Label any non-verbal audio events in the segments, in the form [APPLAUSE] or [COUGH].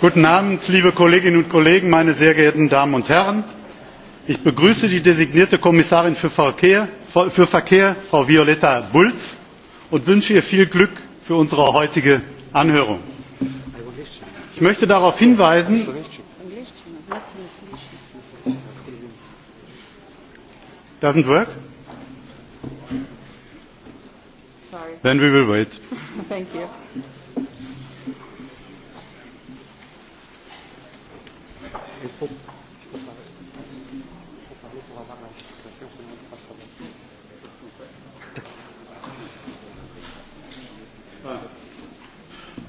guten abend liebe kolleginnen und kollegen meine sehr geehrten damen und herren! ich begrüße die designierte kommissarin für verkehr frau violeta bulc und wünsche ihr viel glück für unsere heutige anhörung. ich möchte darauf hinweisen [LAUGHS] Ah.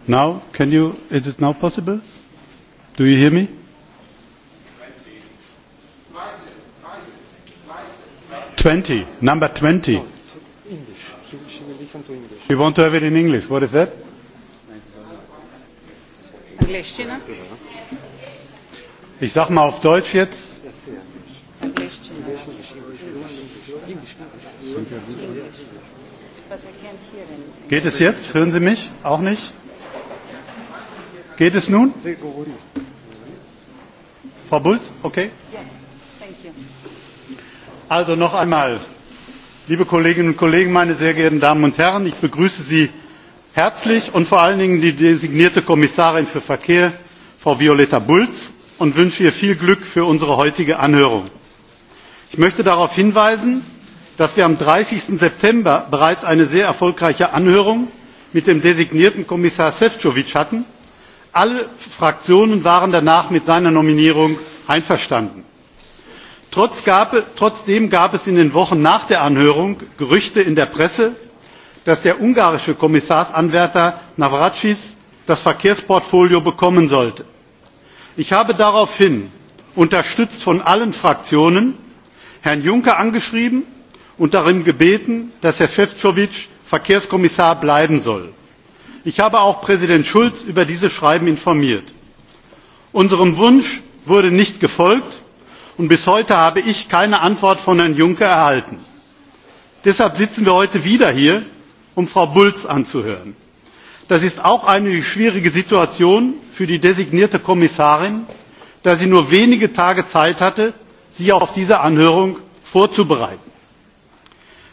Now, can you, is it now possible? Do you hear me? Twenty, number twenty. No, English. she will listen to English. You want to have it in English? What is that? English, you know? ich sage mal auf Deutsch jetzt. Geht es jetzt? Hören Sie mich? Auch nicht? Geht es nun? Frau Bulc, okay? Also noch einmal, liebe Kolleginnen und Kollegen, meine sehr geehrten Damen und Herren, ich begrüße Sie herzlich und vor allen Dingen die designierte Kommissarin für Verkehr, Frau Violeta Bulc und wünsche ihr viel glück für unsere heutige anhörung. ich möchte darauf hinweisen dass wir am. dreißig september bereits eine sehr erfolgreiche anhörung mit dem designierten kommissar efovi hatten. alle fraktionen waren danach mit seiner nominierung einverstanden. trotzdem gab es in den wochen nach der anhörung gerüchte in der presse dass der ungarische kommissarsanwärter navracsics das verkehrsportfolio bekommen sollte ich habe daraufhin unterstützt von allen fraktionen herrn juncker angeschrieben und darum gebeten dass herr efovi verkehrskommissar bleiben soll. ich habe auch präsident schulz über dieses schreiben informiert. unserem wunsch wurde nicht gefolgt und bis heute habe ich keine antwort von herrn juncker erhalten. deshalb sitzen wir heute wieder hier um frau bulc anzuhören das ist auch eine schwierige situation für die designierte kommissarin da sie nur wenige tage zeit hatte sich auf diese anhörung vorzubereiten.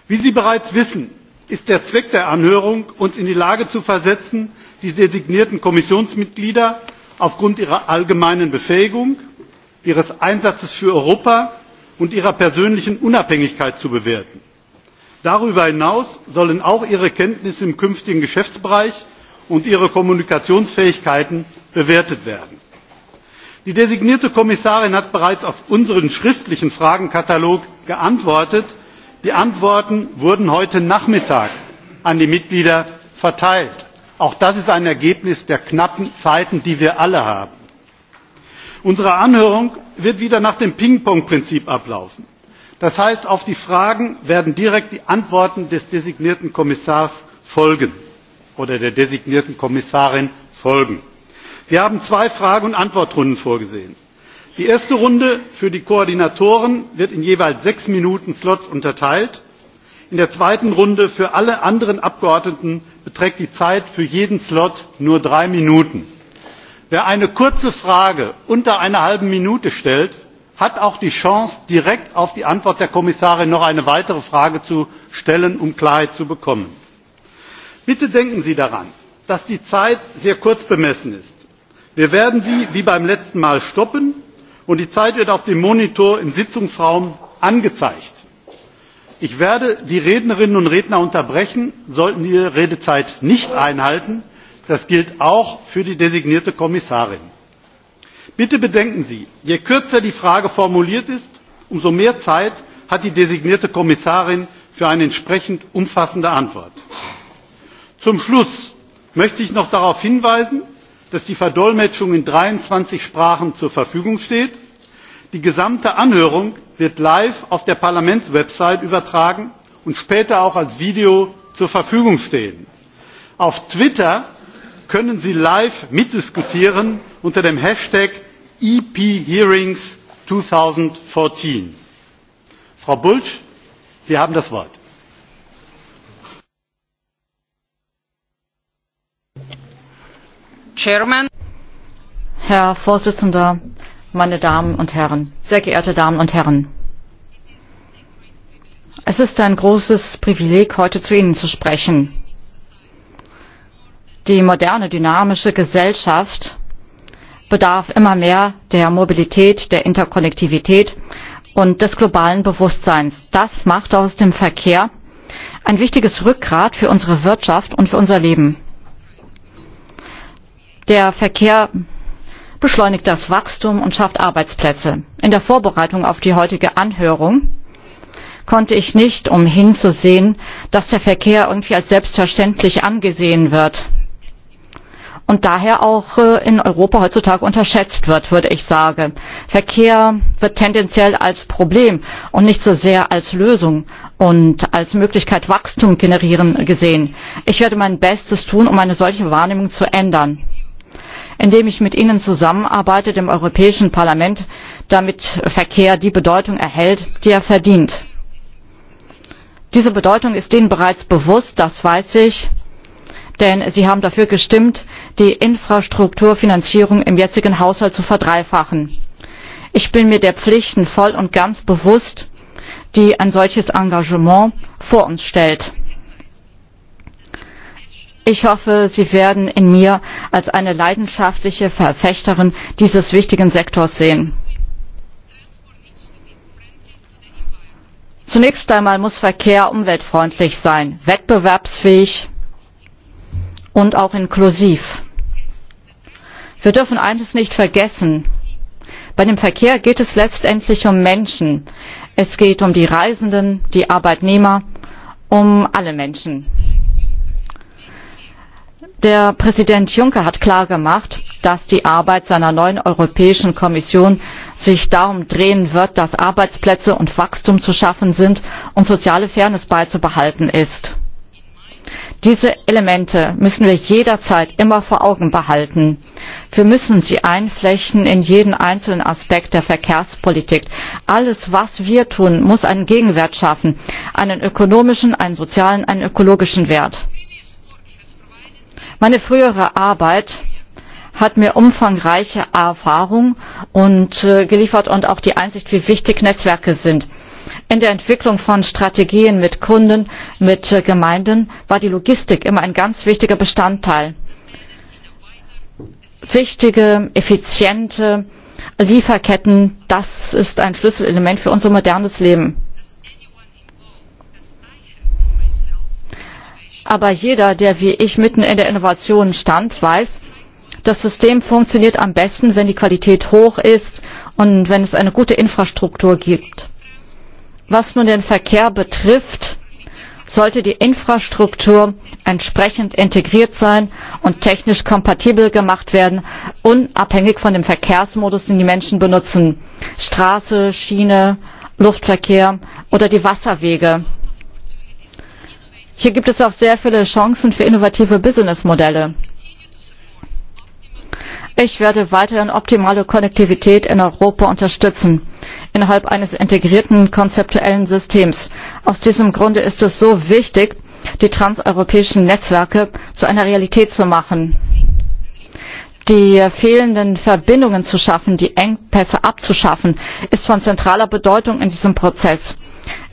wie sie bereits wissen ist der zweck der anhörung uns in die lage zu versetzen die designierten kommissionsmitglieder aufgrund ihrer allgemeinen befähigung ihres einsatzes für europa und ihrer persönlichen unabhängigkeit zu bewerten. darüber hinaus sollen auch ihre kenntnisse im künftigen geschäftsbereich und ihre kommunikationsfähigkeiten bewertet werden. die designierte kommissarin hat bereits auf unseren schriftlichen fragenkatalog geantwortet. die antworten wurden heute nachmittag an die mitglieder verteilt. auch das ist ein ergebnis der knappen zeiten die wir alle haben. unsere anhörung wird wieder nach dem ping pong prinzip ablaufen. das heißt auf die fragen werden direkt die antworten des designierten kommissars folgen oder der designierten kommissarin folgen. wir haben zwei frage und antwortrunden vorgesehen. die erste runde für die koordinatoren wird in jeweils sechs minuten slots unterteilt. in der zweiten runde für alle anderen abgeordneten beträgt die zeit für jeden slot nur drei minuten. wer eine kurze frage unter einer halben minute stellt hat auch die chance direkt auf die antwort der kommissarin noch eine weitere frage zu stellen um klarheit zu bekommen bitte denken sie daran dass die zeit sehr kurz bemessen ist. wir werden sie wie beim letzten mal stoppen und die zeit wird auf dem monitor im sitzungsraum angezeigt. ich werde die rednerinnen und redner unterbrechen sollten sie ihre redezeit nicht einhalten. das gilt auch für die designierte kommissarin. bitte bedenken sie je kürzer die frage formuliert ist umso mehr zeit hat die designierte kommissarin für eine entsprechend umfassende antwort zum schluss möchte ich noch darauf hinweisen dass die verdolmetschung in dreiundzwanzig sprachen zur verfügung steht. die gesamte anhörung wird live auf der parlamentswebsite übertragen und später auch als video zur verfügung stehen. auf twitter können sie live mitdiskutieren unter dem hashtag ep hearings. zweitausendvierzehn frau bulc sie haben das wort. Herr Vorsitzender, meine Damen und Herren, sehr geehrte Damen und Herren. Es ist ein großes Privileg, heute zu Ihnen zu sprechen. Die moderne, dynamische Gesellschaft bedarf immer mehr der Mobilität, der Interkonnektivität und des globalen Bewusstseins. Das macht aus dem Verkehr ein wichtiges Rückgrat für unsere Wirtschaft und für unser Leben. Der Verkehr beschleunigt das Wachstum und schafft Arbeitsplätze. In der Vorbereitung auf die heutige Anhörung konnte ich nicht umhin zu sehen, dass der Verkehr irgendwie als selbstverständlich angesehen wird und daher auch äh, in Europa heutzutage unterschätzt wird, würde ich sagen. Verkehr wird tendenziell als Problem und nicht so sehr als Lösung und als Möglichkeit Wachstum generieren gesehen. Ich werde mein Bestes tun, um eine solche Wahrnehmung zu ändern indem ich mit Ihnen zusammenarbeite, dem Europäischen Parlament, damit Verkehr die Bedeutung erhält, die er verdient. Diese Bedeutung ist Ihnen bereits bewusst, das weiß ich, denn Sie haben dafür gestimmt, die Infrastrukturfinanzierung im jetzigen Haushalt zu verdreifachen. Ich bin mir der Pflichten voll und ganz bewusst, die ein solches Engagement vor uns stellt. Ich hoffe, Sie werden in mir als eine leidenschaftliche Verfechterin dieses wichtigen Sektors sehen. Zunächst einmal muss Verkehr umweltfreundlich sein, wettbewerbsfähig und auch inklusiv. Wir dürfen eines nicht vergessen. Bei dem Verkehr geht es letztendlich um Menschen. Es geht um die Reisenden, die Arbeitnehmer, um alle Menschen. Der Präsident Juncker hat klargemacht, dass die Arbeit seiner neuen Europäischen Kommission sich darum drehen wird, dass Arbeitsplätze und Wachstum zu schaffen sind und soziale Fairness beizubehalten ist. Diese Elemente müssen wir jederzeit immer vor Augen behalten. Wir müssen sie einflächen in jeden einzelnen Aspekt der Verkehrspolitik. Alles, was wir tun, muss einen Gegenwert schaffen, einen ökonomischen, einen sozialen, einen ökologischen Wert. Meine frühere Arbeit hat mir umfangreiche Erfahrung und, äh, geliefert und auch die Einsicht, wie wichtig Netzwerke sind. In der Entwicklung von Strategien mit Kunden, mit äh, Gemeinden war die Logistik immer ein ganz wichtiger Bestandteil. Wichtige, effiziente Lieferketten, das ist ein Schlüsselelement für unser modernes Leben. Aber jeder, der wie ich mitten in der Innovation stand, weiß, das System funktioniert am besten, wenn die Qualität hoch ist und wenn es eine gute Infrastruktur gibt. Was nun den Verkehr betrifft, sollte die Infrastruktur entsprechend integriert sein und technisch kompatibel gemacht werden, unabhängig von dem Verkehrsmodus, den die Menschen benutzen. Straße, Schiene, Luftverkehr oder die Wasserwege. Hier gibt es auch sehr viele Chancen für innovative Businessmodelle. Ich werde weiterhin optimale Konnektivität in Europa unterstützen, innerhalb eines integrierten konzeptuellen Systems. Aus diesem Grunde ist es so wichtig, die transeuropäischen Netzwerke zu einer Realität zu machen. Die fehlenden Verbindungen zu schaffen, die Engpässe abzuschaffen, ist von zentraler Bedeutung in diesem Prozess.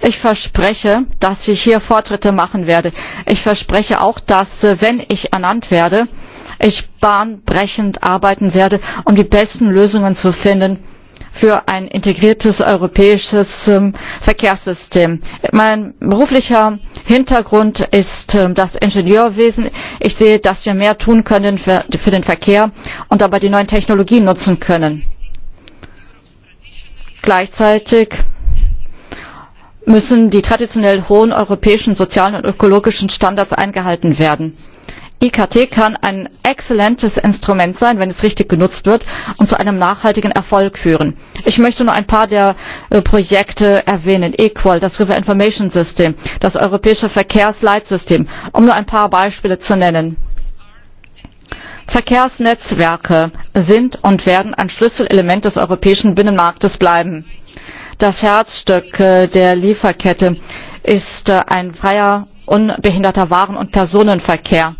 Ich verspreche, dass ich hier Fortschritte machen werde. Ich verspreche auch, dass, äh, wenn ich ernannt werde, ich bahnbrechend arbeiten werde, um die besten Lösungen zu finden für ein integriertes europäisches ähm, Verkehrssystem. Mein beruflicher Hintergrund ist ähm, das Ingenieurwesen. Ich sehe, dass wir mehr tun können für, für den Verkehr und dabei die neuen Technologien nutzen können. Gleichzeitig müssen die traditionell hohen europäischen sozialen und ökologischen Standards eingehalten werden. IKT kann ein exzellentes Instrument sein, wenn es richtig genutzt wird und zu einem nachhaltigen Erfolg führen. Ich möchte nur ein paar der äh, Projekte erwähnen. Equal, das River Information System, das europäische Verkehrsleitsystem, um nur ein paar Beispiele zu nennen. Verkehrsnetzwerke sind und werden ein Schlüsselelement des europäischen Binnenmarktes bleiben. Das Herzstück äh, der Lieferkette ist äh, ein freier, unbehinderter Waren- und Personenverkehr.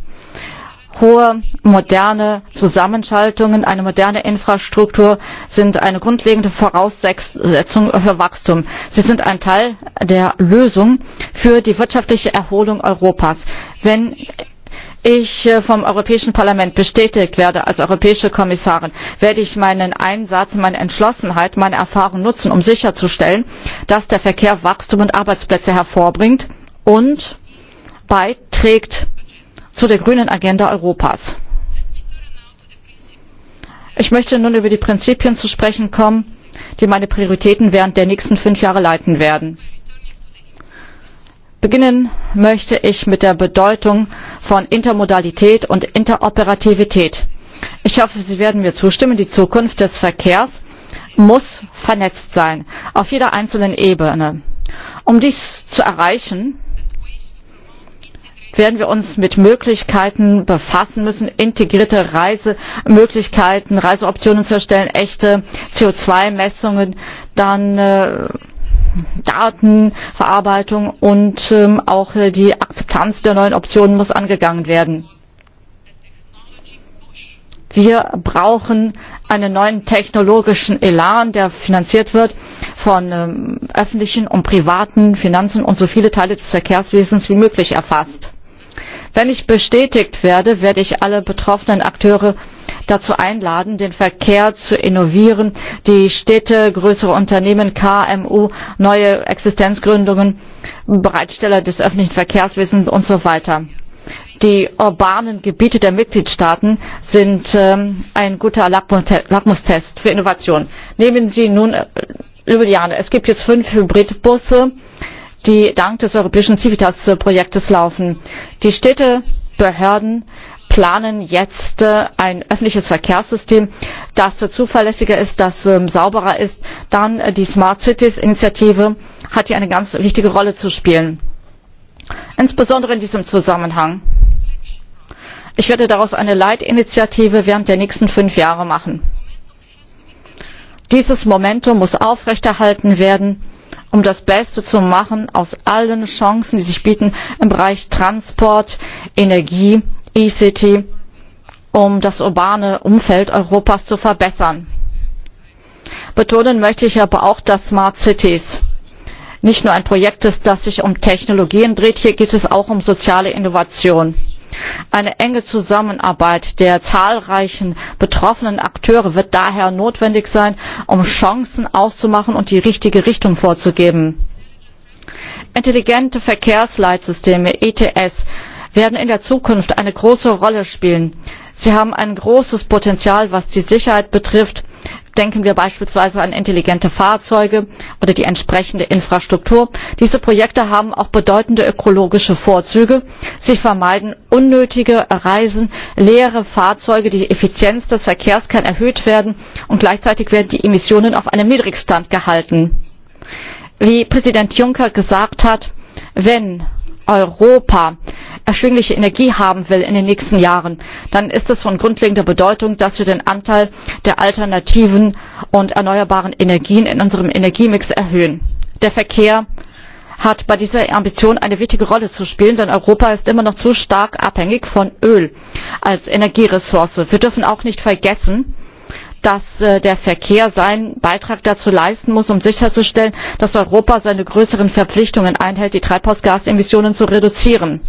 Hohe, moderne Zusammenschaltungen, eine moderne Infrastruktur sind eine grundlegende Voraussetzung für Wachstum. Sie sind ein Teil der Lösung für die wirtschaftliche Erholung Europas. Wenn ich äh, vom Europäischen Parlament bestätigt werde als europäische Kommissarin, werde ich meinen Einsatz, meine Entschlossenheit, meine Erfahrung nutzen, um sicherzustellen, dass der Verkehr Wachstum und Arbeitsplätze hervorbringt und beiträgt zu der grünen Agenda Europas. Ich möchte nun über die Prinzipien zu sprechen kommen, die meine Prioritäten während der nächsten fünf Jahre leiten werden. Beginnen möchte ich mit der Bedeutung von Intermodalität und Interoperativität. Ich hoffe, Sie werden mir zustimmen, die Zukunft des Verkehrs muss vernetzt sein, auf jeder einzelnen Ebene. Um dies zu erreichen, werden wir uns mit Möglichkeiten befassen müssen, integrierte Reisemöglichkeiten, Reiseoptionen zu erstellen, echte CO2-Messungen, dann äh, Datenverarbeitung und ähm, auch äh, die Akzeptanz der neuen Optionen muss angegangen werden. Wir brauchen einen neuen technologischen Elan, der finanziert wird von ähm, öffentlichen und privaten Finanzen und so viele Teile des Verkehrswesens wie möglich erfasst. Wenn ich bestätigt werde, werde ich alle betroffenen Akteure dazu einladen, den Verkehr zu innovieren, die Städte, größere Unternehmen, KMU, neue Existenzgründungen, Bereitsteller des öffentlichen Verkehrswissens und so weiter. Die urbanen Gebiete der Mitgliedstaaten sind ähm, ein guter Lackmustest für Innovation. Nehmen Sie nun äh, Ljubljana. Es gibt jetzt fünf Hybridbusse, die dank des europäischen Civitas-Projektes laufen. Die Städtebehörden planen jetzt äh, ein öffentliches Verkehrssystem, das zuverlässiger ist, das ähm, sauberer ist. Dann äh, die Smart Cities Initiative hat hier eine ganz wichtige Rolle zu spielen. Insbesondere in diesem Zusammenhang. Ich werde daraus eine Leitinitiative während der nächsten fünf Jahre machen. Dieses Momentum muss aufrechterhalten werden, um das Beste zu machen aus allen Chancen, die sich bieten im Bereich Transport, Energie E-City, um das urbane Umfeld Europas zu verbessern. Betonen möchte ich aber auch dass Smart Cities nicht nur ein Projekt ist, das sich um Technologien dreht, hier geht es auch um soziale Innovation. Eine enge Zusammenarbeit der zahlreichen betroffenen Akteure wird daher notwendig sein, um Chancen auszumachen und die richtige Richtung vorzugeben. Intelligente Verkehrsleitsysteme ETS werden in der Zukunft eine große Rolle spielen. Sie haben ein großes Potenzial, was die Sicherheit betrifft. Denken wir beispielsweise an intelligente Fahrzeuge oder die entsprechende Infrastruktur. Diese Projekte haben auch bedeutende ökologische Vorzüge. Sie vermeiden unnötige Reisen, leere Fahrzeuge, die Effizienz des Verkehrs kann erhöht werden und gleichzeitig werden die Emissionen auf einem Niedrigstand gehalten. Wie Präsident Juncker gesagt hat, wenn Europa erschwingliche Energie haben will in den nächsten Jahren, dann ist es von grundlegender Bedeutung, dass wir den Anteil der alternativen und erneuerbaren Energien in unserem Energiemix erhöhen. Der Verkehr hat bei dieser Ambition eine wichtige Rolle zu spielen, denn Europa ist immer noch zu stark abhängig von Öl als Energieressource. Wir dürfen auch nicht vergessen, dass äh, der Verkehr seinen Beitrag dazu leisten muss, um sicherzustellen, dass Europa seine größeren Verpflichtungen einhält, die Treibhausgasemissionen zu reduzieren.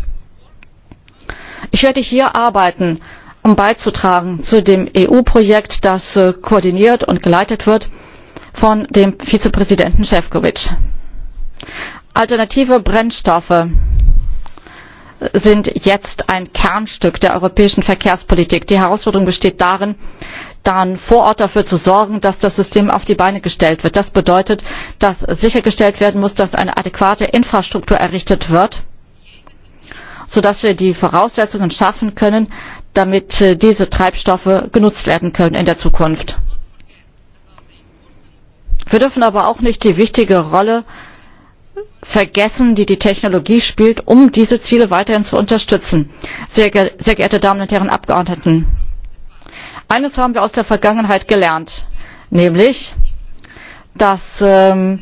Ich werde hier arbeiten, um beizutragen zu dem EU-Projekt, das äh, koordiniert und geleitet wird von dem Vizepräsidenten Šefčovič. Alternative Brennstoffe äh, sind jetzt ein Kernstück der europäischen Verkehrspolitik. Die Herausforderung besteht darin, dann vor Ort dafür zu sorgen, dass das System auf die Beine gestellt wird. Das bedeutet, dass sichergestellt werden muss, dass eine adäquate Infrastruktur errichtet wird sodass wir die Voraussetzungen schaffen können, damit äh, diese Treibstoffe genutzt werden können in der Zukunft. Wir dürfen aber auch nicht die wichtige Rolle vergessen, die die Technologie spielt, um diese Ziele weiterhin zu unterstützen. Sehr, ge sehr geehrte Damen und Herren Abgeordneten, eines haben wir aus der Vergangenheit gelernt, nämlich, dass ähm,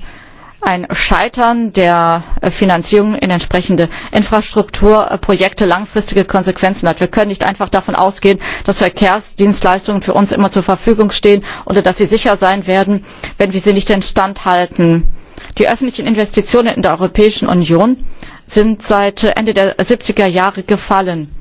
ein Scheitern der Finanzierung in entsprechende Infrastrukturprojekte langfristige Konsequenzen hat. Wir können nicht einfach davon ausgehen, dass Verkehrsdienstleistungen für uns immer zur Verfügung stehen oder dass sie sicher sein werden, wenn wir sie nicht instand halten. Die öffentlichen Investitionen in der Europäischen Union sind seit Ende der 70er Jahre gefallen.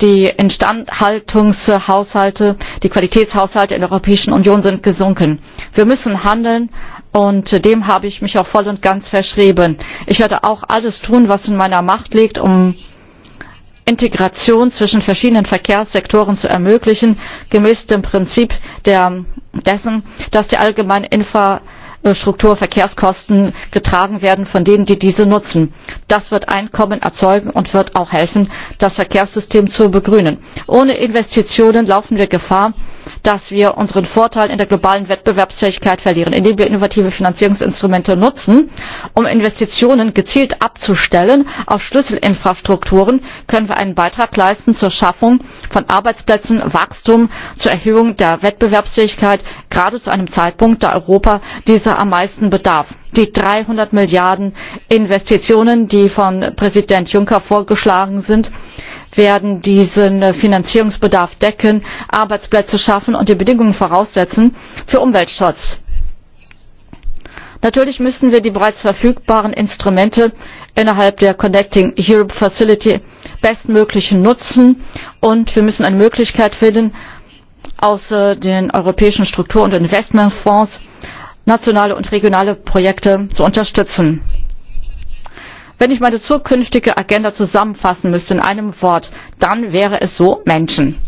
Die Instandhaltungshaushalte, die Qualitätshaushalte in der Europäischen Union sind gesunken. Wir müssen handeln und dem habe ich mich auch voll und ganz verschrieben. Ich werde auch alles tun, was in meiner Macht liegt, um Integration zwischen verschiedenen Verkehrssektoren zu ermöglichen, gemäß dem Prinzip der, dessen, dass die allgemeine Infrastruktur Strukturverkehrskosten getragen werden von denen, die diese nutzen. Das wird Einkommen erzeugen und wird auch helfen, das Verkehrssystem zu begrünen. Ohne Investitionen laufen wir Gefahr, dass wir unseren Vorteil in der globalen Wettbewerbsfähigkeit verlieren, indem wir innovative Finanzierungsinstrumente nutzen, um Investitionen gezielt abzustellen auf Schlüsselinfrastrukturen, können wir einen Beitrag leisten zur Schaffung von Arbeitsplätzen, Wachstum, zur Erhöhung der Wettbewerbsfähigkeit, gerade zu einem Zeitpunkt, da Europa dieser am meisten bedarf. Die 300 Milliarden Investitionen, die von Präsident Juncker vorgeschlagen sind, werden diesen Finanzierungsbedarf decken, Arbeitsplätze schaffen und die Bedingungen voraussetzen für Umweltschutz. Natürlich müssen wir die bereits verfügbaren Instrumente innerhalb der Connecting Europe Facility bestmöglich nutzen und wir müssen eine Möglichkeit finden, außer äh, den europäischen Struktur- und Investmentfonds nationale und regionale Projekte zu unterstützen. Wenn ich meine zukünftige Agenda zusammenfassen müsste in einem Wort, dann wäre es so Menschen.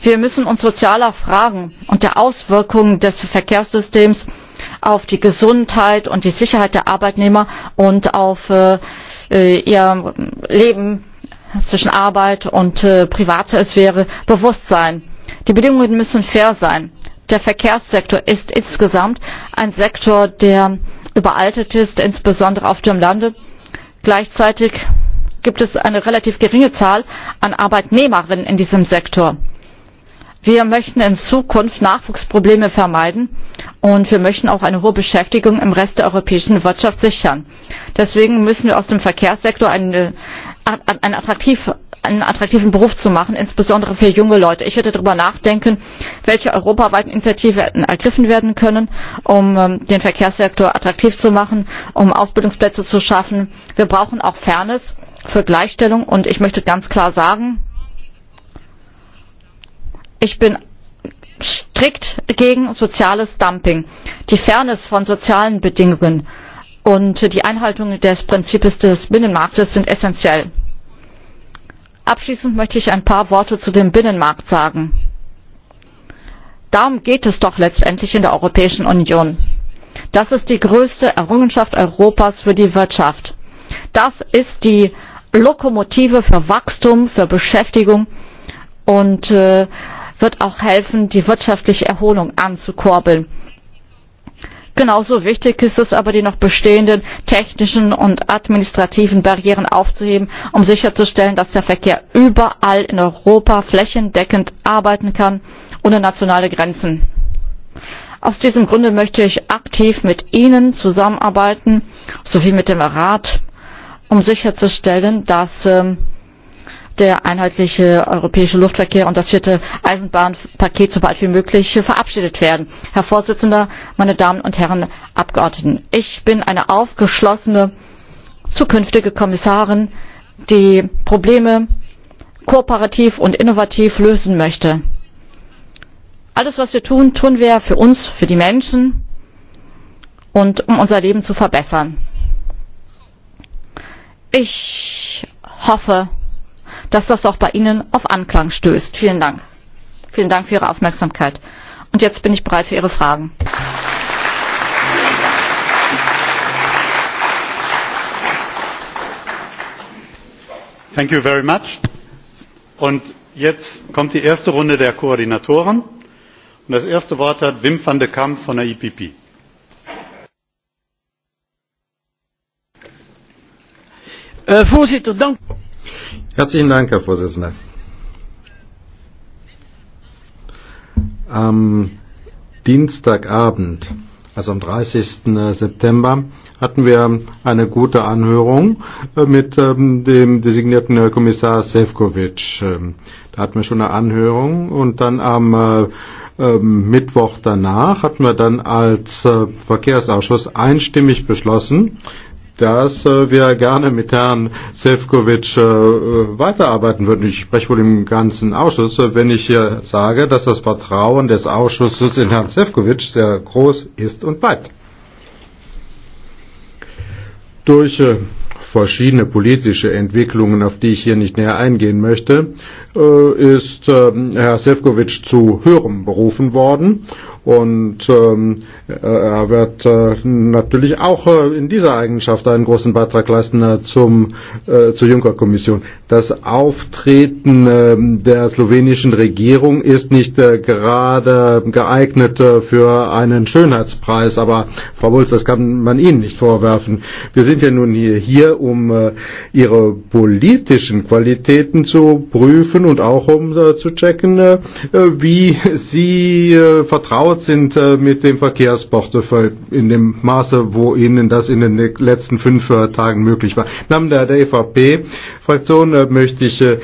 Wir müssen uns sozialer Fragen und der Auswirkungen des Verkehrssystems auf die Gesundheit und die Sicherheit der Arbeitnehmer und auf äh, äh ihr Leben zwischen Arbeit und äh, Sphäre bewusst sein. Die Bedingungen müssen fair sein. Der Verkehrssektor ist insgesamt ein Sektor, der überaltet ist, insbesondere auf dem Lande. Gleichzeitig gibt es eine relativ geringe Zahl an Arbeitnehmerinnen in diesem Sektor. Wir möchten in Zukunft Nachwuchsprobleme vermeiden und wir möchten auch eine hohe Beschäftigung im Rest der europäischen Wirtschaft sichern. Deswegen müssen wir aus dem Verkehrssektor eine, ein attraktiv einen attraktiven Beruf zu machen, insbesondere für junge Leute. Ich hätte darüber nachdenken, welche europaweiten Initiativen ergriffen werden können, um ähm, den Verkehrssektor attraktiv zu machen, um Ausbildungsplätze zu schaffen. Wir brauchen auch Fairness für Gleichstellung und ich möchte ganz klar sagen, ich bin strikt gegen soziales Dumping. Die Fairness von sozialen Bedingungen und die Einhaltung des Prinzips des Binnenmarktes sind essentiell. Abschließend möchte ich ein paar Worte zu dem Binnenmarkt sagen. Darum geht es doch letztendlich in der Europäischen Union. Das ist die größte Errungenschaft Europas für die Wirtschaft. Das ist die Lokomotive für Wachstum, für Beschäftigung und äh, wird auch helfen, die wirtschaftliche Erholung anzukurbeln. Genauso wichtig ist es aber, die noch bestehenden technischen und administrativen Barrieren aufzuheben, um sicherzustellen, dass der Verkehr überall in Europa flächendeckend arbeiten kann, ohne nationale Grenzen. Aus diesem Grunde möchte ich aktiv mit Ihnen zusammenarbeiten, sowie mit dem Rat, um sicherzustellen, dass äh, der einheitliche europäische Luftverkehr und das vierte Eisenbahnpaket so bald wie möglich verabschiedet werden. Herr Vorsitzender, meine Damen und Herren Abgeordneten, ich bin eine aufgeschlossene zukünftige Kommissarin, die Probleme kooperativ und innovativ lösen möchte. Alles, was wir tun, tun wir für uns, für die Menschen und um unser Leben zu verbessern. Ich hoffe, dass das auch bei Ihnen auf Anklang stößt. Vielen Dank. Vielen Dank für Ihre Aufmerksamkeit. Und jetzt bin ich bereit für Ihre Fragen. Thank you very much. Und jetzt kommt die erste Runde der Koordinatoren. Und das erste Wort hat Wim van de Kamp von der IPP. Uh, eh, voorzitter, dank Herzlichen Dank, Herr Vorsitzender. Am Dienstagabend, also am 30. Äh, September, hatten wir eine gute Anhörung äh, mit ähm, dem designierten Kommissar Sefcovic. Ähm. Da hatten wir schon eine Anhörung und dann am äh, ähm, Mittwoch danach hatten wir dann als Verkehrsausschuss einstimmig beschlossen, dass äh, wir gerne mit Herrn Sefcovic äh, weiterarbeiten würden. Ich spreche wohl im ganzen Ausschuss, äh, wenn ich hier sage, dass das Vertrauen des Ausschusses in Herrn Sefcovic sehr groß ist und bleibt. Durch verschiedene politische Entwicklungen, auf die ich hier nicht näher eingehen möchte, Äh, ist ähm, Herr Sefcovic zu Hören berufen worden und ähm, äh, er wird äh, natürlich auch in dieser Eigenschaft einen großen Beitrag leisten zum, zur Juncker-Kommission. Das Auftreten ähm, der slowenischen Regierung ist nicht gerade geeignet für einen Schönheitspreis, aber Frau Wulz, das kann man Ihnen nicht vorwerfen. Wir sind ja nun hier, hier um Ihre politischen Qualitäten zu prüfen checken und auch um äh, zu checken, äh, wie Sie äh, vertraut sind äh, mit dem Verkehrsportefeuille in dem Maße, wo Ihnen das in den letzten fünf äh, Tagen möglich war. Im Namen der, der EVP-Fraktion äh, möchte ich äh,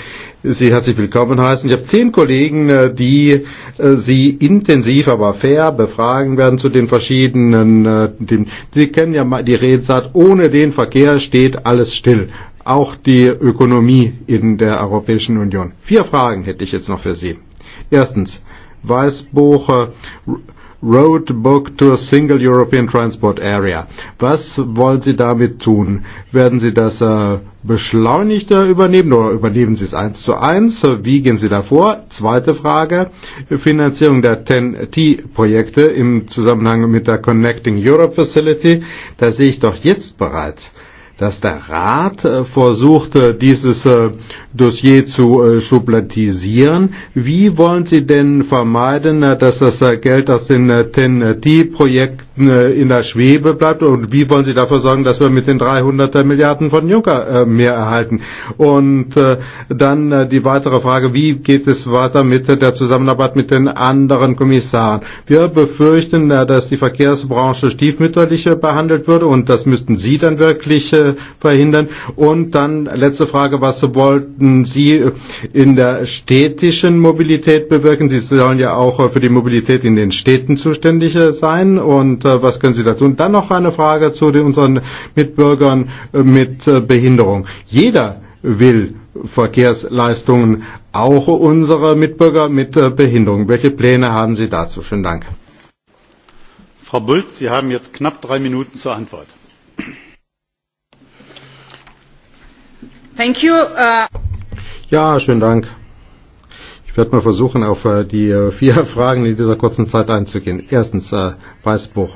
Sie herzlich willkommen heißen. Ich habe zehn Kollegen, äh, die äh, Sie intensiv, aber fair befragen werden zu den verschiedenen. Themen. Äh, sie kennen ja mal die Redensart, ohne den Verkehr steht alles still auch die Ökonomie in der Europäischen Union. Vier Fragen hätte ich jetzt noch für Sie. Erstens, Weißbuch Roadbook to a Single European Transport Area. Was wollen Sie damit tun? Werden Sie das äh, beschleunigter übernehmen oder übernehmen Sie es eins zu eins? Wie gehen Sie davor? Zweite Frage, Finanzierung der TEN-T-Projekte im Zusammenhang mit der Connecting Europe Facility. Da sehe ich doch jetzt bereits, dass der Rat äh, versucht, äh, dieses äh, Dossier zu schublatisieren. Wie wollen Sie denn vermeiden, dass das Geld aus den TEN-T-Projekten in der Schwebe bleibt? Und wie wollen Sie dafür sorgen, dass wir mit den 300 Milliarden von Juncker mehr erhalten? Und dann die weitere Frage, wie geht es weiter mit der Zusammenarbeit mit den anderen Kommissaren? Wir befürchten, dass die Verkehrsbranche stiefmütterlich behandelt würde und das müssten Sie dann wirklich verhindern? Und dann letzte Frage, was wollten Sie in der städtischen Mobilität bewirken? Sie sollen ja auch für die Mobilität in den Städten zuständig sein. Und äh, was können Sie dazu? Und dann noch eine Frage zu unseren Mitbürgern äh, mit äh, Behinderung. Jeder will Verkehrsleistungen, auch unsere Mitbürger mit Behinderung. Welche Pläne haben Sie dazu? Schönen Dank. Frau Bult, Sie haben jetzt knapp drei Minuten zur Antwort. Thank you. Uh ja, schönen Dank. Ich werde mal versuchen, auf äh, die äh, vier [LAUGHS] Fragen in dieser kurzen Zeit einzugehen. Erstens äh, Weißbuch.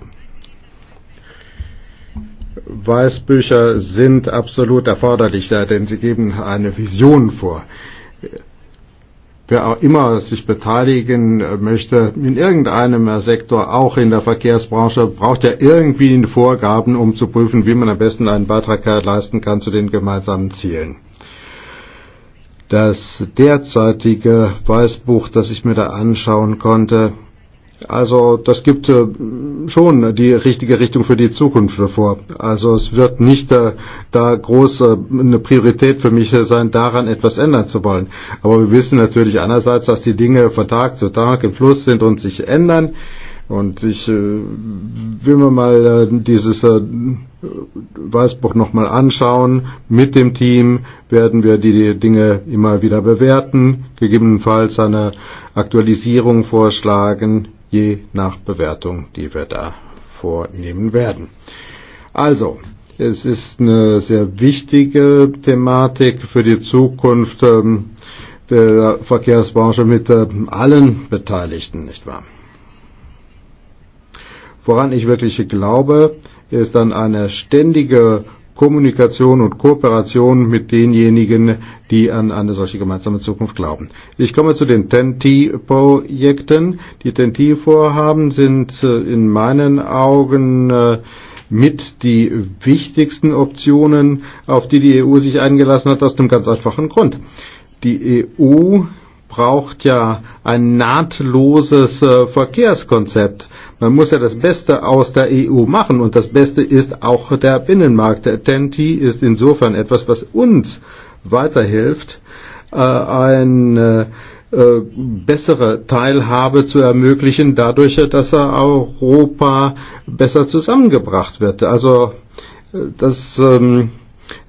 Weißbücher sind absolut erforderlich, denn sie geben eine Vision vor wer auch immer sich beteiligen möchte, in irgendeinem Sektor, auch in der Verkehrsbranche, braucht ja irgendwie Vorgaben, um zu prüfen, wie man am besten einen Beitrag leisten kann zu den gemeinsamen Zielen. Das derzeitige Weißbuch, das ich mir da anschauen konnte, Also das gibt äh, schon die richtige Richtung für die Zukunft vor. Also es wird nicht äh, da groß äh, eine Priorität für mich äh, sein, daran etwas ändern zu wollen. Aber wir wissen natürlich einerseits, dass die Dinge von Tag zu Tag im Fluss sind und sich ändern. Und ich äh, will mir mal äh, dieses äh, Weißbuch nochmal anschauen. Mit dem Team werden wir die, die Dinge immer wieder bewerten, gegebenenfalls eine Aktualisierung vorschlagen je nach Bewertung, die wir da vornehmen werden. Also, es ist eine sehr wichtige Thematik für die Zukunft ähm, der Verkehrsbranche mit äh, allen Beteiligten, nicht wahr? Woran ich wirklich glaube, ist dann eine ständige Kommunikation und Kooperation mit denjenigen, die an eine solche gemeinsame Zukunft glauben. Ich komme zu den TEN-T-Projekten. Die TEN-T-Vorhaben sind äh, in meinen Augen äh, mit die wichtigsten Optionen, auf die die EU sich eingelassen hat, aus dem ganz einfachen Grund. Die EU braucht ja ein nahtloses äh, Verkehrskonzept. Man muss ja das Beste aus der EU machen und das Beste ist auch der Binnenmarkt. Der TNT ist insofern etwas, was uns weiterhilft, äh, eine äh, äh, bessere Teilhabe zu ermöglichen, dadurch, dass Europa besser zusammengebracht wird. Also äh, das ähm,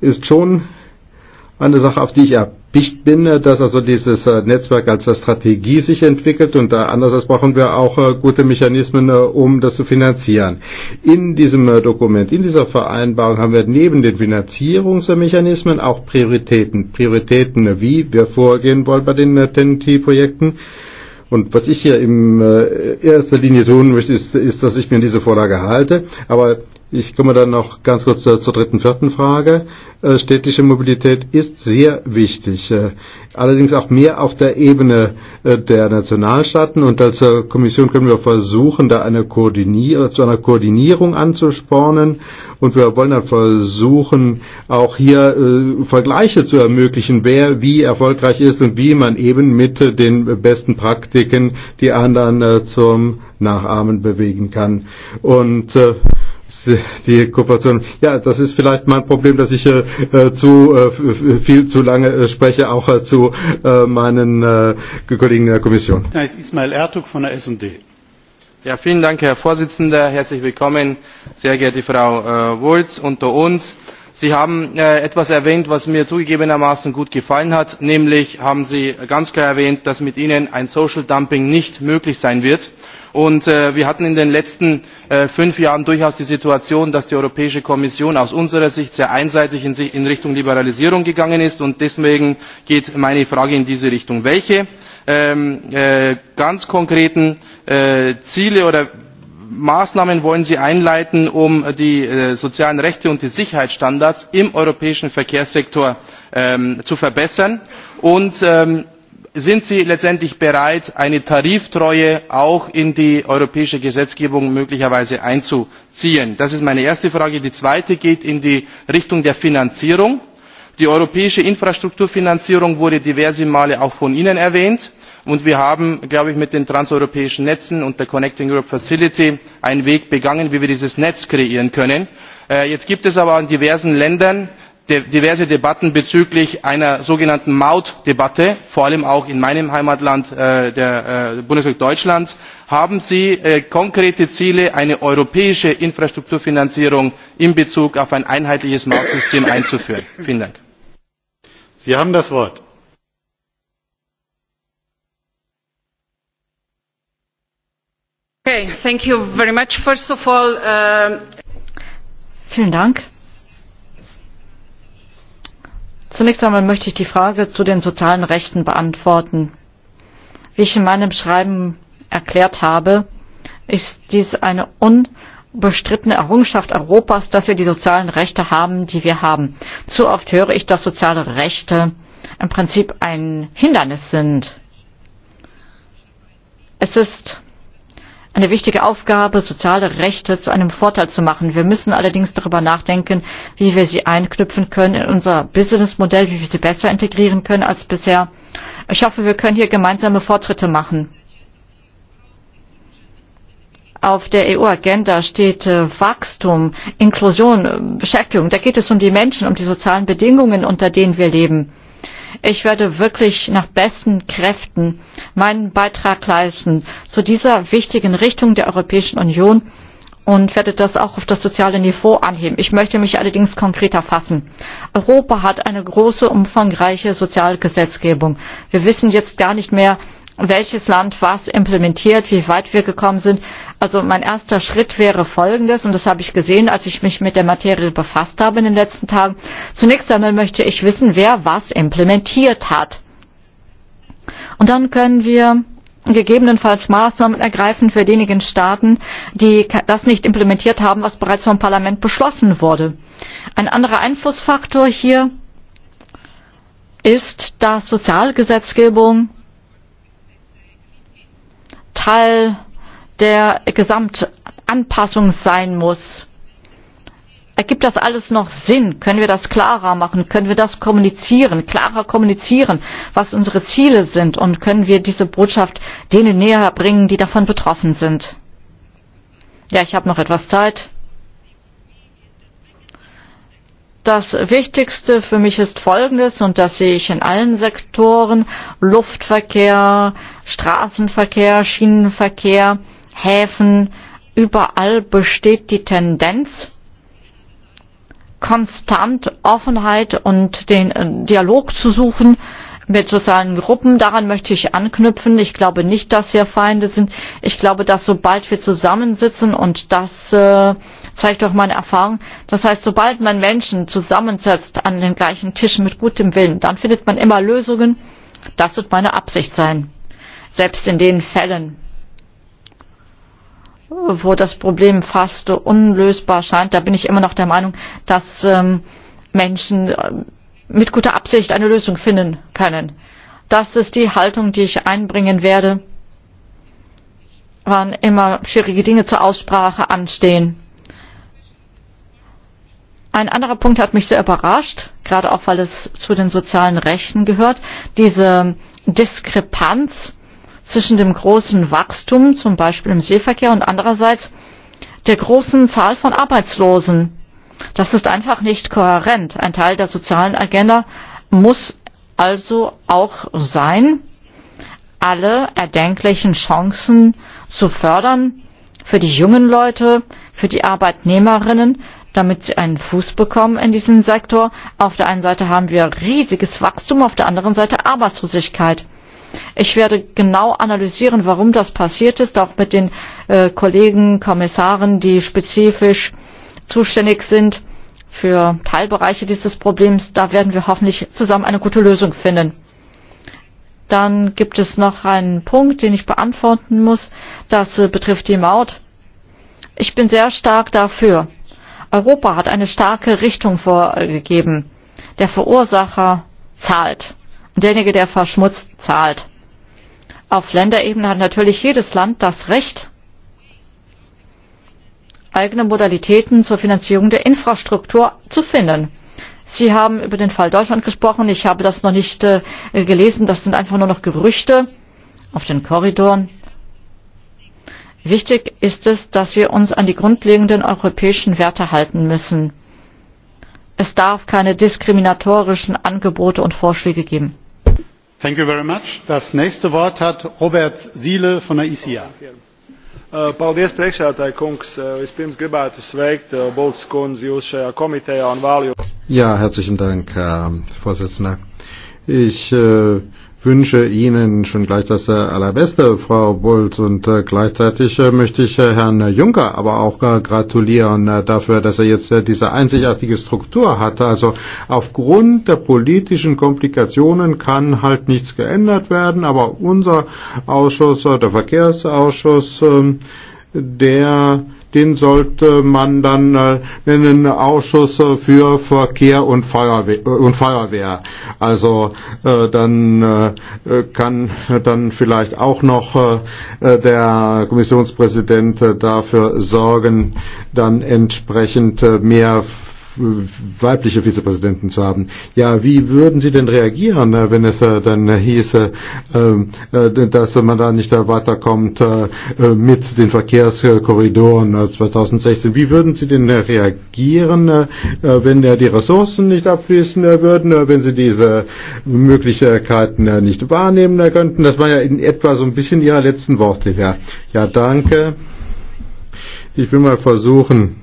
ist schon eine Sache, auf die ich ab ich bin, dass also dieses äh, Netzwerk als Strategie sich entwickelt und äh, andererseits brauchen wir auch äh, gute Mechanismen, um das zu finanzieren. In diesem Dokument, in dieser Vereinbarung haben wir neben den Finanzierungsmechanismen auch Prioritäten. Prioritäten, wie wir vorgehen wollen bei den TNT-Projekten. Und was ich hier in erster Linie tun möchte, ist, ist, dass ich mir diese Vorlage halte. Aber ich komme dann noch ganz kurz zur, äh, zur dritten, vierten Frage. Äh, städtische Mobilität ist sehr wichtig, äh, allerdings auch mehr auf der Ebene äh, der Nationalstaaten. Und als äh, Kommission können wir versuchen, da eine Koordinier zu einer Koordinierung anzuspornen. Und wir wollen dann versuchen, auch hier äh, Vergleiche zu ermöglichen, wer wie erfolgreich ist und wie man eben mit den besten Praktiken die anderen zum Nachahmen bewegen kann. Und äh, die Kooperation. Ja, das ist vielleicht mein Problem, dass ich äh, zu äh, viel zu lange äh, spreche, auch äh, zu äh, meinen äh, Kollegen der Kommission. Ja, ist Ismail Ertug von der S&D. Ja, vielen Dank, Herr Vorsitzender. Herzlich willkommen, sehr geehrte Frau äh, Wulz unter uns. Sie haben äh, etwas erwähnt, was mir zugegebenermaßen gut gefallen hat, nämlich haben Sie ganz klar erwähnt, dass mit Ihnen ein Social Dumping nicht möglich sein wird und äh, wir hatten in den letzten äh, fünf jahren durchaus die situation dass die europäische kommission aus unserer sicht sehr einseitig in, richtung liberalisierung gegangen ist und deswegen geht meine frage in diese richtung welche ähm, äh, ganz konkreten ziele oder maßnahmen wollen sie einleiten um die sozialen rechte und die sicherheitsstandards im europäischen verkehrssektor ähm, zu verbessern und ähm, sind sie letztendlich bereit eine tariftreue auch in die europäische gesetzgebung möglicherweise einzuziehen? das ist meine erste frage. die zweite geht in die richtung der finanzierung. die europäische infrastrukturfinanzierung wurde diverse male auch von ihnen erwähnt und wir haben glaube ich mit den transeuropäischen netzen und der connecting europe facility einen weg begangen wie wir dieses netz kreieren können. Äh, jetzt gibt es aber in diversen ländern diverse debatten bezüglich einer sogenannten mautdebatte vor allem auch in meinem heimatland äh, der äh, bundesrepublik deutschland haben sie äh, konkrete ziele eine europäische infrastrukturfinanzierung in bezug auf ein einheitliches mautsystem einzuführen? sie haben das wort. Uh, Vielen Dank. Zunächst einmal möchte ich die Frage zu den sozialen Rechten beantworten. Wie ich in meinem Schreiben erklärt habe, ist dies eine unbestrittene Errungenschaft Europas, dass wir die sozialen Rechte haben, die wir haben. Zu oft höre ich, dass soziale Rechte im Prinzip ein Hindernis sind. Es ist eine wichtige Aufgabe, soziale Rechte zu einem Vorteil zu machen. Wir müssen allerdings darüber nachdenken, wie wir sie einknüpfen können in unser Businessmodell, wie wir sie besser integrieren können als bisher. Ich hoffe, wir können hier gemeinsame Fortschritte machen. Auf der EU-Agenda steht äh, Wachstum, Inklusion, äh, Beschäftigung. Da geht es um die Menschen, um die sozialen Bedingungen, unter denen wir leben. Ich werde wirklich nach besten Kräften meinen Beitrag leisten zu dieser wichtigen Richtung der Europäischen Union und werde das auch auf das soziale Niveau anheben. Ich möchte mich allerdings konkreter fassen. Europa hat eine große, umfangreiche Sozialgesetzgebung. Wir wissen jetzt gar nicht mehr, welches Land was implementiert, wie weit wir gekommen sind. Also mein erster Schritt wäre folgendes, und das habe ich gesehen, als ich mich mit der Materie befasst habe in den letzten Tagen. Zunächst einmal möchte ich wissen, wer was implementiert hat. Und dann können wir gegebenenfalls Maßnahmen ergreifen für diejenigen Staaten, die das nicht implementiert haben, was bereits vom Parlament beschlossen wurde. Ein anderer Einflussfaktor hier ist, dass Sozialgesetzgebung Teil der Gesamtanpassung sein muss. Ergibt das alles noch Sinn? Können wir das klarer machen? Können wir das kommunizieren, klarer kommunizieren, was unsere Ziele sind? Und können wir diese Botschaft denen näher bringen, die davon betroffen sind? Ja, ich habe noch etwas Zeit. Das Wichtigste für mich ist Folgendes, und das sehe ich in allen Sektoren, Luftverkehr, Straßenverkehr, Schienenverkehr, Häfen, überall besteht die Tendenz, konstant Offenheit und den äh, Dialog zu suchen mit sozialen Gruppen. Daran möchte ich anknüpfen. Ich glaube nicht, dass wir Feinde sind. Ich glaube, dass sobald wir zusammensitzen und das äh, zeigt auch meine Erfahrung. Das heißt, sobald man Menschen zusammensetzt an den gleichen Tisch mit gutem Willen, dann findet man immer Lösungen. Das wird meine Absicht sein. Selbst in den Fällen, wo das Problem fast unlösbar scheint, da bin ich immer noch der Meinung, dass ähm, Menschen äh, mit guter Absicht eine Lösung finden können. Das ist die Haltung, die ich einbringen werde, wann immer schwierige Dinge zur Aussprache anstehen. Ein anderer Punkt hat mich sehr überrascht, gerade auch weil es zu den sozialen Rechten gehört, diese Diskrepanz zwischen dem großen Wachstum, zum Beispiel im Seeverkehr, und andererseits der großen Zahl von Arbeitslosen. Das ist einfach nicht kohärent. Ein Teil der sozialen Agenda muss also auch sein, alle erdenklichen Chancen zu fördern für die jungen Leute, für die Arbeitnehmerinnen, damit sie einen Fuß bekommen in diesem Sektor. Auf der einen Seite haben wir riesiges Wachstum, auf der anderen Seite Arbeitslosigkeit. Ich werde genau analysieren, warum das passiert ist, auch mit den äh, Kollegen, Kommissaren, die spezifisch zuständig sind für Teilbereiche dieses Problems. Da werden wir hoffentlich zusammen eine gute Lösung finden. Dann gibt es noch einen Punkt, den ich beantworten muss. Das äh, betrifft die Maut. Ich bin sehr stark dafür, Europa hat eine starke Richtung vorgegeben. Der Verursacher zahlt. Und derjenige, der verschmutzt, zahlt. Auf Länderebene hat natürlich jedes Land das Recht, eigene Modalitäten zur Finanzierung der Infrastruktur zu finden. Sie haben über den Fall Deutschland gesprochen. Ich habe das noch nicht äh, gelesen. Das sind einfach nur noch Gerüchte auf den Korridoren. Wichtig ist es, dass wir uns an die grundlegenden europäischen Werte halten müssen. Es darf keine diskriminatorischen Angebote und Vorschläge geben. Thank you very much. Das nächste Wort hat Robert Siele von der ICA. Äh, paldies priekšētāji kungs. Äh, vispirms gribētu sveikt äh, Bultas kundzi jūs šajā komitejā un vēlu jūs. Ja, herzlichen Dank, Herr Vorsitzender. Ich äh, wünsche Ihnen schon gleich das äh, Allerbeste, Frau Bulls. Und äh, gleichzeitig äh, möchte ich Herrn Juncker aber auch gratulieren dafür, dass er jetzt diese einzigartige Struktur hat. Also aufgrund der politischen Komplikationen kann halt nichts geändert werden, aber unser Ausschuss, der Verkehrsausschuss, ähm, der den sollte man dann äh, nennen Ausschuss für Verkehr und Feuerwehr. Äh, und Feuerwehr. Also äh, dann äh, kann dann vielleicht auch noch äh, der Kommissionspräsident äh, dafür sorgen, dann entsprechend äh, mehr weibliche Vizepräsidenten zu haben. Ja, wie würden Sie denn reagieren, äh, wenn es äh, dann hieße, äh, ähm, dass man da nicht weiterkommt mit den Verkehrskorridoren 2016? Wie würden Sie denn reagieren, wenn die Ressourcen nicht abfließen würden, wenn Sie diese Möglichkeiten nicht wahrnehmen könnten? Das war ja in etwa so ein bisschen Ihre letzten Worte. Ja, ja danke. Ich will mal versuchen,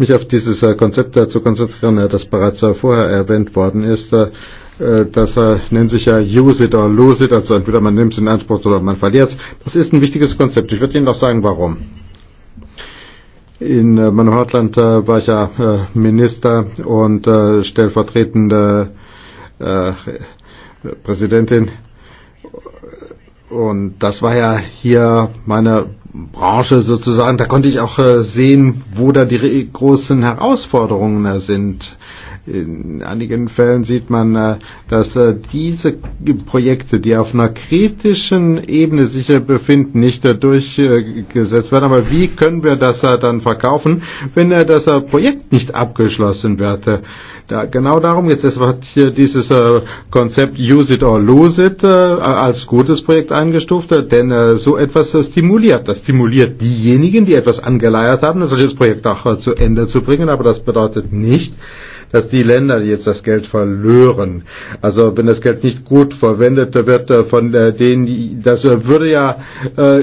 mich auf dieses äh, Konzept äh, zu konzentrieren, er das bereits äh, vorher erwähnt worden ist. Das er nennt sich ja Use it or Lose it, also entweder man nimmt es in Anspruch oder man verliert es. Das ist ein wichtiges Konzept. Ich würde Ihnen noch sagen, warum. In meinem Heimatland war ich ja Minister und stellvertretende Präsidentin. Und das war ja hier meine Branche sozusagen, da konnte ich auch äh, sehen, wo da die großen Herausforderungen sind. In einigen Fällen sieht man, äh, dass äh, diese Projekte, die auf einer kritischen Ebene sich befinden, nicht durchgesetzt äh, werden. Aber wie können wir das dann verkaufen, wenn das Projekt nicht abgeschlossen wird? Da, genau darum geht es. wird hier dieses Konzept Use it or Lose it als gutes Projekt eingestuft, denn so etwas stimuliert. Das stimuliert diejenigen, die etwas angeleiert haben, das Projekt auch zu Ende zu bringen, aber das bedeutet nicht, dass die Länder jetzt das Geld verlören. Also wenn das Geld nicht gut verwendet wird äh, von äh, denen, das äh, würde ja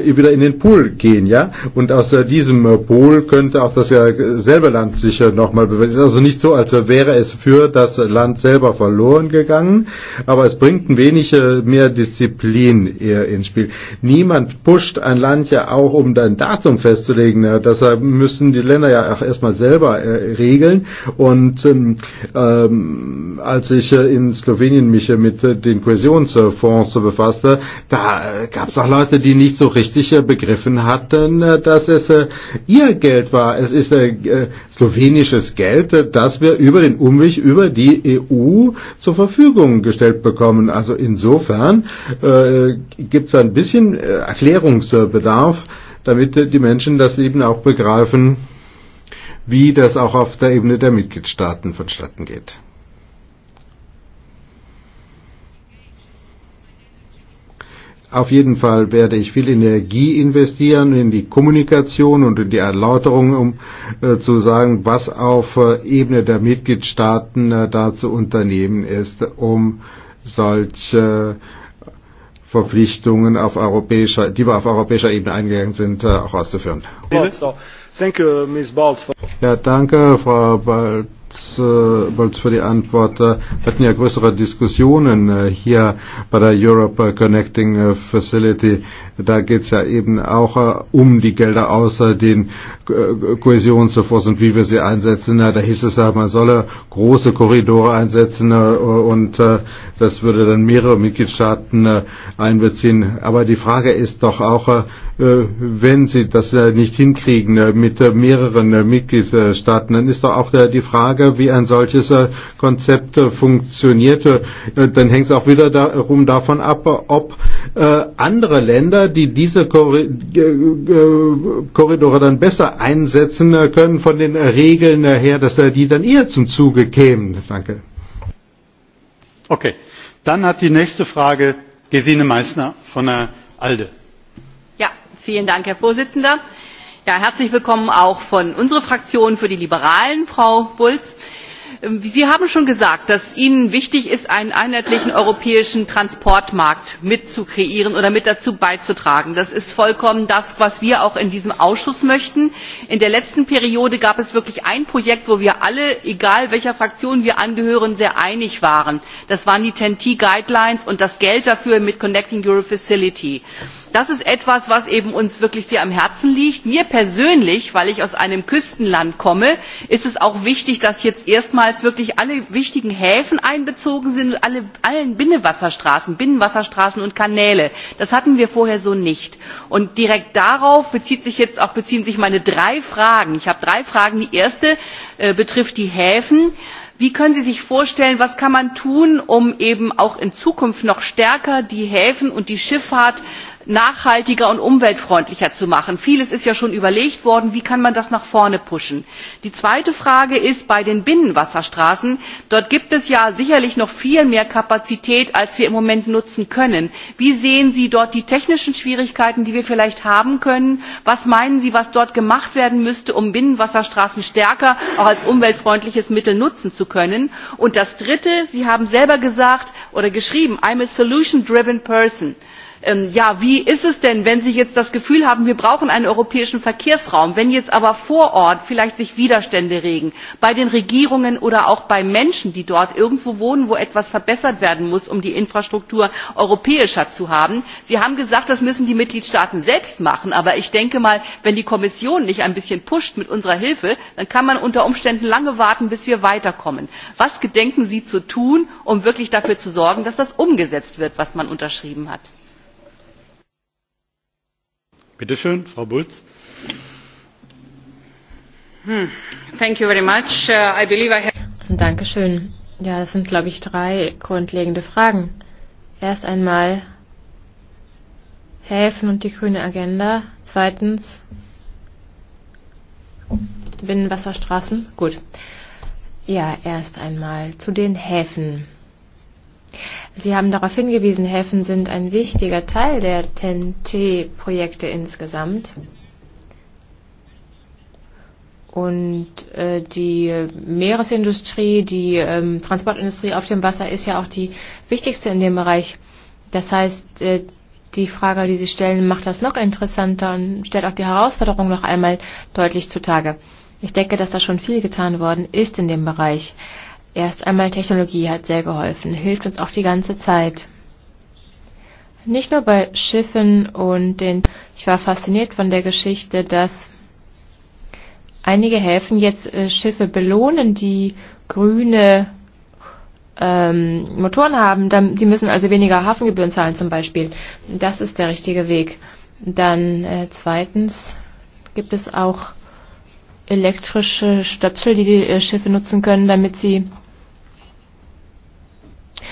wieder in den Pool gehen, ja? Und aus diesem Pool könnte auch das selbe Land sich nochmal bewegen. Es ist also nicht so, als wäre es für das Land selber verloren gegangen, aber es bringt ein wenig mehr Disziplin ins Spiel. Niemand pusht ein Land ja auch, um ein Datum festzulegen. Deshalb müssen die Länder ja auch erstmal selber regeln und ähm, ähm, als ich äh, in Slowenien mich äh, mit äh, den Kohäsionsfonds befasste, da gab es auch Leute, die nicht so richtig begriffen hatten, dass es ihr Geld war. Es ist slowenisches Geld, das wir über den Umweg über die EU zur Verfügung gestellt bekommen. Also insofern äh, gibt es ein bisschen Erklärungsbedarf, damit die Menschen das eben auch begreifen wie das auch auf der Ebene der Mitgliedstaaten vonstatten geht. Auf jeden Fall werde ich viel Energie investieren in die Kommunikation und in die Erläuterung, um äh, zu sagen, was auf äh, Ebene der Mitgliedstaaten äh, da zu unternehmen ist, um solche Verpflichtungen auf europäischer, die wir auf europäischer Ebene eingegangen sind, äh, auch auszuführen. Thank you, Ms. Balz. For... Ja, danke, Frau Balz Bolz äh, für die Antwort. Wir äh, hatten ja größere Diskussionen äh, hier bei der Europe Connecting Facility. Da geht es ja eben auch um die Gelder außer den Kohäsionsfonds und wie wir sie einsetzen. Da hieß es ja, man solle große Korridore einsetzen und das würde dann mehrere Mitgliedstaaten einbeziehen. Aber die Frage ist doch auch, wenn sie das nicht hinkriegen mit mehreren Mitgliedstaaten, dann ist doch auch die Frage, Frage, wie ein solches äh, Konzept funktioniert. Äh, dann hängt es auch wieder darum davon ab, ob äh, andere Länder, die diese Korridore dann besser einsetzen können, von den Regeln her, dass die dann eher zum Zuge kämen. Danke. Okay. Dann hat die nächste Frage Gesine Meissner von der ALDE. Ja, vielen Dank, Herr Vorsitzender herzlich willkommen auch von unserer Fraktion für die Liberalen, Frau Bulc. Ähm, Sie haben schon gesagt, dass Ihnen wichtig ist, einen einheitlichen europäischen Transportmarkt mitzukreieren oder mit dazu beizutragen. Das ist vollkommen das, was wir auch in diesem Ausschuss möchten. In der letzten Periode gab es wirklich ein Projekt, wo wir alle, egal welcher Fraktion wir angehören, sehr einig waren. Das waren die TEN-T-Guidelines und das Geld dafür mit Connecting Europe Facility das ist etwas was uns wirklich sehr am herzen liegt. mir persönlich weil ich aus einem küstenland komme ist es auch wichtig dass jetzt erstmals wirklich alle wichtigen häfen einbezogen sind und alle, allen binnenwasserstraßen binnenwasserstraßen und kanäle. das hatten wir vorher so nicht. und direkt darauf beziehen sich jetzt auch sich meine drei fragen. ich habe drei fragen. die erste äh, betrifft die häfen wie können sie sich vorstellen was kann man tun um eben auch in zukunft noch stärker die häfen und die schifffahrt nachhaltiger und umweltfreundlicher zu machen. vieles ist ja schon überlegt worden wie kann man das nach vorne pushen? die zweite frage ist bei den binnenwasserstraßen dort gibt es ja sicherlich noch viel mehr kapazität als wir im moment nutzen können. wie sehen sie dort die technischen schwierigkeiten die wir vielleicht haben können? was meinen sie was dort gemacht werden müsste um binnenwasserstraßen stärker auch als umweltfreundliches mittel nutzen zu können? und das dritte sie haben selber gesagt oder geschrieben i'm a solution driven person. Ähm, ja wie ist es denn wenn sie jetzt das gefühl haben wir brauchen einen europäischen verkehrsraum wenn sich jetzt aber vor ort vielleicht widerstände regen bei den regierungen oder auch bei menschen die dort irgendwo wohnen wo etwas verbessert werden muss um die infrastruktur europäischer zu haben? sie haben gesagt das müssen die mitgliedstaaten selbst machen aber ich denke mal wenn die kommission nicht ein bisschen pusht mit unserer hilfe dann kann man unter umständen lange warten bis wir weiterkommen. was gedenken sie zu tun um wirklich dafür zu sorgen dass das umgesetzt wird was man unterschrieben hat? Schön, hm, uh, Danke schön. Ja, das sind, glaube ich, drei grundlegende Fragen. Erst einmal Häfen und die grüne Agenda. Zweitens Binnenwasserstraßen. Gut. Ja, erst einmal zu den Häfen. Sie haben darauf hingewiesen, Häfen sind ein wichtiger Teil der TEN-T-Projekte insgesamt. Und äh, die Meeresindustrie, die ähm, Transportindustrie auf dem Wasser ist ja auch die wichtigste in dem Bereich. Das heißt, äh, die Frage, die Sie stellen, macht das noch interessanter und stellt auch die Herausforderung noch einmal deutlich zutage. Ich denke, dass da schon viel getan worden ist in dem Bereich. Äh, Erst einmal Technologie hat sehr geholfen, hilft uns auch die ganze Zeit. Nicht nur bei Schiffen und den, ich war fasziniert von der Geschichte, dass einige Häfen jetzt äh, Schiffe belohnen, die grüne ähm, Motoren haben, dann, die müssen also weniger Hafengebühren zahlen zum Beispiel. Das ist der richtige Weg. Dann äh, zweitens gibt es auch elektrische Stöpsel, die die äh, Schiffe nutzen können, damit sie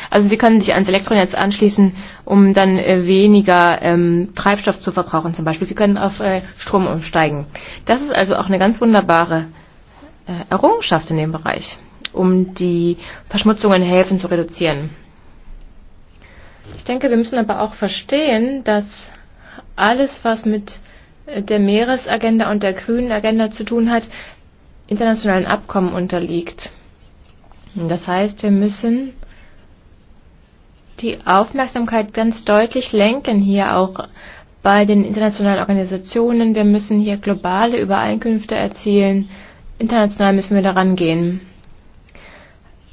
Also Sie können sich ans Elektronetz anschließen, um dann äh, weniger ähm, Treibstoff zu verbrauchen zum Beispiel. Sie können auf äh, Strom umsteigen. Das ist also auch eine ganz wunderbare äh, Errungenschaft in dem Bereich, um die Verschmutzungen helfen zu reduzieren. Ich denke, wir müssen aber auch verstehen, dass alles, was mit äh, der Meeresagenda und der grünen Agenda zu tun hat, internationalen Abkommen unterliegt. Das heißt, wir müssen die Aufmerksamkeit ganz deutlich lenken, hier auch bei den internationalen Organisationen. Wir müssen hier globale Übereinkünfte erzielen. International müssen wir daran gehen.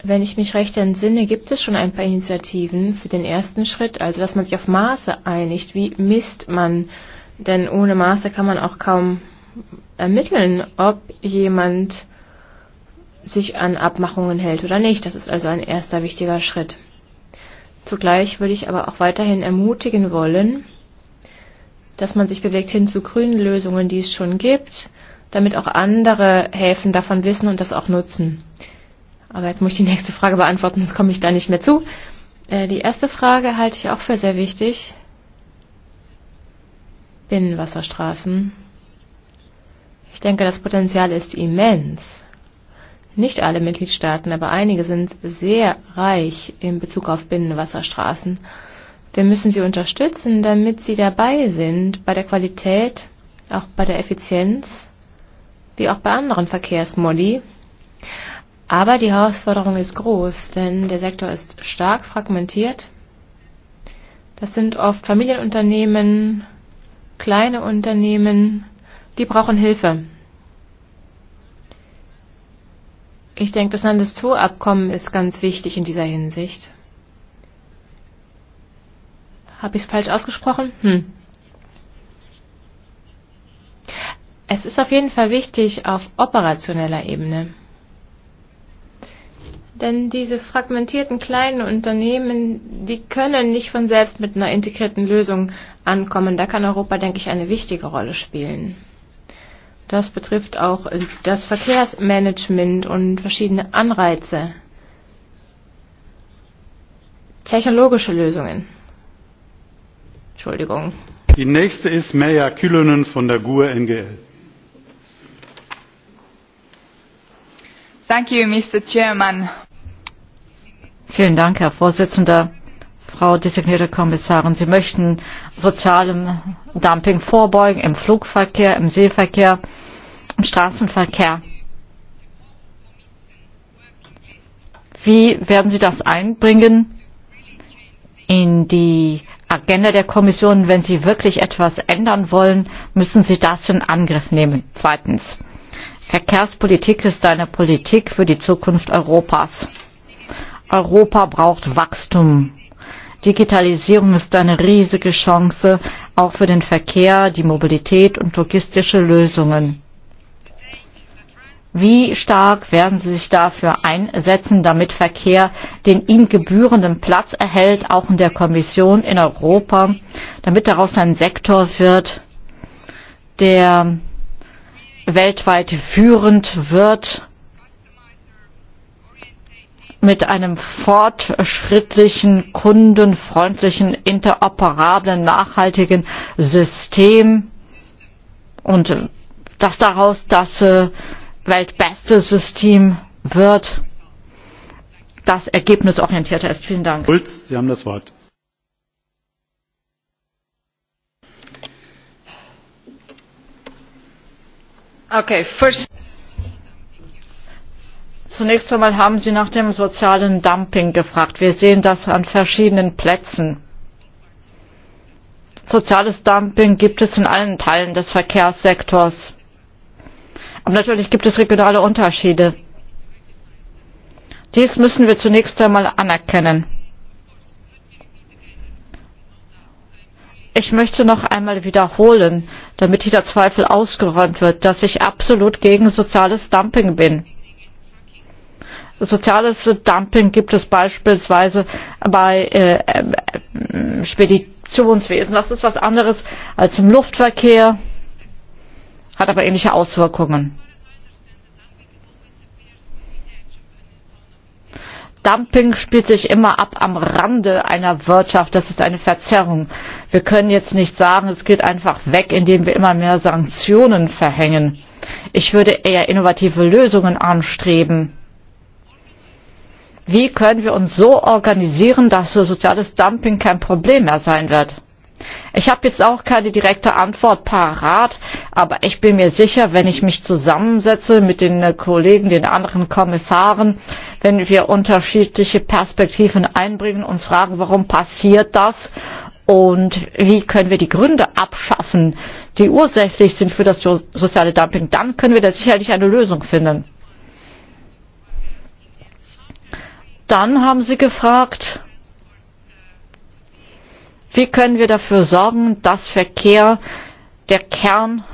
Wenn ich mich recht entsinne, gibt es schon ein paar Initiativen für den ersten Schritt, also dass man sich auf Maße einigt. Wie misst man? Denn ohne Maße kann man auch kaum ermitteln, ob jemand sich an Abmachungen hält oder nicht. Das ist also ein erster wichtiger Schritt. Zugleich würde ich aber auch weiterhin ermutigen wollen, dass man sich bewegt hin zu grünen Lösungen, die es schon gibt, damit auch andere Häfen davon wissen und das auch nutzen. Aber jetzt muss ich die nächste Frage beantworten, sonst komme ich da nicht mehr zu. Äh, die erste Frage halte ich auch für sehr wichtig. Binnenwasserstraßen. Ich denke, das Potenzial ist immens. Nicht alle Mitgliedstaaten, aber einige sind sehr reich in Bezug auf Binnenwasserstraßen. Wir müssen sie unterstützen, damit sie dabei sind bei der Qualität, auch bei der Effizienz, wie auch bei anderen Verkehrsmodi. Aber die Herausforderung ist groß, denn der Sektor ist stark fragmentiert. Das sind oft Familienunternehmen, kleine Unternehmen, die brauchen Hilfe. Ich denke, das Landeszuabkommen ist ganz wichtig in dieser Hinsicht. Habe ich es falsch ausgesprochen? Hm. Es ist auf jeden Fall wichtig auf operationeller Ebene. Denn diese fragmentierten kleinen Unternehmen, die können nicht von selbst mit einer integrierten Lösung ankommen. Da kann Europa, denke ich, eine wichtige Rolle spielen. Das betrifft auch das Verkehrsmanagement und verschiedene Anreize, technologische Lösungen. Entschuldigung. Die nächste ist Meja Kühlönen von der GUR NGL. Thank you, Mr. Chairman. Vielen Dank, Herr Vorsitzender. Frau designierte Kommissarin, Sie möchten sozialem Dumping vorbeugen im Flugverkehr, im Seeverkehr, im Straßenverkehr. Wie werden Sie das einbringen in die Agenda der Kommission? Wenn Sie wirklich etwas ändern wollen, müssen Sie das in Angriff nehmen. Zweitens. Verkehrspolitik ist eine Politik für die Zukunft Europas. Europa braucht Wachstum. Digitalisierung ist eine riesige Chance, auch für den Verkehr, die Mobilität und logistische Lösungen. Wie stark werden Sie sich dafür einsetzen, damit Verkehr den ihm gebührenden Platz erhält, auch in der Kommission in Europa, damit daraus ein Sektor wird, der weltweit führend wird mit einem fortschrittlichen, kundenfreundlichen, interoperablen, nachhaltigen System und dass daraus das äh, weltbeste System wird, das ergebnisorientierter ist. Vielen Dank. Schulz, Sie haben das Wort. Okay, first Zunächst einmal haben Sie nach dem sozialen Dumping gefragt. Wir sehen das an verschiedenen Plätzen. Soziales Dumping gibt es in allen Teilen des Verkehrssektors. Aber natürlich gibt es regionale Unterschiede. Dies müssen wir zunächst einmal anerkennen. Ich möchte noch einmal wiederholen, damit jeder Zweifel ausgeräumt wird, dass ich absolut gegen soziales Dumping bin. Soziales Dumping gibt es beispielsweise bei äh, äh, Speditionswesen. Das ist was anderes als im Luftverkehr, hat aber ähnliche Auswirkungen. Dumping spielt sich immer ab am Rande einer Wirtschaft. Das ist eine Verzerrung. Wir können jetzt nicht sagen, es geht einfach weg, indem wir immer mehr Sanktionen verhängen. Ich würde eher innovative Lösungen anstreben. Wie können wir uns so organisieren, dass so soziales Dumping kein Problem mehr sein wird? Ich habe jetzt auch keine direkte Antwort parat, aber ich bin mir sicher, wenn ich mich zusammensetze mit den äh, Kollegen, den anderen Kommissaren, wenn wir unterschiedliche Perspektiven einbringen, uns fragen, warum passiert das und wie können wir die Gründe abschaffen, die ursächlich sind für das soziale Dumping, dann können wir da sicherlich eine Lösung finden. dann haben sie gefragt, wie können wir dafür sorgen, dass Verkehr der Kern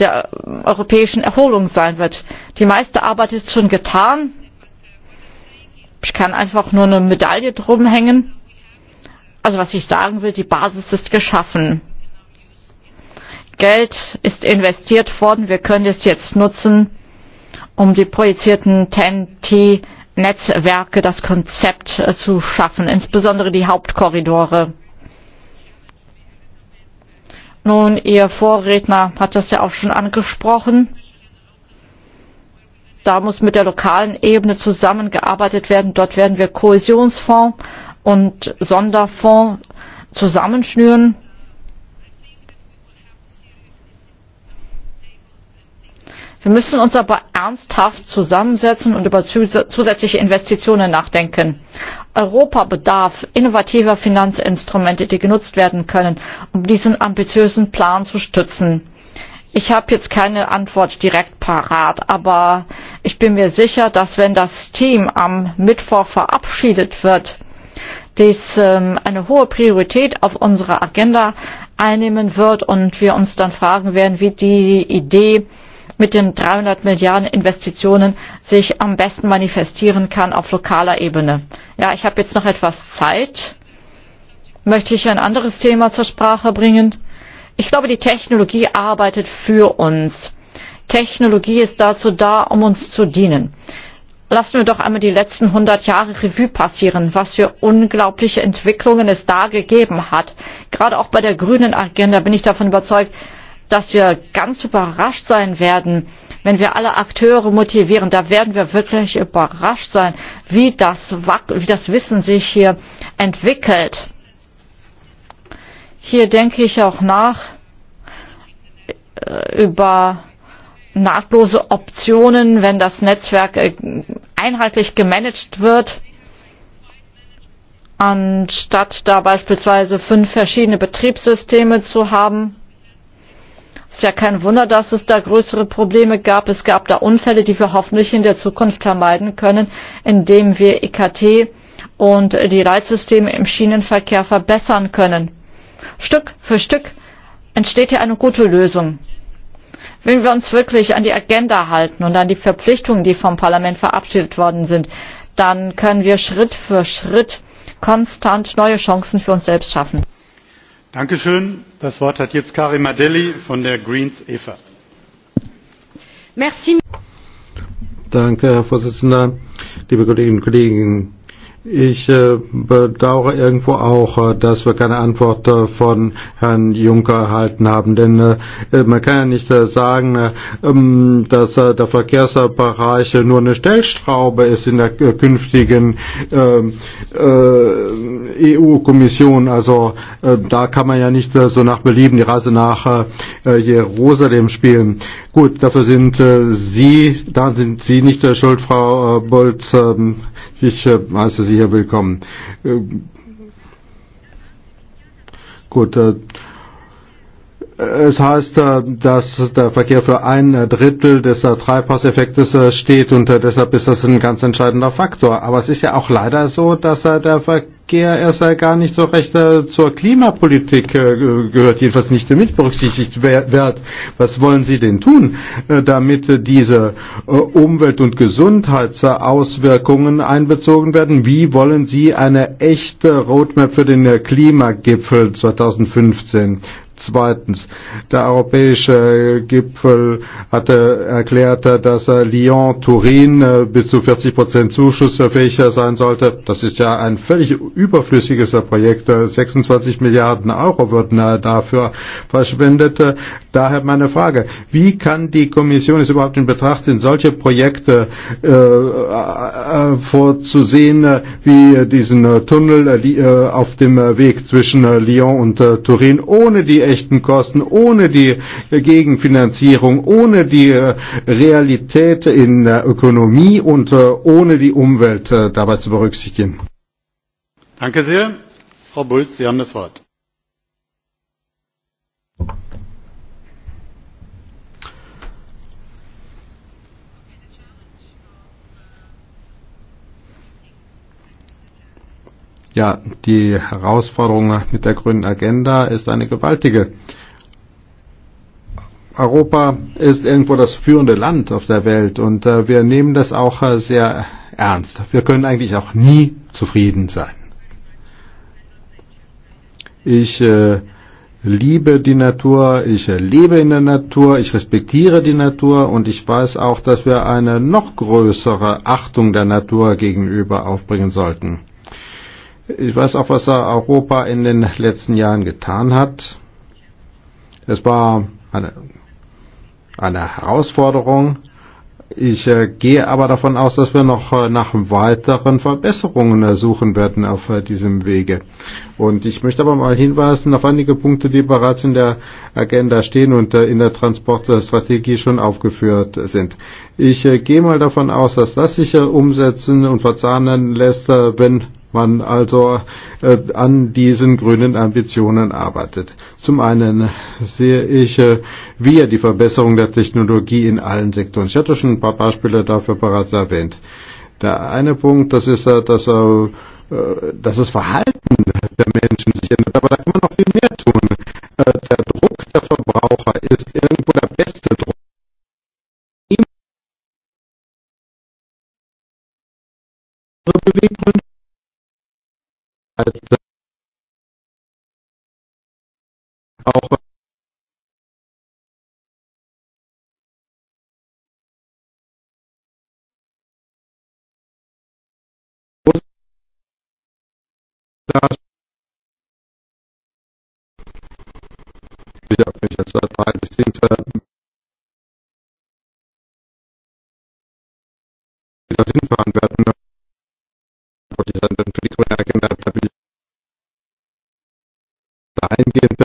der europäischen Erholung sein wird. Die meiste Arbeit ist schon getan. Ich kann einfach nur eine Medaille drumhängen. Also was ich sagen will, die Basis ist geschaffen. Geld ist investiert worden. Wir können es jetzt nutzen, um die projizierten TEN-T Netzwerke das Konzept zu schaffen, insbesondere die Hauptkorridore. Nun, Ihr Vorredner hat das ja auch schon angesprochen. Da muss mit der lokalen Ebene zusammengearbeitet werden. Dort werden wir Kohäsionsfonds und Sonderfonds zusammenschnüren. Wir müssen uns aber ernsthaft zusammensetzen und über zusätzliche Investitionen nachdenken. Europa bedarf innovativer Finanzinstrumente, die genutzt werden können, um diesen ambitiösen Plan zu stützen. Ich habe jetzt keine Antwort direkt parat, aber ich bin mir sicher, dass wenn das Team am Mittwoch verabschiedet wird, dies ähm, eine hohe Priorität auf unserer Agenda einnehmen wird und wir uns dann fragen werden, wie die Idee mit den 300 Milliarden Investitionen sich am besten manifestieren kann auf lokaler Ebene. Ja, ich habe jetzt noch etwas Zeit. Möchte ich ein anderes Thema zur Sprache bringen? Ich glaube, die Technologie arbeitet für uns. Technologie ist dazu da, um uns zu dienen. Lassen wir doch einmal die letzten 100 Jahre Revue passieren, was für unglaubliche Entwicklungen es da gegeben hat. Gerade auch bei der grünen Agenda bin ich davon überzeugt, dass wir ganz überrascht sein werden, wenn wir alle Akteure motivieren. Da werden wir wirklich überrascht sein, wie das, wie das Wissen sich hier entwickelt. Hier denke ich auch nach äh, über nahtlose Optionen, wenn das Netzwerk äh, einheitlich gemanagt wird, anstatt da beispielsweise fünf verschiedene Betriebssysteme zu haben. Es ist ja kein Wunder, dass es da größere Probleme gab. Es gab da Unfälle, die wir hoffentlich in der Zukunft vermeiden können, indem wir EKT und die Leitsysteme im Schienenverkehr verbessern können. Stück für Stück entsteht hier eine gute Lösung. Wenn wir uns wirklich an die Agenda halten und an die Verpflichtungen, die vom Parlament verabschiedet worden sind, dann können wir Schritt für Schritt konstant neue Chancen für uns selbst schaffen. Dankeschön. Das Wort hat jetzt Karima Deli von der Greens EFA. Merci. Danke, Herr Vorsitzender, liebe Kolleginnen und Kollegen. Ich äh, bedauere irgendwo auch, äh, dass wir keine Antwort äh, von Herrn Juncker erhalten haben, denn man kann ja nicht sagen, ähm, dass der Verkehrsbereich nur eine Stellschraube ist in der künftigen ähm, EU-Kommission. Also da kann man ja nicht so nach Belieben die Reise nach Jerusalem spielen. Gut, dafür sind Sie, da sind Sie nicht schuld, Frau Bolz ähm, ich heiße Sie hier willkommen. Äh, gut, äh, es heißt, äh, dass der Verkehr für ein Drittel des Treibhauseffektes steht und deshalb ist das ein ganz entscheidender Faktor. Aber es ist ja auch leider so, dass der Verkehr Er sei gar nicht so recht äh, zur Klimapolitik äh, gehört, jedenfalls nicht mit berücksichtigt wird. Was wollen Sie denn tun, äh, damit diese Umwelt- und Gesundheitsauswirkungen einbezogen werden? Wie wollen Sie eine echte Roadmap für den Klimagipfel 2015 Zweitens, der europäische Gipfel hatte erklärt, dass er Lyon-Turin äh, bis zu 40 Prozent zuschussfähig sein sollte. Das ist ja ein völlig überflüssiges Projekt. 26 äh, Milliarden Euro würden er dafür verschwendet. Äh, daher meine Frage, wie kann die Kommission es überhaupt in Betracht ziehen, solche Projekte äh, äh, vorzusehen, wie diesen Tunnel äh, auf dem Weg zwischen Lyon und Turin, ohne die echten Kosten, ohne die Gegenfinanzierung, ohne die äh, Realität in der Ökonomie und äh, ohne die Umwelt äh, dabei zu berücksichtigen. Danke sehr. Frau Bulc, Sie haben das Wort. Ja, die Herausforderung mit der grünen Agenda ist eine gewaltige. Europa ist irgendwo das führende Land auf der Welt und äh, wir nehmen das auch äh, sehr ernst. Wir können eigentlich auch nie zufrieden sein. Ich äh, liebe die Natur, ich äh, lebe in der Natur, ich respektiere die Natur und ich weiß auch, dass wir eine noch größere Achtung der Natur gegenüber aufbringen sollten. Ich weiß auch, was er Europa in den letzten Jahren getan hat. Es war eine, eine Herausforderung. Ich äh, gehe aber davon aus, dass wir noch äh, nach weiteren Verbesserungen äh, suchen werden auf äh, diesem Wege. Und ich möchte aber mal hinweisen auf einige Punkte, die bereits in der Agenda stehen und äh, in der Transportstrategie schon aufgeführt sind. Ich äh, gehe mal davon aus, dass das sich äh, umsetzen und verzahnen lässt, äh, wenn man also äh, an diesen grünen Ambitionen arbeitet. Zum einen sehe ich äh, wir er die Verbesserung der Technologie in allen Sektoren. Ich hatte schon ein paar Beispiele dafür bereits erwähnt. Der eine Punkt, das ist, äh, dass, er, äh, dass das Verhalten der Menschen sich ändert, aber da kann man noch viel mehr tun. Äh, der Druck der Verbraucher ist irgendwo der beste Druck. Beweggründe auch Ich habe mich jetzt dahingehend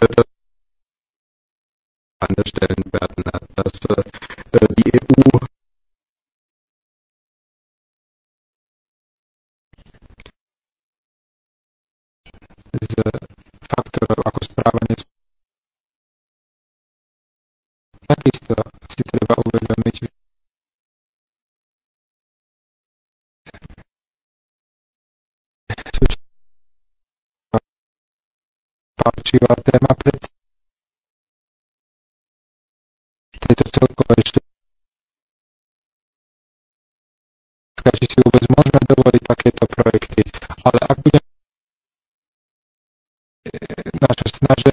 palčivá téma predsa tejto celkovej štúdie, či si vôbec môžeme dovoliť takéto projekty. Ale ak budeme naše snaže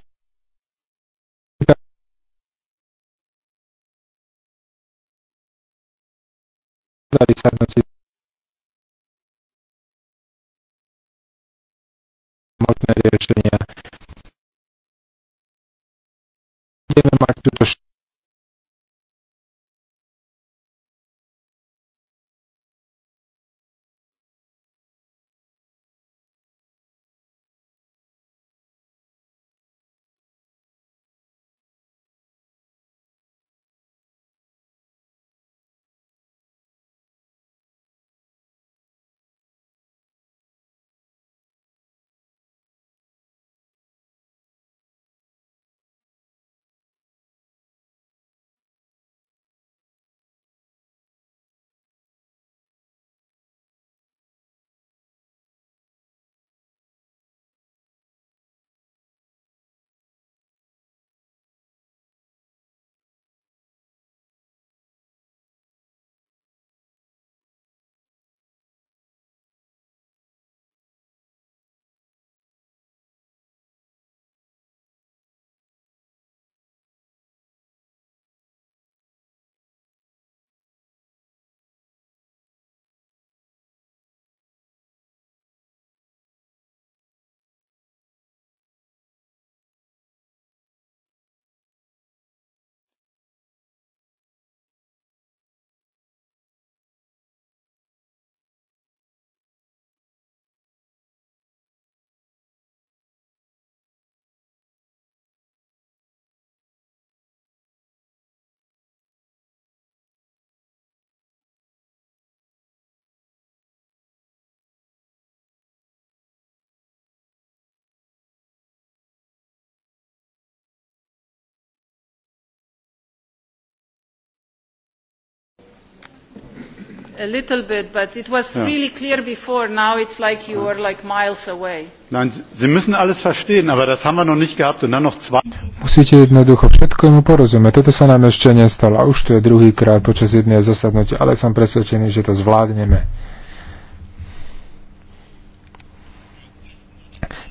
dali sa hnutie budeme a little bit, but it was ja. really clear before. Now it's like you are like miles away. Nein, Sie müssen alles verstehen, aber das haben wir noch nicht gehabt und dann noch zwei. Musíte jednoducho všetko mu porozumieť. Toto sa nám ešte nestalo. Už to je druhý krát počas jednej zasadnutia, ale som presvedčený, že to zvládneme.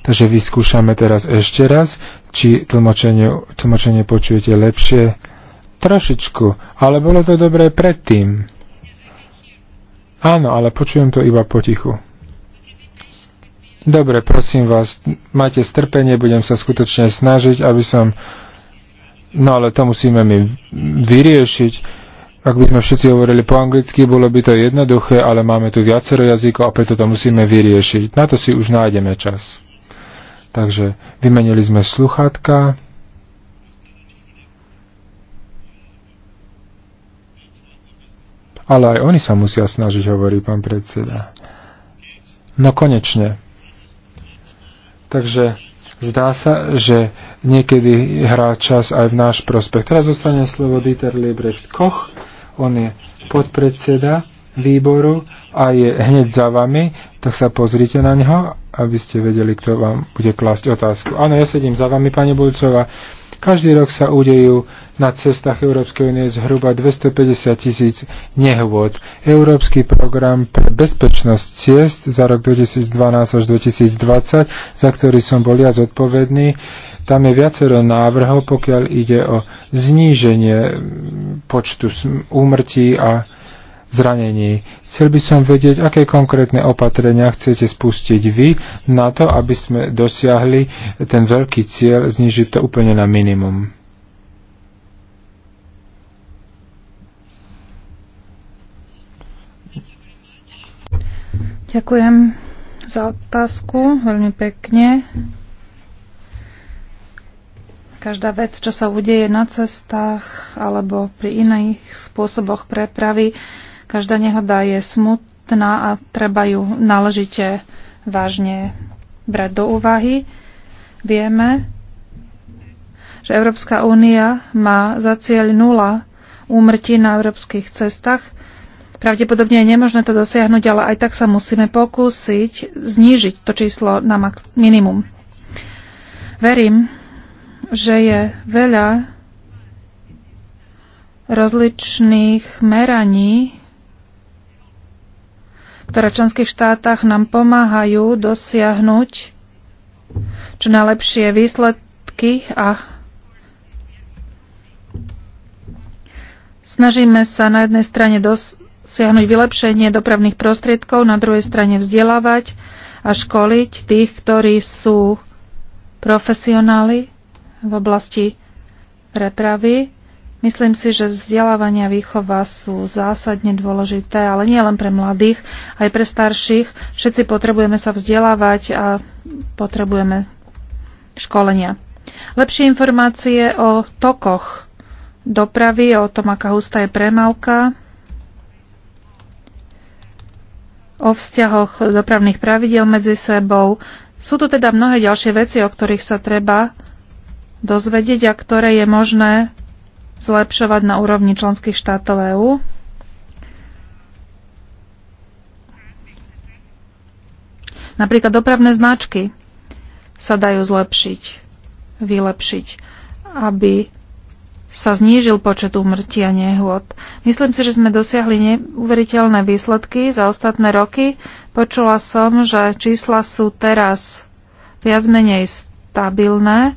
Takže vyskúšame teraz ešte raz, či tlmočenie, tlmočenie počujete lepšie. Trošičku, ale bolo to dobré predtým. Áno, ale počujem to iba potichu. Dobre, prosím vás, majte strpenie, budem sa skutočne snažiť, aby som... No ale to musíme my vyriešiť. Ak by sme všetci hovorili po anglicky, bolo by to jednoduché, ale máme tu viacero jazykov a preto to musíme vyriešiť. Na to si už nájdeme čas. Takže vymenili sme sluchátka. Ale aj oni sa musia snažiť, hovorí pán predseda. No konečne. Takže zdá sa, že niekedy hrá čas aj v náš prospech. Teraz zostane slovo Dieter Liebrecht Koch. On je podpredseda výboru a je hneď za vami, tak sa pozrite na neho, aby ste vedeli, kto vám bude klásť otázku. Áno, ja sedím za vami, pani Bulcová. Každý rok sa udejú na cestách Európskej únie zhruba 250 tisíc nehôd. Európsky program pre bezpečnosť ciest za rok 2012 až 2020, za ktorý som bol ja zodpovedný, tam je viacero návrhov, pokiaľ ide o zníženie počtu úmrtí a zranení. Chcel by som vedieť, aké konkrétne opatrenia chcete spustiť vy na to, aby sme dosiahli ten veľký cieľ znižiť to úplne na minimum. Ďakujem za otázku veľmi pekne. Každá vec, čo sa udeje na cestách alebo pri iných spôsoboch prepravy, Každá nehoda je smutná a treba ju náležite vážne brať do úvahy. Vieme, že Európska únia má za cieľ nula úmrtí na európskych cestách. Pravdepodobne je nemožné to dosiahnuť, ale aj tak sa musíme pokúsiť znížiť to číslo na max- minimum. Verím, že je veľa rozličných meraní ktoré v členských štátach nám pomáhajú dosiahnuť čo najlepšie výsledky a snažíme sa na jednej strane dosiahnuť vylepšenie dopravných prostriedkov, na druhej strane vzdelávať a školiť tých, ktorí sú profesionáli v oblasti prepravy Myslím si, že vzdelávania a výchova sú zásadne dôležité, ale nie len pre mladých, aj pre starších. Všetci potrebujeme sa vzdelávať a potrebujeme školenia. Lepšie informácie o tokoch dopravy, o tom, aká hustá je premávka, o vzťahoch dopravných pravidel medzi sebou. Sú tu teda mnohé ďalšie veci, o ktorých sa treba dozvedieť a ktoré je možné zlepšovať na úrovni členských štátov EÚ. Napríklad dopravné značky sa dajú zlepšiť, vylepšiť, aby sa znížil počet úmrtí a nehôd. Myslím si, že sme dosiahli neuveriteľné výsledky za ostatné roky. Počula som, že čísla sú teraz viac menej stabilné,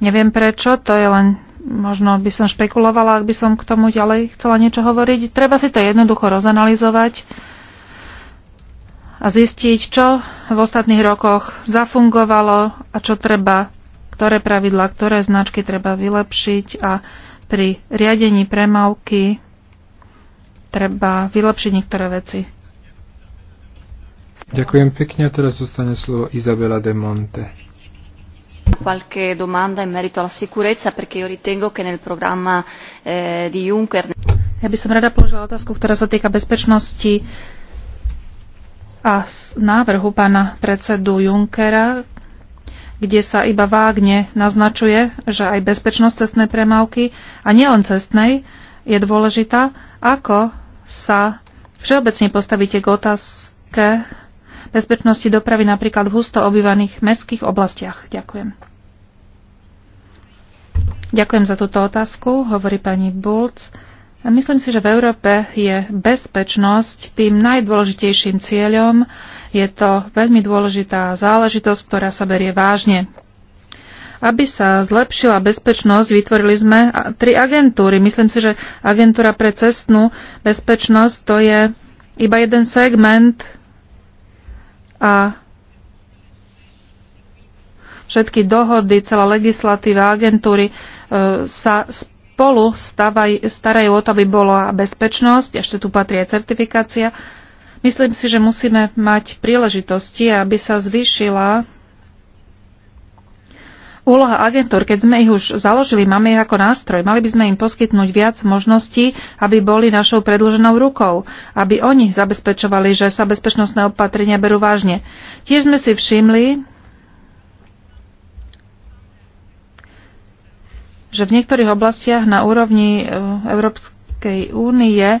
Neviem prečo, to je len, možno by som špekulovala, ak by som k tomu ďalej chcela niečo hovoriť. Treba si to jednoducho rozanalizovať a zistiť, čo v ostatných rokoch zafungovalo a čo treba, ktoré pravidlá, ktoré značky treba vylepšiť a pri riadení premávky treba vylepšiť niektoré veci. Ďakujem pekne a teraz zostane slovo Izabela de Monte qualche domanda in merito alla sicurezza perché io ritengo che nel programma eh, di Juncker Ja by som rada položila otázku, ktorá sa týka bezpečnosti a návrhu pána predsedu Junckera, kde sa iba vágne naznačuje, že aj bezpečnosť cestnej premávky a nielen cestnej je dôležitá, ako sa všeobecne postavíte k otázke bezpečnosti dopravy napríklad v husto obývaných mestských oblastiach? Ďakujem. Ďakujem za túto otázku, hovorí pani Bulc. Myslím si, že v Európe je bezpečnosť tým najdôležitejším cieľom. Je to veľmi dôležitá záležitosť, ktorá sa berie vážne. Aby sa zlepšila bezpečnosť, vytvorili sme tri agentúry. Myslím si, že agentúra pre cestnú bezpečnosť to je iba jeden segment a všetky dohody, celá legislatíva, agentúry e, sa spolu stavaj, starajú o to, aby bola bezpečnosť, ešte tu patrí aj certifikácia. Myslím si, že musíme mať príležitosti, aby sa zvýšila úloha agentúr, keď sme ich už založili, máme ich ako nástroj. Mali by sme im poskytnúť viac možností, aby boli našou predloženou rukou, aby oni zabezpečovali, že sa bezpečnostné opatrenia berú vážne. Tiež sme si všimli, že v niektorých oblastiach na úrovni eh, Európskej únie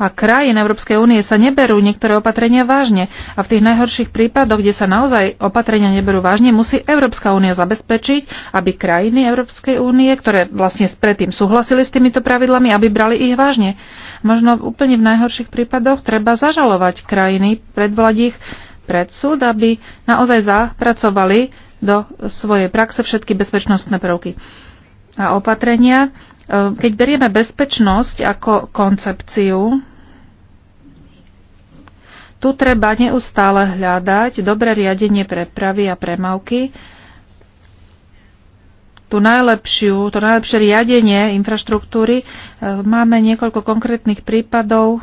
a krajín Európskej únie sa neberú niektoré opatrenia vážne a v tých najhorších prípadoch, kde sa naozaj opatrenia neberú vážne, musí Európska únia zabezpečiť, aby krajiny Európskej únie, ktoré vlastne predtým súhlasili s týmito pravidlami, aby brali ich vážne. Možno úplne v najhorších prípadoch treba zažalovať krajiny, predvolať ich pred súd, aby naozaj zapracovali do svojej praxe všetky bezpečnostné prvky a opatrenia. Keď berieme bezpečnosť ako koncepciu, tu treba neustále hľadať dobré riadenie prepravy a premávky, tú najlepšiu, to najlepšie riadenie infraštruktúry. E, máme niekoľko konkrétnych prípadov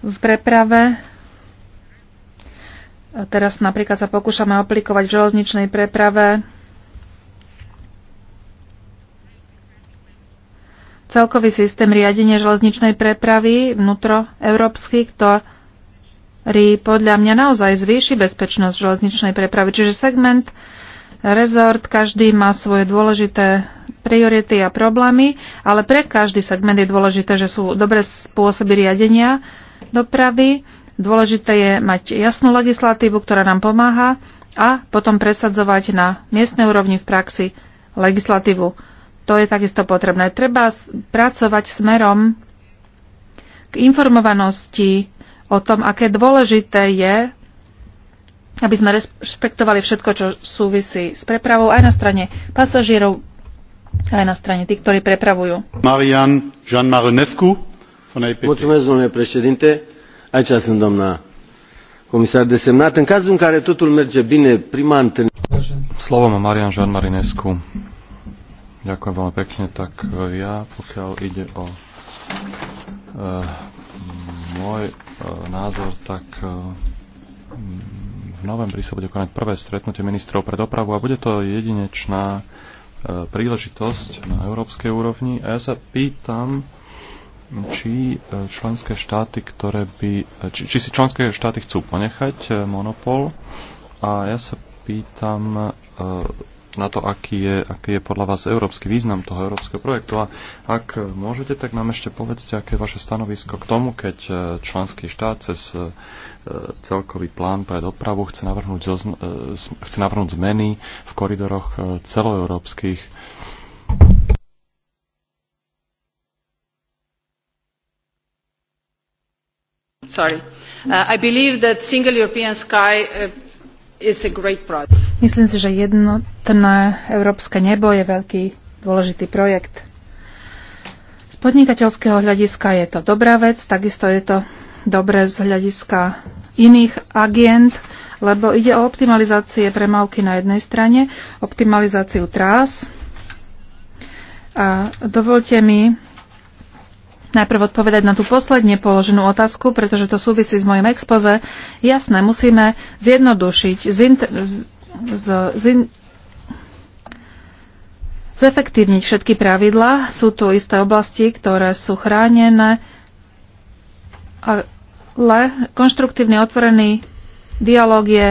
v preprave. Teraz napríklad sa pokúšame aplikovať v železničnej preprave celkový systém riadenia železničnej prepravy vnútroeurópsky, ktorý podľa mňa naozaj zvýši bezpečnosť železničnej prepravy. Čiže segment, rezort, každý má svoje dôležité priority a problémy, ale pre každý segment je dôležité, že sú dobré spôsoby riadenia dopravy. Dôležité je mať jasnú legislatívu, ktorá nám pomáha a potom presadzovať na miestnej úrovni v praxi legislatívu. To je takisto potrebné. Treba pracovať smerom k informovanosti o tom, aké dôležité je, aby sme rešpektovali všetko, čo súvisí s prepravou aj na strane pasažierov, aj na strane tých, ktorí prepravujú. Marian Jean Marinescu. Mulțumesc, domnule președinte. Aici sunt, doamna comisar desemnat. În cazul în care totul merge bine, prima întâlnire... Slovo má Marian Jean Marinescu. Ďakujem veľmi pekne. Tak e, ja, pokiaľ ide o e, môj e, názor, tak e, v novembri sa bude konať prvé stretnutie ministrov pre dopravu a bude to jedinečná e, príležitosť na európskej úrovni. A ja sa pýtam, či e, členské štáty, ktoré by, e, či, či si členské štáty chcú ponechať monopol. A ja sa pýtam, na to, aký je, aký je podľa vás európsky význam toho európskeho projektu. A ak môžete, tak nám ešte povedzte, aké je vaše stanovisko k tomu, keď e, členský štát cez e, celkový plán pre dopravu chce navrhnúť, e, chce navrhnúť zmeny v koridoroch celoeurópskych Sorry. Uh, I believe that single European sky uh, Myslím si, že jednotné európske nebo je veľký dôležitý projekt. Z podnikateľského hľadiska je to dobrá vec, takisto je to dobré z hľadiska iných agent, lebo ide o optimalizácie premávky na jednej strane, optimalizáciu trás. A dovolte mi najprv odpovedať na tú posledne položenú otázku, pretože to súvisí s mojim expoze. Jasné, musíme zjednodušiť, zefektívniť všetky pravidlá. Sú tu isté oblasti, ktoré sú chránené, ale konštruktívny otvorený dialog je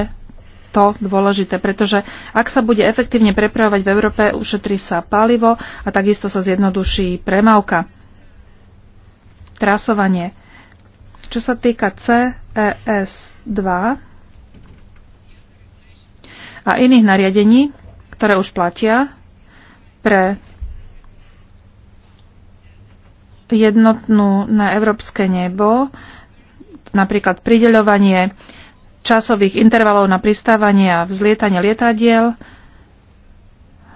to dôležité, pretože ak sa bude efektívne prepravovať v Európe, ušetrí sa palivo a takisto sa zjednoduší premávka trasovanie. Čo sa týka CES2 a iných nariadení, ktoré už platia pre jednotnú na európske nebo, napríklad prideľovanie časových intervalov na pristávanie a vzlietanie lietadiel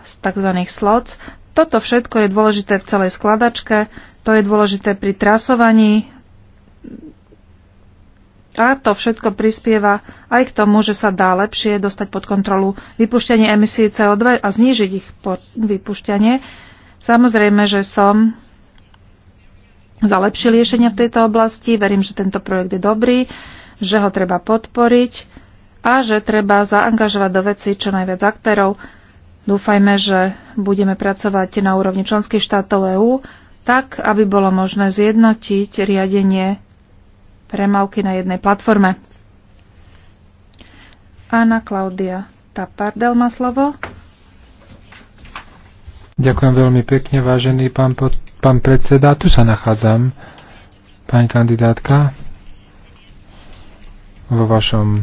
z tzv. slots. Toto všetko je dôležité v celej skladačke to je dôležité pri trasovaní a to všetko prispieva aj k tomu, že sa dá lepšie dostať pod kontrolu vypušťanie emisí CO2 a znížiť ich vypušťanie. Samozrejme, že som za lepšie riešenia v tejto oblasti. Verím, že tento projekt je dobrý, že ho treba podporiť a že treba zaangažovať do veci čo najviac aktérov. Dúfajme, že budeme pracovať na úrovni členských štátov EÚ tak, aby bolo možné zjednotiť riadenie premávky na jednej platforme. Anna Klaudia Tapardel má slovo. Ďakujem veľmi pekne, vážený pán, pod, pán predseda. Tu sa nachádzam, pani kandidátka, vo vašom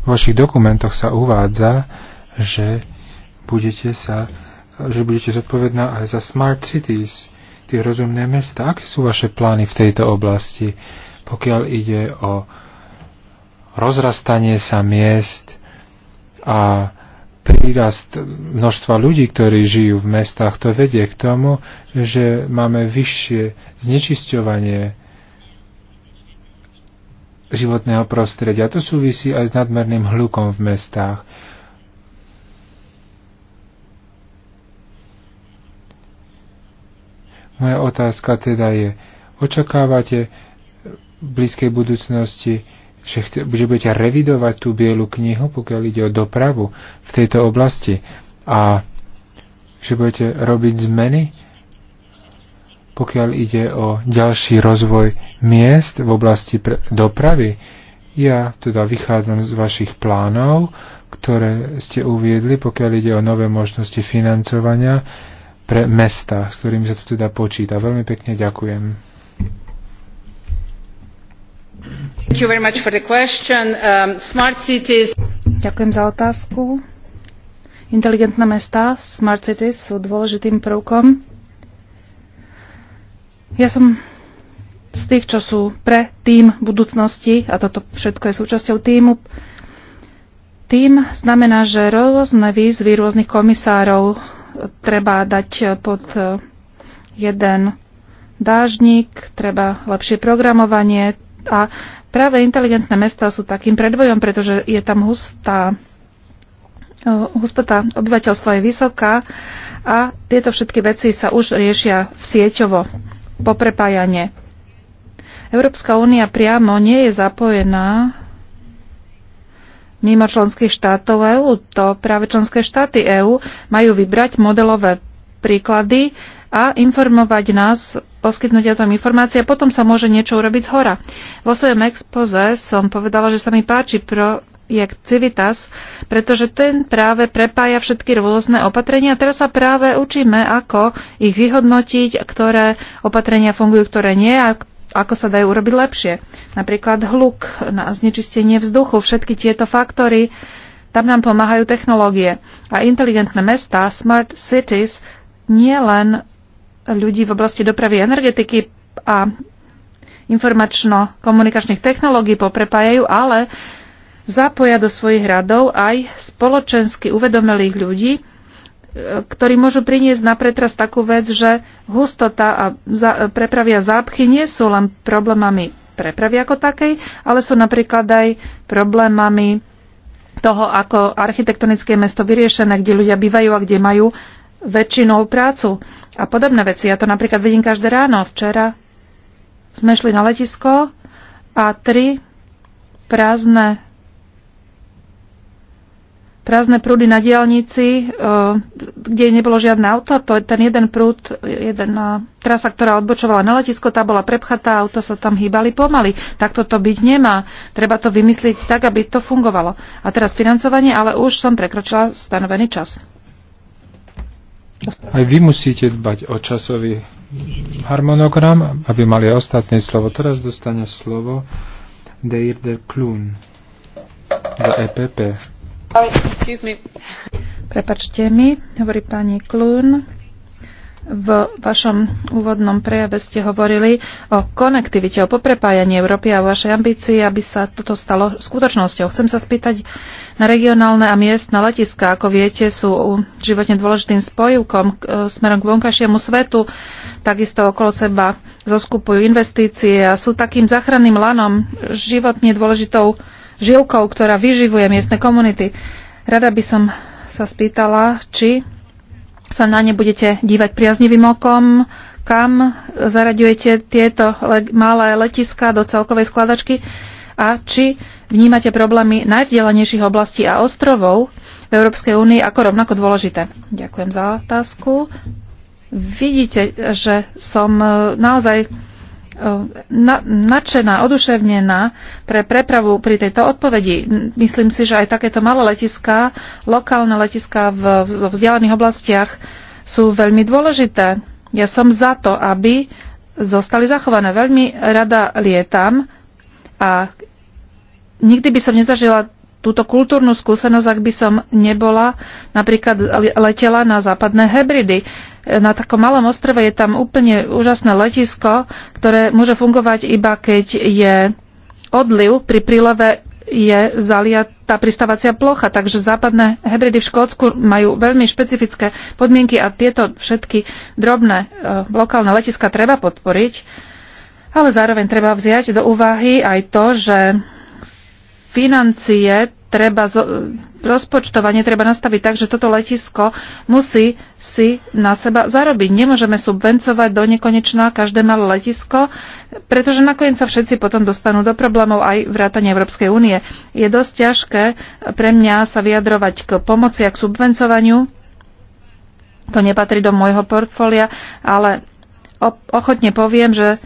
vo vašich dokumentoch sa uvádza, že budete sa že budete zodpovedná aj za Smart Cities, tie rozumné mesta. Aké sú vaše plány v tejto oblasti, pokiaľ ide o rozrastanie sa miest a prírast množstva ľudí, ktorí žijú v mestách, to vedie k tomu, že máme vyššie znečisťovanie životného prostredia. To súvisí aj s nadmerným hľukom v mestách. Moja otázka teda je, očakávate v blízkej budúcnosti, že, chce, že budete revidovať tú bielu knihu, pokiaľ ide o dopravu v tejto oblasti a že budete robiť zmeny, pokiaľ ide o ďalší rozvoj miest v oblasti dopravy. Ja teda vychádzam z vašich plánov, ktoré ste uviedli, pokiaľ ide o nové možnosti financovania pre mesta, s ktorými sa tu teda počíta. Veľmi pekne ďakujem. Thank you very much for the question. Um, smart cities... Ďakujem za otázku. Inteligentné mesta, smart cities, sú dôležitým prvkom. Ja som z tých, čo sú pre tým budúcnosti, a toto všetko je súčasťou týmu, tým znamená, že rôzne výzvy rôznych komisárov treba dať pod e, jeden dážnik, treba lepšie programovanie a práve inteligentné mesta sú takým predvojom, pretože je tam hustá e, hustota obyvateľstva je vysoká a tieto všetky veci sa už riešia v sieťovo, poprepájanie. Európska únia priamo nie je zapojená mimo členských štátov EÚ. To práve členské štáty EÚ majú vybrať modelové príklady a informovať nás, poskytnúť o tom informácie a potom sa môže niečo urobiť z hora. Vo svojom expoze som povedala, že sa mi páči projekt Civitas, pretože ten práve prepája všetky rôzne opatrenia. Teraz sa práve učíme, ako ich vyhodnotiť, ktoré opatrenia fungujú, ktoré nie a ako sa dajú urobiť lepšie. Napríklad hluk, na znečistenie vzduchu, všetky tieto faktory, tam nám pomáhajú technológie. A inteligentné mesta, smart cities, nie len ľudí v oblasti dopravy energetiky a informačno-komunikačných technológií poprepájajú, ale zapoja do svojich radov aj spoločensky uvedomelých ľudí, ktorí môžu priniesť na pretras takú vec, že hustota a za, prepravia zápchy nie sú len problémami prepravy ako takej, ale sú napríklad aj problémami toho, ako architektonické mesto vyriešené, kde ľudia bývajú a kde majú väčšinou prácu. A podobné veci. Ja to napríklad vidím každé ráno. Včera sme šli na letisko a tri prázdne prázdne prúdy na diálnici, e, kde nebolo žiadne auta. To je ten jeden prúd, jeden e, trasa, ktorá odbočovala na letisko, tá bola prepchatá, auta sa tam hýbali pomaly. Takto to byť nemá. Treba to vymyslieť tak, aby to fungovalo. A teraz financovanie, ale už som prekročila stanovený čas. Aj vy musíte dbať o časový harmonogram, aby mali ostatné slovo. Teraz dostane slovo Deir de Klun za EPP. Prepačte mi, hovorí pani Klún. V vašom úvodnom prejave ste hovorili o konektivite, o poprepájaní Európy a o vašej ambícii, aby sa toto stalo skutočnosťou. Chcem sa spýtať na regionálne a miestne letiska. Ako viete, sú životne dôležitým spojivkom e, smerom k vonkajšiemu svetu. Takisto okolo seba zoskupujú investície a sú takým zachranným lanom životne dôležitou žilkou, ktorá vyživuje miestne komunity. Rada by som sa spýtala, či sa na ne budete dívať priaznivým okom, kam zaraďujete tieto malé letiska do celkovej skladačky a či vnímate problémy najvzdelanejších oblastí a ostrovov v Európskej únii ako rovnako dôležité. Ďakujem za otázku. Vidíte, že som eh, naozaj nadšená, oduševnená pre prepravu pri tejto odpovedi. Myslím si, že aj takéto malé letiská, lokálne letiská v, v vzdialených oblastiach sú veľmi dôležité. Ja som za to, aby zostali zachované. Veľmi rada lietam a nikdy by som nezažila túto kultúrnu skúsenosť, ak by som nebola napríklad letela na západné Hebridy. E, na takom malom ostrove je tam úplne úžasné letisko, ktoré môže fungovať iba keď je odliv pri príleve je zaliatá pristavacia plocha, takže západné hebridy v Škótsku majú veľmi špecifické podmienky a tieto všetky drobné e, lokálne letiska treba podporiť, ale zároveň treba vziať do úvahy aj to, že financie treba rozpočtovanie treba nastaviť tak, že toto letisko musí si na seba zarobiť. Nemôžeme subvencovať do nekonečná každé malé letisko, pretože nakoniec sa všetci potom dostanú do problémov aj vrátane Európskej únie. Je dosť ťažké pre mňa sa vyjadrovať k pomoci a k subvencovaniu. To nepatrí do môjho portfólia, ale ochotne poviem, že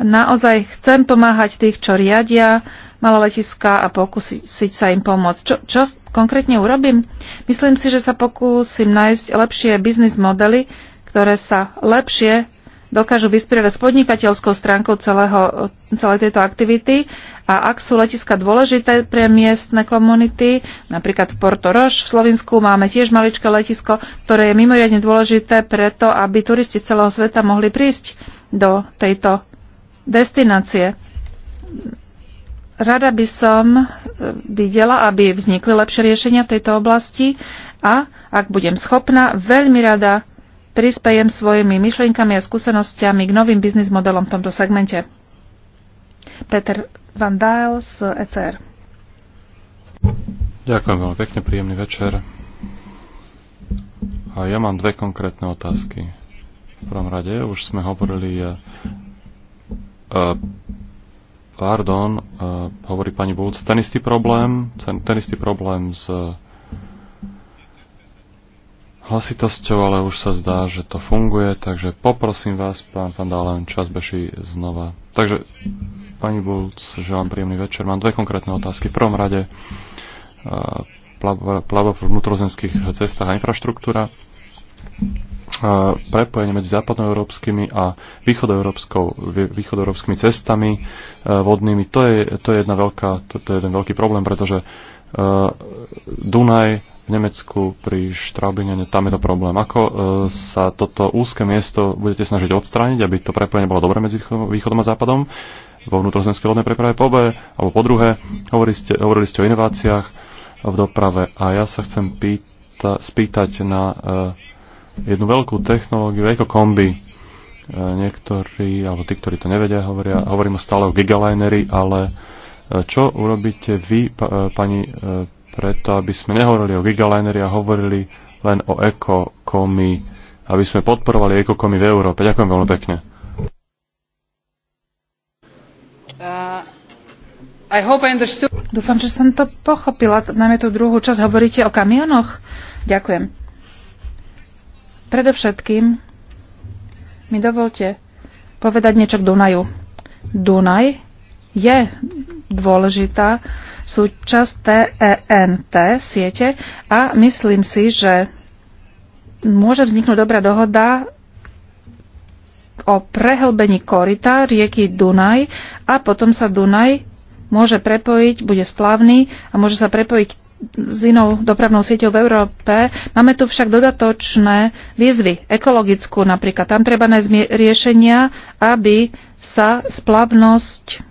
naozaj chcem pomáhať tých, čo riadia, malé a pokúsiť sa im pomôcť. Čo, čo konkrétne urobím? Myslím si, že sa pokúsim nájsť lepšie biznis modely, ktoré sa lepšie dokážu vysprievať s podnikateľskou stránkou celého, celej tejto aktivity a ak sú letiska dôležité pre miestne komunity, napríklad v Porto Roš v Slovensku máme tiež maličké letisko, ktoré je mimoriadne dôležité preto, aby turisti z celého sveta mohli prísť do tejto destinácie Rada by som e, videla, aby vznikli lepšie riešenia v tejto oblasti a, ak budem schopná, veľmi rada prispejem svojimi myšlienkami a skúsenostiami k novým biznis modelom v tomto segmente. Peter Van Dael z ECR. Ďakujem veľmi pekne, príjemný večer. A ja mám dve konkrétne otázky. V prvom rade už sme hovorili uh, Pardon, uh, hovorí pani Bulc, ten istý problém, ten, ten istý problém s hlasitosťou, ale už sa zdá, že to funguje, takže poprosím vás, pán pán Dalen, čas beší znova. Takže, pani Bulc, želám príjemný večer. Mám dve konkrétne otázky. V prvom rade, e, plavba v vnútrozemských cestách a infraštruktúra prepojenie medzi západnoeurópskymi a východoeurópskymi cestami e, vodnými, to je, to je, jedna veľká, to, to je jeden veľký problém, pretože e, Dunaj v Nemecku pri Štraubingene, tam je to problém. Ako e, sa toto úzke miesto budete snažiť odstrániť, aby to prepojenie bolo dobre medzi východom a západom vo vnútrozemskej lodnej preprave po obe, alebo po druhé, hovorili ste, hovorili ste o inováciách v doprave a ja sa chcem pýta, spýtať na uh, jednu veľkú technológiu, ekokombi. E, niektorí, alebo tí, ktorí to nevedia, hovoria, hovorím stále o gigalinery, ale e, čo urobíte vy, e, pani, preto aby sme nehovorili o gigalinery a hovorili len o ekokomi, aby sme podporovali ekokomi v Európe. Ďakujem veľmi pekne. Uh, I hope I Dúfam, že som to pochopila. Najmä tú druhú časť hovoríte o kamionoch. Ďakujem. Predovšetkým mi dovolte povedať niečo k Dunaju. Dunaj je dôležitá súčasť TENT e siete a myslím si, že môže vzniknúť dobrá dohoda o prehlbení korita rieky Dunaj a potom sa Dunaj môže prepojiť, bude splavný a môže sa prepojiť s inou dopravnou sieťou v Európe. Máme tu však dodatočné výzvy, ekologickú napríklad. Tam treba nájsť riešenia, aby sa splavnosť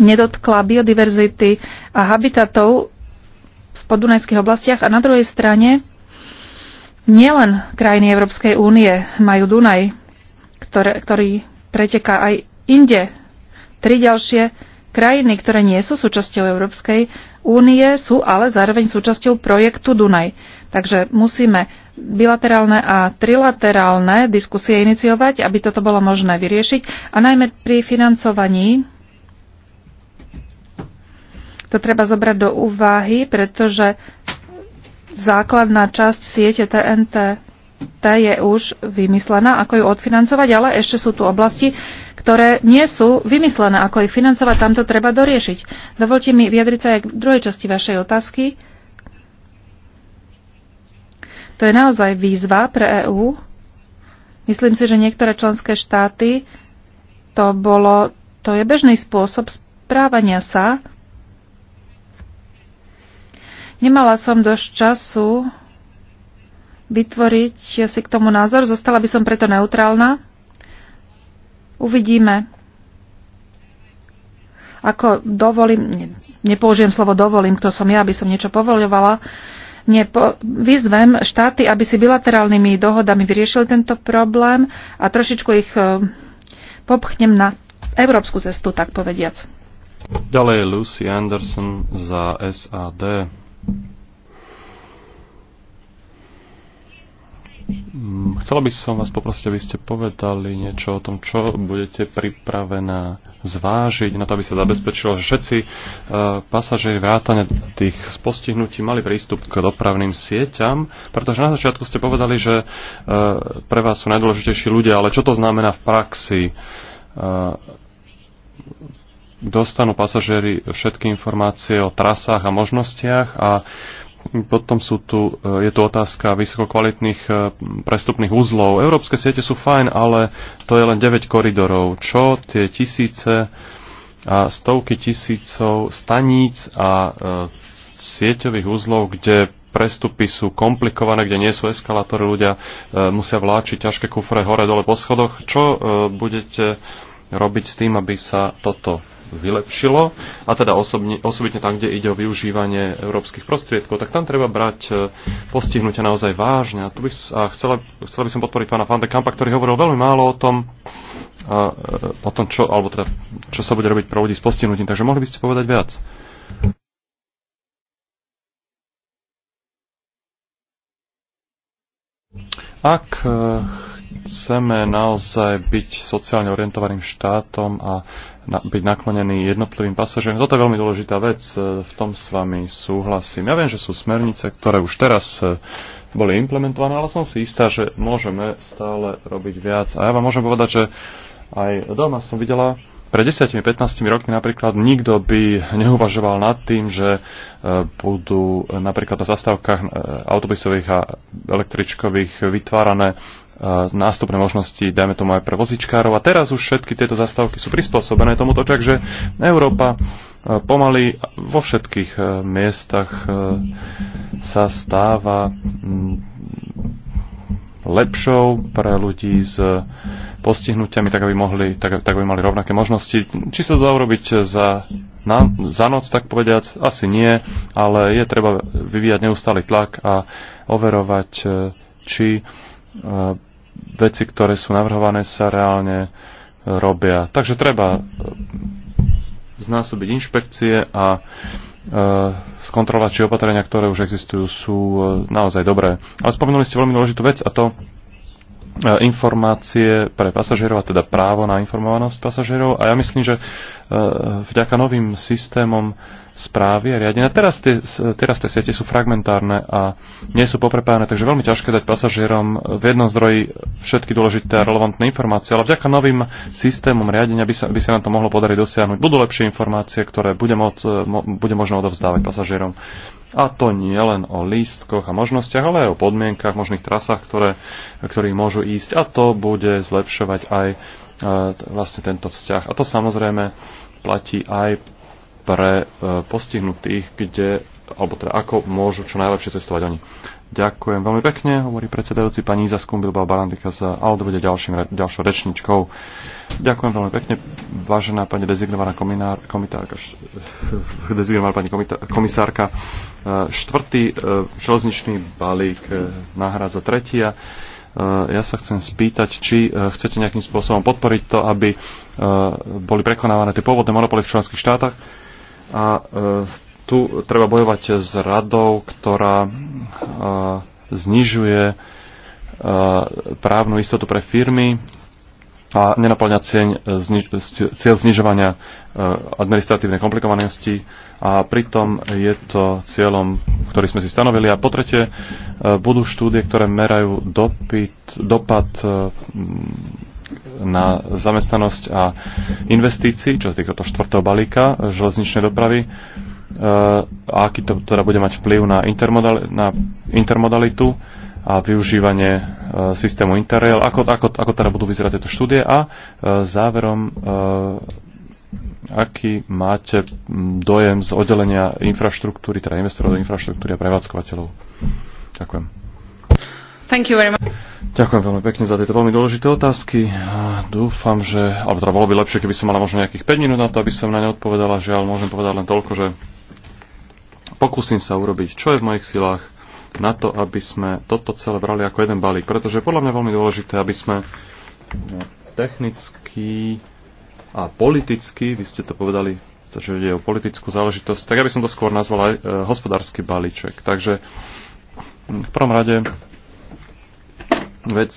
nedotkla biodiverzity a habitatov v podunajských oblastiach. A na druhej strane nielen krajiny Európskej únie majú Dunaj, ktoré, ktorý preteká aj inde. Tri ďalšie krajiny, ktoré nie sú súčasťou Európskej únie sú ale zároveň súčasťou projektu Dunaj. Takže musíme bilaterálne a trilaterálne diskusie iniciovať, aby toto bolo možné vyriešiť. A najmä pri financovaní to treba zobrať do úvahy, pretože základná časť siete TNT je už vymyslená, ako ju odfinancovať, ale ešte sú tu oblasti, ktoré nie sú vymyslené, ako ich financovať, tamto treba doriešiť. Dovolte mi vyjadriť sa aj k druhej časti vašej otázky. To je naozaj výzva pre EÚ. Myslím si, že niektoré členské štáty to bolo, to je bežný spôsob správania sa. Nemala som dosť času vytvoriť si k tomu názor, zostala by som preto neutrálna. Uvidíme. Ako dovolím, nepoužijem slovo dovolím, kto som ja, aby som niečo povoľovala, nepo, vyzvem štáty, aby si bilaterálnymi dohodami vyriešili tento problém a trošičku ich e, popchnem na európsku cestu, tak povediac. Ďalej Lucy Anderson za SAD. Mm, chcela by som vás poprosiť, aby ste povedali niečo o tom, čo budete pripravená zvážiť na to, aby sa zabezpečilo, že všetci eh, pasažieri vrátane tých spostihnutí mali prístup k dopravným sieťam, pretože na začiatku ste povedali, že eh, pre vás sú najdôležitejší ľudia, ale čo to znamená v praxi? Eh, dostanú pasažieri všetky informácie o trasách a možnostiach a uh, potom sú tu, e, je tu otázka vysokokvalitných e, prestupných úzlov. Európske siete sú fajn, ale to je len 9 koridorov. Čo tie tisíce a stovky tisícov staníc a e, sieťových uzlov, kde prestupy sú komplikované, kde nie sú eskalátory, ľudia e, musia vláčiť ťažké kufre hore-dole po schodoch. Čo e, budete robiť s tým, aby sa toto vylepšilo, a teda osobne, osobitne tam, kde ide o využívanie európskych prostriedkov, tak tam treba brať e, postihnutia naozaj vážne. A, tu by, a chcela, chcela by som podporiť pána Van Kampa, ktorý hovoril veľmi málo o tom, a, e, o tom čo, alebo teda, čo sa bude robiť pre ľudí s postihnutím. Takže mohli by ste povedať viac. Ak e, chceme naozaj byť sociálne orientovaným štátom a byť naklonený jednotlivým pasažierom. Toto je veľmi dôležitá vec, e, v tom s vami súhlasím. Ja viem, že sú smernice, ktoré už teraz e, boli implementované, ale som si istá, že môžeme stále robiť viac. A ja vám môžem povedať, že aj doma som videla, pred 10-15 rokmi napríklad nikto by neuvažoval nad tým, že e, budú napríklad na zastávkach autobusových a električkových vytvárané nástupné možnosti, dajme tomu aj pre vozičkárov. A teraz už všetky tieto zastávky sú prispôsobené tomuto, takže Európa e, pomaly vo všetkých e, miestach e, sa stáva lepšou pre ľudí s postihnutiami, tak aby, mohli, tak, tak aby mali rovnaké možnosti. Či sa to dá urobiť za, na, za noc, tak povediac, asi nie, ale je treba vyvíjať neustály tlak a overovať, či veci, ktoré sú navrhované, sa reálne robia. Takže treba e, znásobiť inšpekcie a e, skontrolovať, či opatrenia, ktoré už existujú, sú e, naozaj dobré. Ale spomenuli ste veľmi dôležitú vec a to informácie pre pasažierov, a teda právo na informovanosť pasažierov. A ja myslím, že e, vďaka novým systémom správy a riadenia. Teraz tie, teraz tie siete sú fragmentárne a nie sú poprepájane, takže veľmi ťažké dať pasažierom v jednom zdroji všetky dôležité a relevantné informácie, ale vďaka novým systémom riadenia by sa, by sa nám to mohlo podariť dosiahnuť. Budú lepšie informácie, ktoré bude, moc, e, mo, bude možno odovzdávať pasažierom. A to nie len o lístkoch a možnostiach, ale aj o podmienkach, možných trasách, ktoré, ktorých môžu ísť. A to bude zlepšovať aj e, vlastne tento vzťah. A to samozrejme platí aj pre e, postihnutých, kde, alebo teda ako môžu čo najlepšie cestovať oni. Ďakujem veľmi pekne, hovorí predsedajúci pani Iza Skumbilba Barandika za Aldo bude ďalším, ďalšou rečničkou. Ďakujem veľmi pekne, vážená pani dezignovaná komitárka, [LAUGHS] dezignovaná pani komisárka štvrtý e, železničný balík e, nahrádza tretia. E, ja sa chcem spýtať, či chcete nejakým spôsobom podporiť to, aby boli prekonávané tie pôvodné monopoly v členských štátach. A tu treba bojovať s radou, ktorá znižuje právnu istotu pre firmy a nenaplňa cieľ znižovania administratívnej komplikovanosti a pritom je to cieľom, ktorý sme si stanovili. A po tretie, e, budú štúdie, ktoré merajú dopyt, dopad e, na zamestnanosť a investícií, čo sa týka toho štvrtého balíka e, železničnej dopravy a aký to teda bude mať vplyv na, intermodal, na intermodalitu a využívanie e, systému Interrail, ako, ako, ako teda budú vyzerať tieto štúdie a e, záverom aký máte dojem z oddelenia infraštruktúry, teda investorov do infraštruktúry a prevádzkovateľov? Ďakujem. Thank you very much. Ďakujem veľmi pekne za tieto veľmi dôležité otázky. Dúfam, že, alebo teda bolo by lepšie, keby som mala možno nejakých 5 minút na to, aby som na ne odpovedala. ale môžem povedať len toľko, že pokúsim sa urobiť, čo je v mojich silách na to, aby sme toto celé brali ako jeden balík. Pretože je podľa mňa veľmi dôležité, aby sme no, technicky a politicky, vy ste to povedali, že ide o politickú záležitosť, tak ja by som to skôr nazval aj e, hospodársky balíček. Takže v prvom rade vec,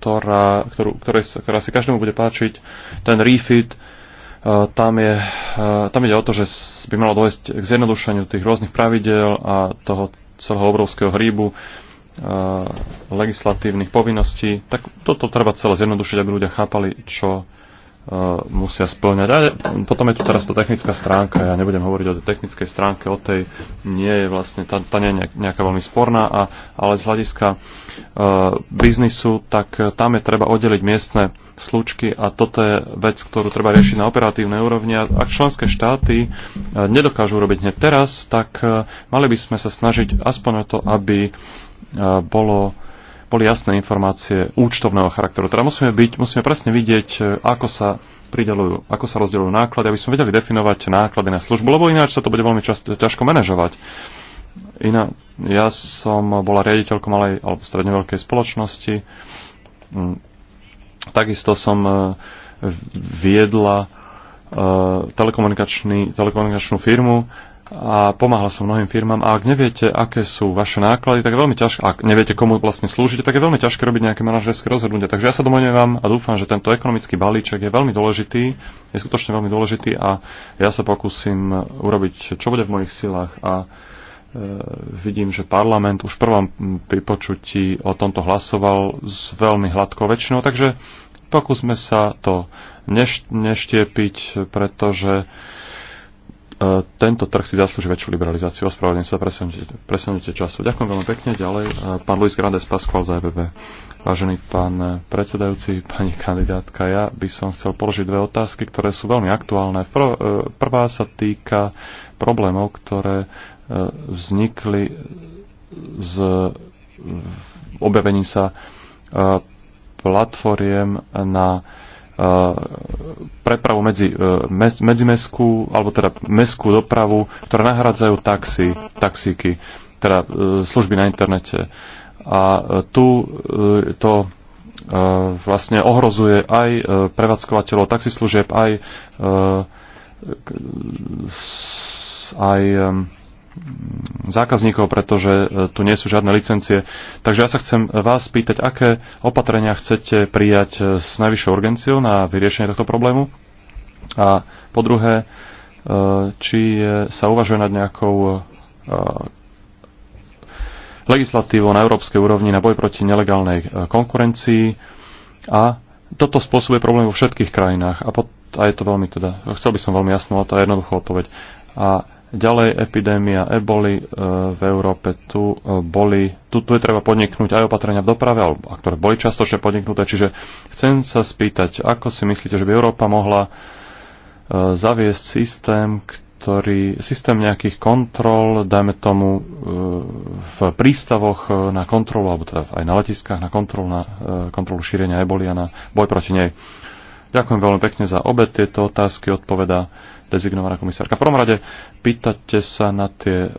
ktorá, ktorú, ktorej, ktorá si každému bude páčiť, ten refit, e, tam, je, e, tam ide o to, že by malo dojsť k zjednodušeniu tých rôznych pravidel a toho celého obrovského hríbu, legislatívnych povinností, tak toto treba celé zjednodušiť, aby ľudia chápali, čo Uh, musia splňať. A potom je tu teraz tá technická stránka, ja nebudem hovoriť o tej technickej stránke, o tej nie je vlastne, tá, tá nie je nejaká veľmi sporná, a, ale z hľadiska uh, biznisu, tak uh, tam je treba oddeliť miestne slučky a toto je vec, ktorú treba riešiť na operatívnej úrovni. A ak členské štáty uh, nedokážu urobiť hneď teraz, tak uh, mali by sme sa snažiť aspoň o to, aby uh, bolo boli jasné informácie účtovného charakteru. Teda musíme, byť, musíme presne vidieť, e, ako sa pridelujú, ako sa rozdeľujú náklady, aby sme vedeli definovať náklady na službu, lebo ináč sa to bude veľmi čas, ťažko manažovať. Iná, ja som bola riaditeľkou malej alebo stredne veľkej spoločnosti. Mm. Takisto som e, viedla e, telekomunikačnú firmu a pomáhal som mnohým firmám a ak neviete, aké sú vaše náklady, tak je veľmi ťažké, ak neviete, komu vlastne slúžite, tak je veľmi ťažké robiť nejaké manažerské rozhodnutia. Takže ja sa domnievam a dúfam, že tento ekonomický balíček je veľmi dôležitý, je skutočne veľmi dôležitý a ja sa pokúsim urobiť, čo bude v mojich silách a e, vidím, že parlament už v prvom pripočutí o tomto hlasoval s veľmi hladkou väčšinou, takže pokúsme sa to neš- neštiepiť, pretože E, tento trh si zaslúži väčšiu liberalizáciu. Ospravedlňujem sa, presunite času. Ďakujem veľmi pekne. Ďalej, e, pán Luis Grandes Pascual za EBB. Vážený pán predsedajúci, pani kandidátka, ja by som chcel položiť dve otázky, ktoré sú veľmi aktuálne. E, prvá sa týka problémov, ktoré vznikli z objavením sa platformiem na Eh, prepravu medzi, eh, medzi medzimeskú, alebo teda meskú dopravu, ktoré nahradzajú taxi, taxíky, teda eh, služby na internete. A tu to vlastne ohrozuje aj prevádzkovateľov taxislužieb, aj, aj zákazníkov, pretože e, tu nie sú žiadne licencie. Takže ja sa chcem vás spýtať, aké opatrenia chcete prijať e, s najvyššou urgenciou na vyriešenie tohto problému? A po druhé, e, či sa uvažuje nad nejakou legislatívou na európskej úrovni na boj proti nelegálnej konkurencii a toto spôsobuje problém vo všetkých krajinách a, pot- a je to veľmi teda, chcel by som veľmi jasnú a to je jednoduchú odpoveď. A Ďalej epidémia eboli e, v Európe. Tu, e, boli, tu, tu je treba podniknúť aj opatrenia v doprave, alebo, ktoré boli častočne podniknuté. Čiže chcem sa spýtať, ako si myslíte, že by Európa mohla e, zaviesť systém, ktorý, systém nejakých kontrol, dajme tomu v prístavoch na kontrolu, alebo teda aj na letiskách na kontrolu, na kontrolu šírenia eboli a na boj proti nej. Ďakujem veľmi pekne za obe tieto otázky, odpoveda dezignovaná komisárka. V prvom rade pýtate sa na tie e,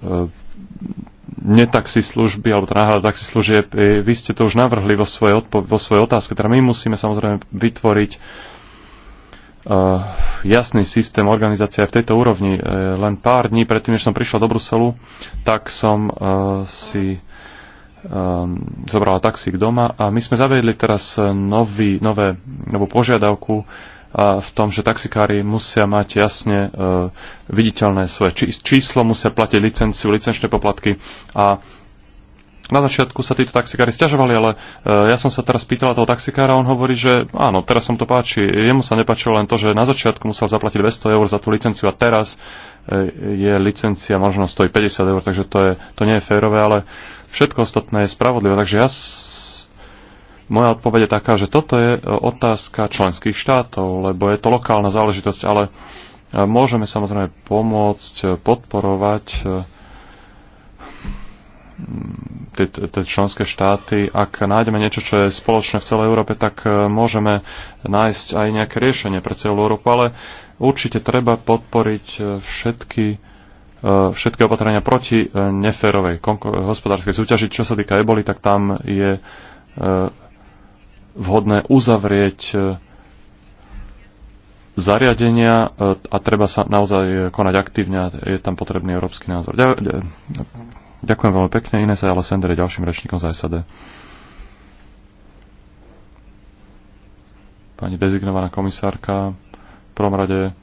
netaxi služby alebo náhľad taxi služieb. E, vy ste to už navrhli vo svojej, vo svojej otázke. Teda my musíme samozrejme vytvoriť uh, jasný systém organizácie aj v tejto úrovni. Uh, len pár dní predtým, než som prišla do Bruselu, tak som uh, si um, zobrala taxík doma a my sme zaviedli teraz nový, nové, novú požiadavku a v tom, že taxikári musia mať jasne e, viditeľné svoje či- číslo, musia platiť licenciu, licenčné poplatky a na začiatku sa títo taxikári stiažovali, ale e, ja som sa teraz pýtala toho taxikára a on hovorí, že áno, teraz som to páči. Jemu sa nepáčilo len to, že na začiatku musel zaplatiť 200 eur za tú licenciu a teraz e, je licencia možno stojí 50 eur, takže to, je, to nie je férové, ale všetko ostatné je spravodlivé. Takže ja moja odpoveď je taká, že toto je e, otázka členských štátov, lebo je to lokálna záležitosť, ale e, môžeme samozrejme pomôcť, e, podporovať tie členské štáty. Ak nájdeme niečo, čo je spoločné v celej Európe, tak môžeme nájsť aj nejaké riešenie pre celú Európu, ale určite treba podporiť všetky všetky opatrenia proti neférovej hospodárskej súťaži. Čo sa týka eboli, tak tam je vhodné uzavrieť e, zariadenia e, a treba sa naozaj e, konať aktívne a je tam potrebný európsky názor. Ďakujem veľmi pekne. Inesa ale Sendere je ďalším rečníkom za SAD. Pani dezignovaná komisárka, v prvom rade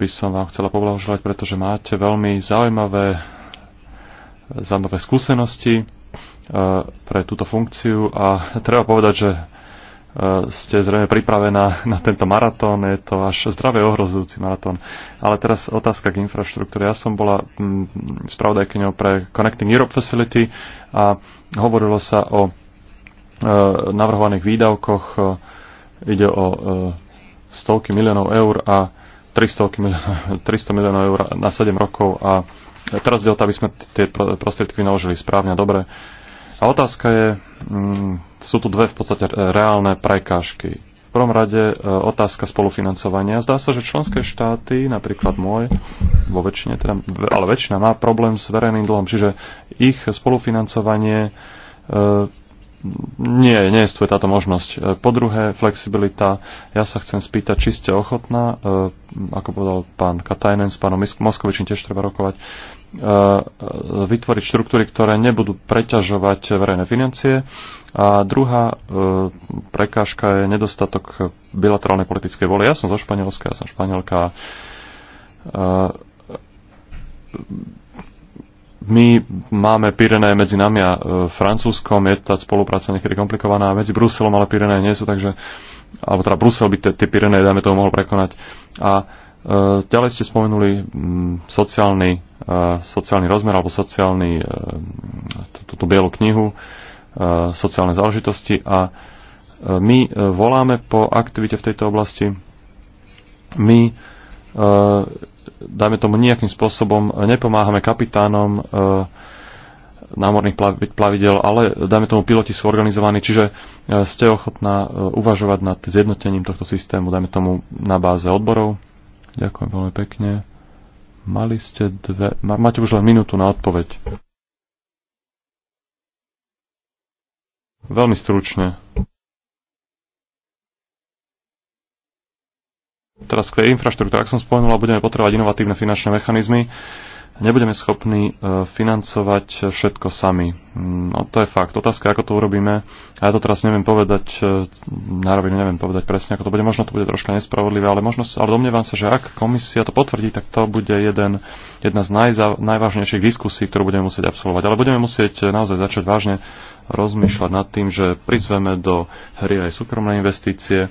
by som vám chcela poblahoželať, pretože máte veľmi zaujímavé, zaujímavé skúsenosti pre túto funkciu a treba povedať, že ste zrejme pripravená na tento maratón, je to až zdravé ohrozujúci maratón. Ale teraz otázka k infraštruktúre. Ja som bola spravodajkyňou pre Connecting Europe Facility a hovorilo sa o e, navrhovaných výdavkoch. E, ide o e, stovky miliónov eur a 300 miliónov, 300 miliónov eur na 7 rokov a teraz je o to, aby sme tie prostriedky naložili správne a dobre. A otázka je, mm, sú tu dve v podstate reálne prekážky. V prvom rade e, otázka spolufinancovania. Zdá sa, že členské štáty, napríklad môj, vo väčšine, teda, ale väčšina má problém s verejným dlhom, čiže ich spolufinancovanie e, nie, nie je táto možnosť. E, po druhé, flexibilita. Ja sa chcem spýtať, či ste ochotná, ako povedal pán Katajnen s pánom Moskovičím tiež treba rokovať, E, e, vytvoriť štruktúry, ktoré nebudú preťažovať verejné financie. A druhá e, prekážka je nedostatok bilaterálnej politickej voly. Ja som zo Španielska, ja som Španielka. My máme Pirené medzi nami a Francúzskom, je tá spolupráca niekedy komplikovaná, medzi Bruselom, ale Pirené nie sú, takže alebo teda Brusel by tie Pirené, dajme to mohol prekonať. A Eh, ďalej ste spomenuli mm, sociálny, eh, sociálny rozmer alebo sociálny, eh, tú, tú bielu knihu, sociálne záležitosti a my voláme po aktivite v tejto oblasti. My, dajme tomu, nejakým spôsobom nepomáhame kapitánom námorných plavidel, ale dajme tomu, piloti sú organizovaní, čiže ste ochotná uvažovať nad zjednotením tohto systému, dajme tomu, na báze odborov Ďakujem veľmi pekne. Mali ste dve... Máte už len minútu na odpoveď. Veľmi stručne. Teraz k tej infraštruktúre, ak som spomenul, budeme potrebovať inovatívne finančné mechanizmy. Uh, nebudeme schopní e, financovať všetko sami. Mm, no, to je fakt. Otázka, ako to urobíme, a ja to teraz neviem povedať, e, nároveň neviem povedať presne, ako to bude. Možno to bude troška nespravodlivé, ale, možno, ale domnievam sa, že ak komisia to potvrdí, tak to bude jeden, jedna z najza, najvážnejších diskusí, ktorú budeme musieť absolvovať. Ale budeme musieť naozaj začať vážne rozmýšľať nad tým, že prizveme do hry aj súkromné investície.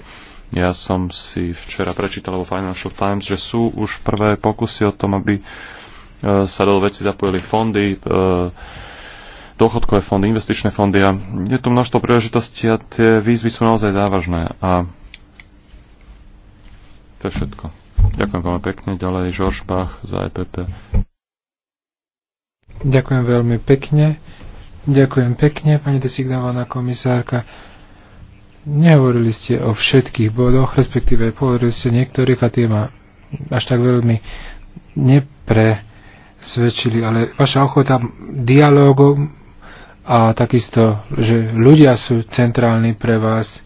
Ja som si včera prečítal vo Financial Times, že sú už prvé pokusy o tom, aby E, sa do veci zapojili fondy, e, dôchodkové fondy, investičné fondy a je tu množstvo príležitostí a tie výzvy sú naozaj závažné a to je všetko. Ďakujem veľmi pekne. Ďalej Žorž Bach za EPP. Ďakujem veľmi pekne. Ďakujem pekne, pani designovaná komisárka. Nehovorili ste o všetkých bodoch, respektíve povedali ste niektorých a tie ma až tak veľmi nepre svedčili, ale vaša ochota dialogom a takisto, že ľudia sú centrálni pre vás.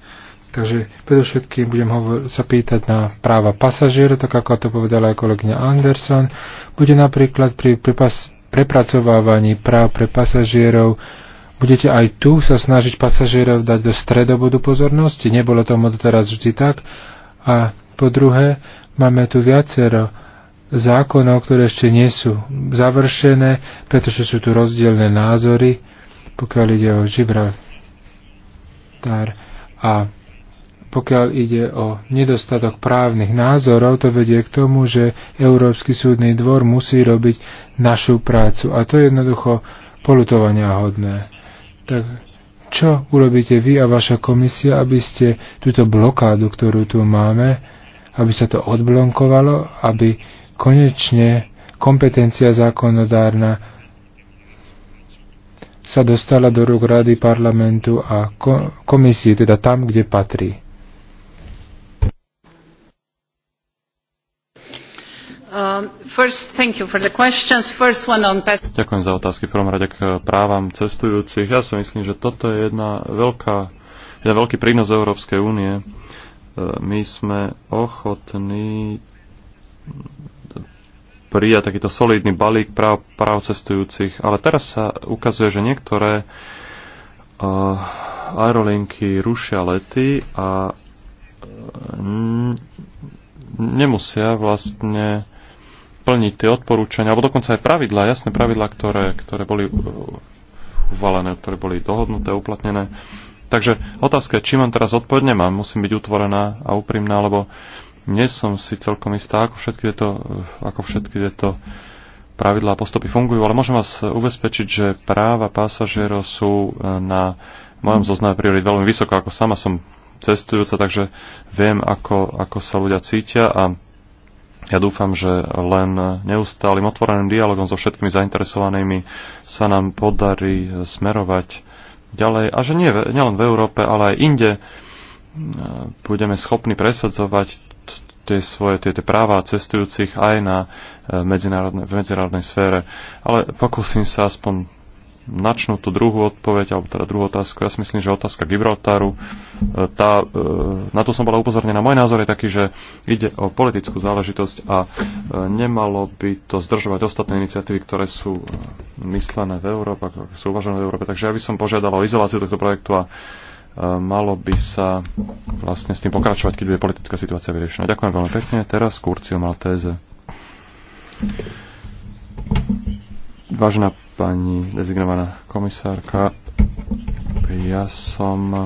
Takže predovšetkým budem sa pýtať na práva pasažierov, tak ako to povedala aj kolegyňa Anderson. Bude napríklad pri prepas- prepracovávaní práv pre pasažierov Budete aj tu sa snažiť pasažierov dať do stredobodu pozornosti? Nebolo tomu doteraz vždy tak. A po druhé, máme tu viacero zákonov, ktoré ešte nie sú završené, pretože sú tu rozdielne názory, pokiaľ ide o Gibraltar. A pokiaľ ide o nedostatok právnych názorov, to vedie k tomu, že Európsky súdny dvor musí robiť našu prácu. A to je jednoducho polutovania hodné. Tak čo urobíte vy a vaša komisia, aby ste túto blokádu, ktorú tu máme, aby sa to odblonkovalo, aby konečne kompetencia zákonodárna sa dostala do rúk Rady parlamentu a komisie, teda tam, kde patrí. Um, Ďakujem za otázky. V prvom rade k právam cestujúcich. Ja si myslím, že toto je jedna veľká, jeden veľký prínos Európskej únie. E, my sme ochotní prijať takýto solidný balík práv, práv cestujúcich. Ale teraz sa ukazuje, že niektoré uh, aerolinky rušia lety a eh, nemusia vlastne plniť tie odporúčania, alebo dokonca aj pravidlá, jasné pravidlá, ktoré, ktoré boli eh, uvalené, ktoré boli dohodnuté, uplatnené. Takže otázka je, či mám teraz odpovedne, mám, musím byť utvorená a úprimná, lebo uh, nie som si celkom istá, ako všetky tieto, ako všetky tieto pravidlá a postupy fungujú, ale môžem vás ubezpečiť, že práva pasažierov sú e, na mojom zozname priorit veľmi vysoko, ako sama som cestujúca, takže viem, ako, ako sa ľudia cítia a ja dúfam, že len neustálým otvoreným dialogom so všetkými zainteresovanými sa nám podarí smerovať ďalej a že nie, nielen v Európe, ale aj inde e, budeme schopní presadzovať tie svoje tie, tie práva cestujúcich aj na e, medzinárodnej, v medzinárodnej sfére. Ale pokúsim sa aspoň načnú tú druhú odpoveď, alebo teda druhú otázku. Ja si myslím, že otázka Gibraltáru, e, tá, e, na to som bola upozornená. Môj názor je taký, že ide o politickú záležitosť a nemalo by to zdržovať ostatné iniciatívy, ktoré sú myslené v Európe, sú uvažené v Európe. Takže ja by som požiadal o izoláciu tohto projektu a malo by sa vlastne s tým pokračovať, keď bude politická situácia vyriešená. Ďakujem veľmi pekne. Teraz Kurcio Maltéze. Vážená pani dezignovaná komisárka, ja som e,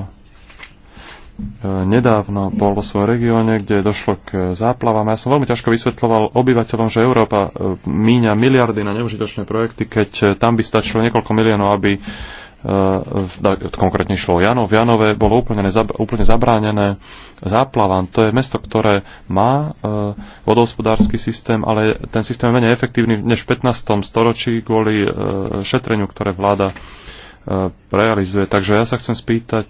nedávno bol vo svojom regióne, kde došlo k záplavám. Ja som veľmi ťažko vysvetloval obyvateľom, že Európa e, míňa miliardy na neužitočné projekty, keď e, tam by stačilo niekoľko miliónov, aby E, konkrétne šlo Janov. V Janove bolo úplne, úplne zabránené záplavám. To je mesto, ktoré má e, vodohospodársky systém, ale ten systém je menej efektívny než v 15. storočí kvôli e, šetreniu, ktoré vláda realizuje. Takže ja sa chcem spýtať,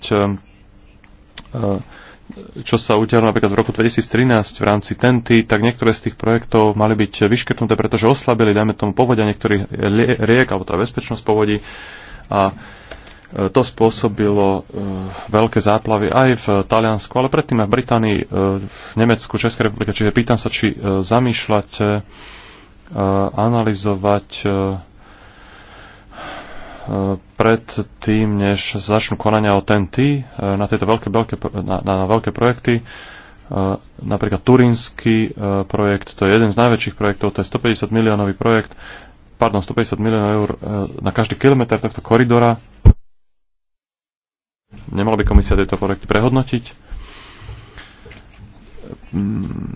čo sa udialo napríklad v roku 2013 v rámci TENTY, tak niektoré z tých projektov mali byť vyškrtnuté, pretože oslabili, dajme tomu, povodia niektorých riek, alebo tá teda bezpečnosť povodí. A E, to spôsobilo e, veľké záplavy aj v Taliansku, ale predtým aj v Británii, e, v Nemecku, Českej republike. Čiže pýtam sa, či zamýšľate analyzovať pred tým, než začnú konania o TNT na tieto veľké, veľké, na, na, na veľké projekty. Napríklad turínsky projekt, to je jeden z najväčších projektov, to je 150 miliónový projekt, pardon, 150 miliónov eur na každý kilometr tohto koridora. Nemala by komisia tieto projekty prehodnotiť?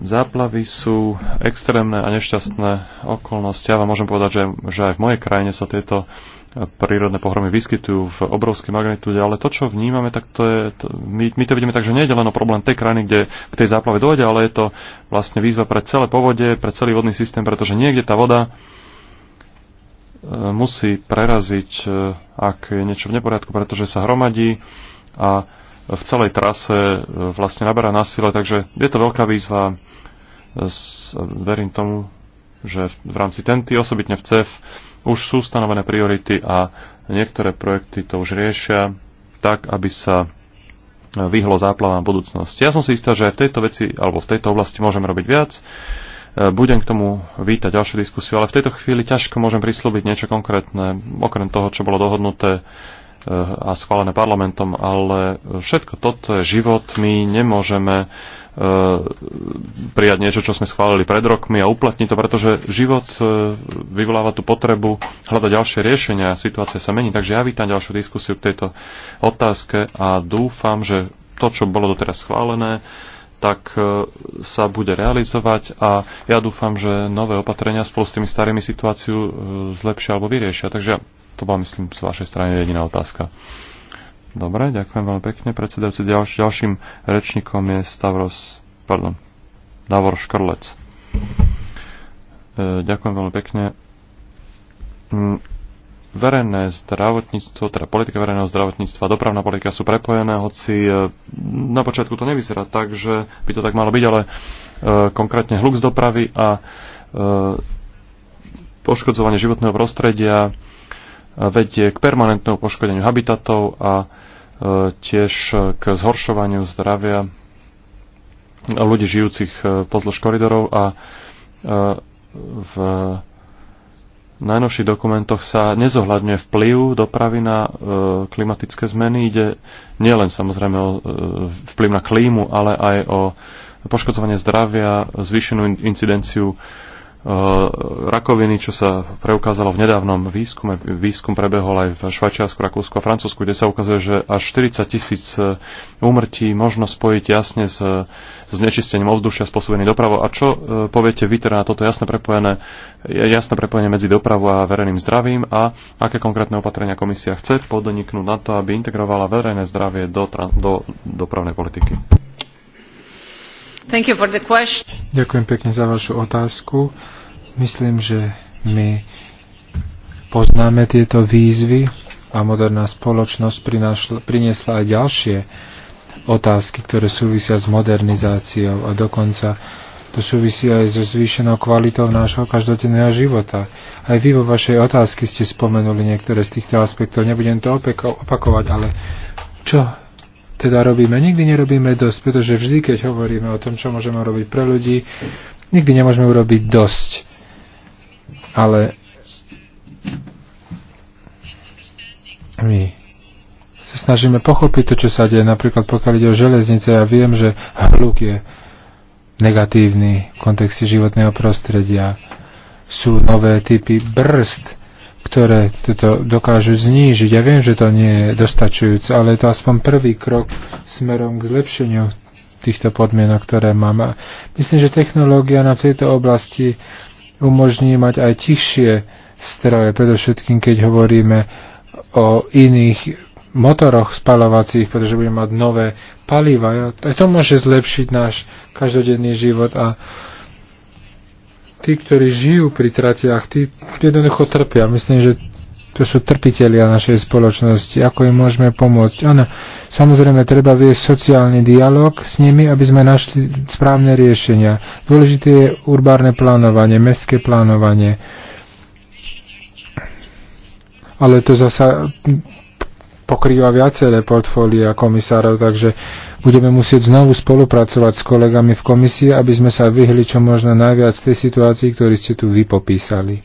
Záplavy sú extrémne a nešťastné okolnosti. Ja vám môžem povedať, že, že aj v mojej krajine sa tieto prírodné pohromy vyskytujú v obrovskej magnitúde, ale to, čo vnímame, tak to je, to, my, my to vidíme tak, že nie je len o problém tej krajiny, kde k tej záplave dojde, ale je to vlastne výzva pre celé povode, pre celý vodný systém, pretože niekde tá voda e, musí preraziť, e, ak je niečo v neporiadku, pretože sa hromadí a v celej trase e, vlastne naberá na sile, takže je to veľká výzva. E, verím tomu, že v rámci TENTY, osobitne v CEF, už sú stanovené priority a niektoré projekty to už riešia tak, aby sa vyhlo záplavám budúcnosti. Ja som si istá, že v tejto veci alebo v tejto oblasti môžeme robiť viac. E, budem k tomu vítať ďalšiu diskusiu, ale v tejto chvíli ťažko môžem prislúbiť niečo konkrétne, okrem toho, čo bolo dohodnuté Eh, a schválené parlamentom, ale všetko toto je život, my nemôžeme eh, prijať niečo, čo sme schválili pred rokmi a uplatniť to, pretože život eh, vyvoláva tú potrebu hľadať ďalšie riešenia a situácia sa mení. Takže ja vítam ďalšiu diskusiu k tejto otázke a dúfam, že to, čo bolo doteraz schválené, tak sa bude realizovať a ja dúfam, že nové opatrenia spolu s tými starými situáciu zlepšia alebo vyriešia. Takže to bola, myslím, z vašej strany jediná otázka. Dobre, ďakujem veľmi pekne. Predsedajúci ďalš, ďalším rečníkom je Stavros, pardon, Davor Škrlec. E, ďakujem veľmi pekne. Mm, verejné zdravotníctvo, teda politika verejného zdravotníctva a dopravná politika sú prepojené, hoci e, na počiatku to nevyzerá tak, že by to tak malo byť, ale e, konkrétne hluk z dopravy a e, poškodzovanie životného prostredia vedie k permanentnému poškodeniu habitatov a e, tiež k zhoršovaniu zdravia ľudí žijúcich e, pozdĺž koridorov a e, v najnovších dokumentoch sa nezohľadňuje vplyv dopravy na klimatické zmeny. Ide nielen samozrejme o vplyv na klímu, ale aj o poškodzovanie zdravia, zvýšenú incidenciu rakoviny, čo sa preukázalo v nedávnom výskume. Výskum prebehol aj v Švajčiarsku, Rakúsku a Francúzsku, kde sa ukazuje, že až 40 tisíc e, úmrtí možno spojiť jasne s znečistením ovzdušia spôsobený dopravou. A čo e, poviete vy teda na toto jasné, prepojenie, jasné prepojenie medzi dopravou a verejným zdravím a aké konkrétne opatrenia komisia chce podniknúť na to, aby integrovala verejné zdravie do, do dopravnej politiky? Ďakujem pekne za vašu otázku. Myslím, že my poznáme tieto výzvy a moderná spoločnosť priniesla aj ďalšie otázky, ktoré súvisia s modernizáciou a dokonca to súvisí aj so zvýšenou kvalitou nášho každodenného života. Aj vy vo vašej otázky ste spomenuli niektoré z týchto aspektov. Nebudem to opakovať, ale čo teda robíme. Nikdy nerobíme dosť, pretože vždy, keď hovoríme o tom, čo môžeme robiť pre ľudí, nikdy nemôžeme urobiť dosť. Ale my sa snažíme pochopiť to, čo sa deje. Napríklad pokiaľ ide o železnice, ja viem, že hluk je negatívny v kontexte životného prostredia. Sú nové typy brzd, ktoré toto dokážu znížiť. Ja viem, že to nie je dostačujúce, ale je to aspoň prvý krok smerom k zlepšeniu týchto podmienok, ktoré máme. Myslím, že technológia na tejto oblasti umožní mať aj tichšie stroje, predovšetkým keď hovoríme o iných motoroch spalovacích, pretože budeme mať nové paliva. Aj to môže zlepšiť náš každodenný život a tí, ktorí žijú pri tratiach, tí jednoducho trpia. Myslím, že to sú trpitelia našej spoločnosti. Ako im môžeme pomôcť? Áno, samozrejme, treba viesť sociálny dialog s nimi, aby sme našli správne riešenia. Dôležité je urbárne plánovanie, mestské plánovanie. Ale to zasa pokrýva viaceré portfólia komisárov, takže budeme musieť znovu spolupracovať s kolegami v komisii, aby sme sa vyhli čo možno najviac tej situácii, ktorú ste tu vypopísali.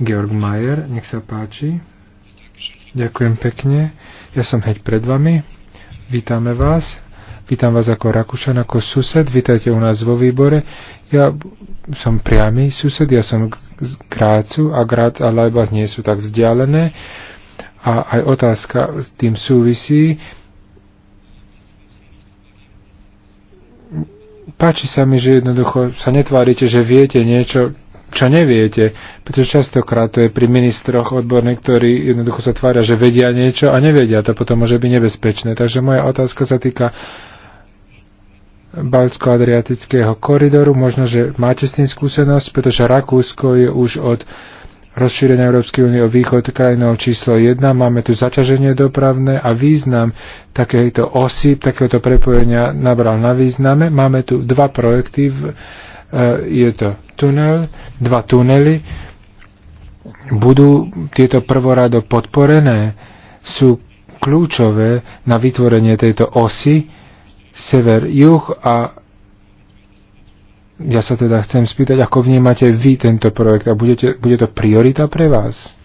Georg Mayer, nech sa páči. Ďakujem pekne. Ja som heď pred vami. Vítame vás. Vítam vás ako Rakúšan, ako sused. Vítajte u nás vo výbore. Ja som priamy sused, ja som z Grácu a Grác a Leibach nie sú tak vzdialené. A aj otázka s tým súvisí. páči sa mi, že jednoducho sa netvárite, že viete niečo, čo neviete, pretože častokrát to je pri ministroch odborných, ktorí jednoducho sa tvária, že vedia niečo a nevedia, to potom môže byť nebezpečné. Takže moja otázka sa týka balsko adriatického koridoru. Možno, že máte s tým skúsenosť, pretože Rakúsko je už od rozšírenia Európskej únie o východ krajinou číslo 1. Máme tu zaťaženie dopravné a význam takéto osy, takéhoto prepojenia nabral na význame. Máme tu dva projekty, v, e, je to tunel, dva tunely. Budú tieto prvorado podporené, sú kľúčové na vytvorenie tejto osy sever-juh a ja sa teda chcem spýtať, ako vnímate vy tento projekt a budete, bude to priorita pre vás?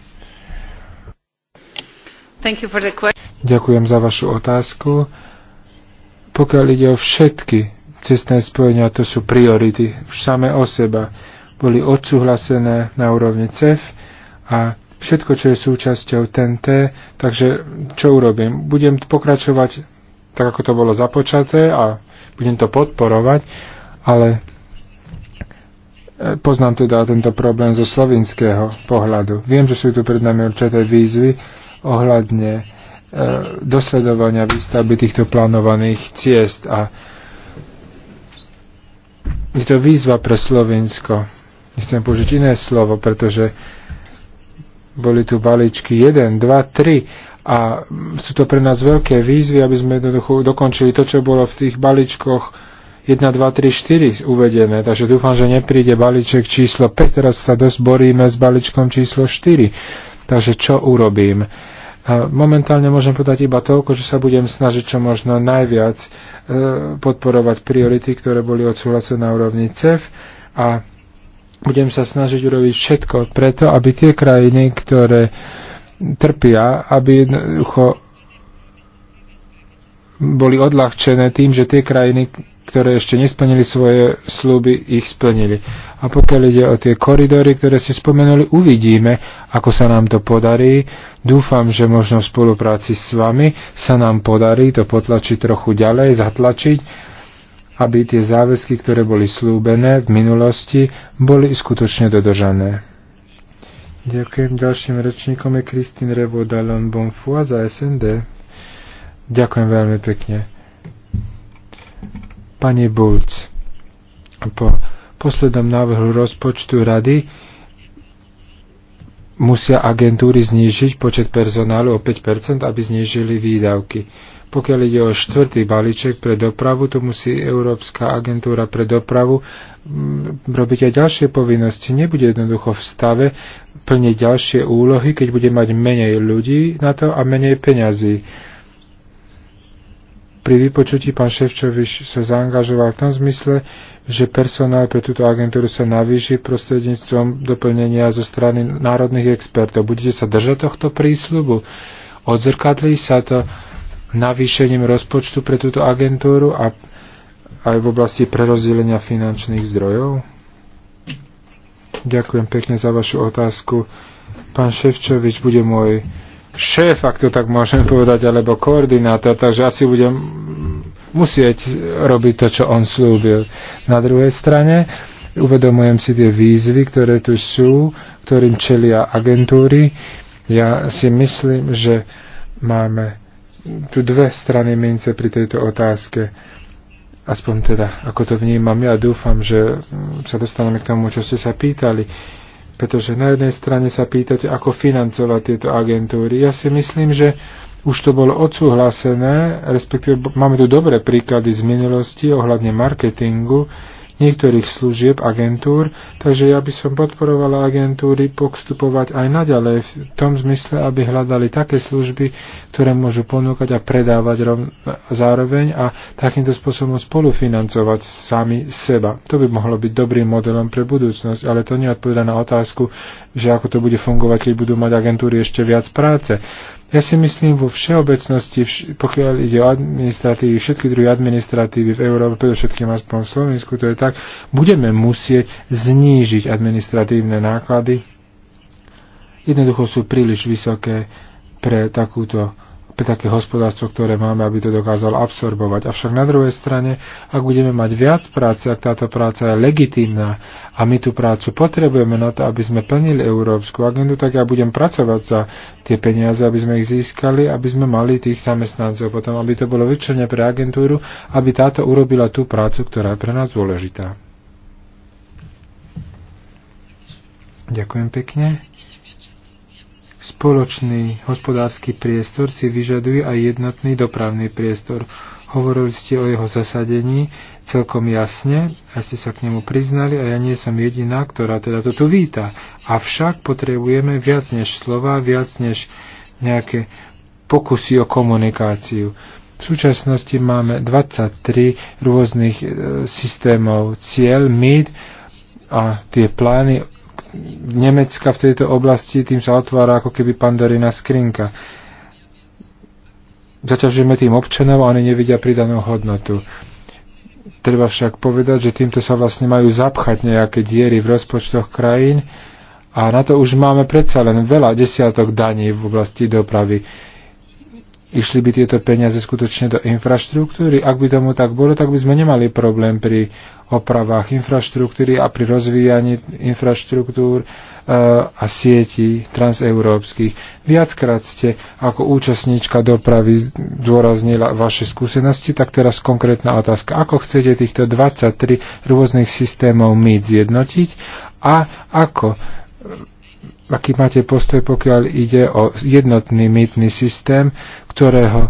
Thank you for the Ďakujem za vašu otázku. Pokiaľ ide o všetky cestné spojenia, to sú priority už same o seba. Boli odsúhlasené na úrovni CEF a všetko, čo je súčasťou TNT, takže čo urobím? Budem pokračovať tak, ako to bolo započaté a budem to podporovať, ale E, poznám teda tento problém zo slovinského pohľadu. Viem, že sú tu pred nami určité výzvy ohľadne e, dosledovania výstavby týchto plánovaných ciest a je to výzva pre Slovinsko. Nechcem použiť iné slovo, pretože boli tu balíčky 1, 2, 3 a sú to pre nás veľké výzvy, aby sme jednoducho dokončili to, čo bolo v tých balíčkoch 1, 2, 3, 4 uvedené, takže dúfam, že nepríde balíček číslo 5, teraz sa dosť boríme s balíčkom číslo 4. Takže čo urobím? momentálne môžem povedať iba toľko, že sa budem snažiť čo možno najviac e, podporovať priority, ktoré boli odsúhlasené na úrovni CEF a budem sa snažiť urobiť všetko preto, aby tie krajiny, ktoré trpia, aby jednoducho boli odľahčené tým, že tie krajiny, ktoré ešte nesplnili svoje sluby, ich splnili. A pokiaľ ide o tie koridory, ktoré ste spomenuli, uvidíme, ako sa nám to podarí. Dúfam, že možno v spolupráci s vami sa nám podarí to potlačiť trochu ďalej, zatlačiť, aby tie záväzky, ktoré boli slúbené v minulosti, boli skutočne dodržané. Ďakujem. Ďalším rečníkom je Kristín Revo Dallon Bonfua za SND. Ďakujem veľmi pekne. Pani Bulc, po poslednom návrhu rozpočtu rady musia agentúry znížiť počet personálu o 5%, aby znížili výdavky. Pokiaľ ide o štvrtý balíček pre dopravu, tu musí Európska agentúra pre dopravu mm, robiť aj ďalšie povinnosti. Nebude jednoducho v stave plniť ďalšie úlohy, keď bude mať menej ľudí na to a menej peňazí. Pri vypočutí pán Ševčovič sa zaangažoval v tom zmysle, že personál pre túto agentúru sa navýši prostredníctvom doplnenia zo strany národných expertov. Budete sa držať tohto prísľubu? Odzrkadlí sa to navýšením rozpočtu pre túto agentúru a aj v oblasti prerozdelenia finančných zdrojov? Ďakujem pekne za vašu otázku. Pán Ševčovič bude môj šéf, ak to tak môžem povedať, alebo koordinátor, takže asi budem musieť robiť to, čo on slúbil. Na druhej strane uvedomujem si tie výzvy, ktoré tu sú, ktorým čelia agentúry. Ja si myslím, že máme tu dve strany mince pri tejto otázke. Aspoň teda, ako to vnímam, ja dúfam, že sa dostaneme k tomu, čo ste sa pýtali pretože na jednej strane sa pýtate, ako financovať tieto agentúry. Ja si myslím, že už to bolo odsúhlasené, respektíve máme tu dobré príklady z minulosti ohľadne marketingu niektorých služieb agentúr, takže ja by som podporovala agentúry postupovať aj naďalej v tom zmysle, aby hľadali také služby, ktoré môžu ponúkať a predávať rovn- zároveň a takýmto spôsobom spolufinancovať sami seba. To by mohlo byť dobrým modelom pre budúcnosť, ale to neodpovedá na otázku, že ako to bude fungovať, keď budú mať agentúry ešte viac práce. Ja si myslím vo všeobecnosti, vš- pokiaľ ide o administratívy, všetky druhy administratívy v Európe, predovšetkým aspoň v Slovensku, to je tak, budeme musieť znížiť administratívne náklady. Jednoducho sú príliš vysoké pre, takúto, pre také hospodárstvo, ktoré máme, aby to dokázalo absorbovať. Avšak na druhej strane, ak budeme mať viac práce, ak táto práca je legitímna a my tú prácu potrebujeme na to, aby sme plnili európsku agendu, tak ja budem pracovať za tie peniaze, aby sme ich získali, aby sme mali tých zamestnancov potom, aby to bolo vyčlenie pre agentúru, aby táto urobila tú prácu, ktorá je pre nás dôležitá. Ďakujem pekne. Spoločný hospodársky priestor si vyžaduje aj jednotný dopravný priestor. Hovorili ste o jeho zasadení celkom jasne a ste sa k nemu priznali a ja nie som jediná, ktorá teda to tu víta. Avšak potrebujeme viac než slova, viac než nejaké pokusy o komunikáciu. V súčasnosti máme 23 rôznych e, systémov cieľ, MID a tie plány Nemecka v tejto oblasti, tým sa otvára ako keby pandorina skrinka. Zaťažujeme tým občanov a oni nevidia pridanú hodnotu. Treba však povedať, že týmto sa vlastne majú zapchať nejaké diery v rozpočtoch krajín a na to už máme predsa len veľa desiatok daní v oblasti dopravy išli by tieto peniaze skutočne do infraštruktúry. Ak by tomu tak bolo, tak by sme nemali problém pri opravách infraštruktúry a pri rozvíjaní infraštruktúr e, a sietí transeurópskych. Viackrát ste ako účastníčka dopravy zdôraznila vaše skúsenosti, tak teraz konkrétna otázka. Ako chcete týchto 23 rôznych systémov MIT zjednotiť a ako aký máte postoj, pokiaľ ide o jednotný mýtny systém, ktorého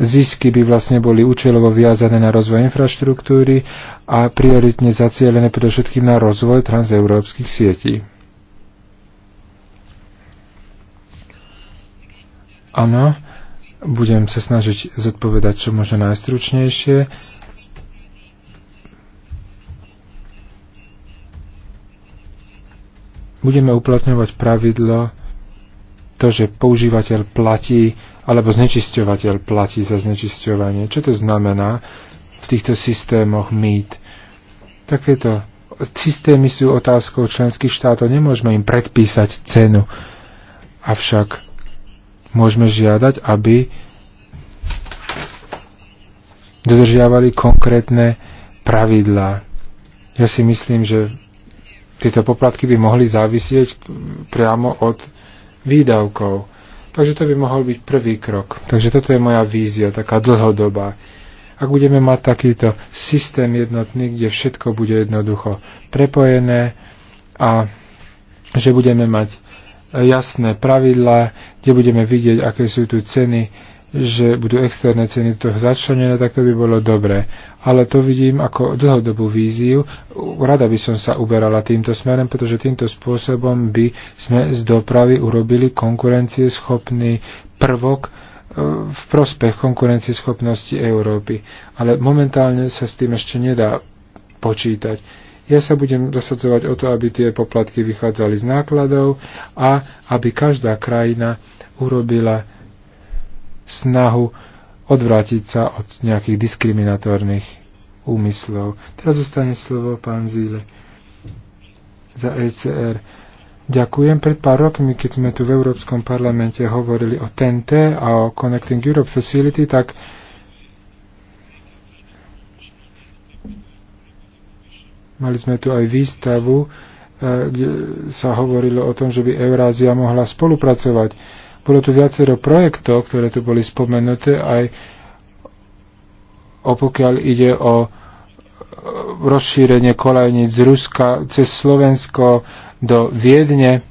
zisky by vlastne boli účelovo viazané na rozvoj infraštruktúry a prioritne zacielené predovšetkým na rozvoj transeurópskych sietí. Áno, budem sa snažiť zodpovedať čo možno najstručnejšie. budeme uplatňovať pravidlo to, že používateľ platí alebo znečisťovateľ platí za znečisťovanie. Čo to znamená v týchto systémoch mýt? Takéto systémy sú otázkou členských štátov, nemôžeme im predpísať cenu. Avšak môžeme žiadať, aby dodržiavali konkrétne pravidlá. Ja si myslím, že tieto poplatky by mohli závisieť priamo od výdavkov. Takže to by mohol byť prvý krok. Takže toto je moja vízia, taká dlhodobá. Ak budeme mať takýto systém jednotný, kde všetko bude jednoducho prepojené a že budeme mať jasné pravidlá, kde budeme vidieť, aké sú tu ceny že budú externé ceny do toho začlenené, tak to by bolo dobré. Ale to vidím ako dlhodobú víziu. Rada by som sa uberala týmto smerom, pretože týmto spôsobom by sme z dopravy urobili konkurencieschopný prvok e, v prospech konkurencieschopnosti Európy. Ale momentálne sa s tým ešte nedá počítať. Ja sa budem zasadzovať o to, aby tie poplatky vychádzali z nákladov a aby každá krajina urobila snahu odvrátiť sa od nejakých diskriminatórnych úmyslov. Teraz zostane slovo pán Zíze za ECR. Ďakujem. Pred pár rokmi, keď sme tu v Európskom parlamente hovorili o TNT a o Connecting Europe Facility, tak mali sme tu aj výstavu, e, kde sa hovorilo o tom, že by Eurázia mohla spolupracovať bolo tu viacero projektov, ktoré tu boli spomenuté, aj opokiaľ ide o e, rozšírenie kolejníc z Ruska cez Slovensko do Viedne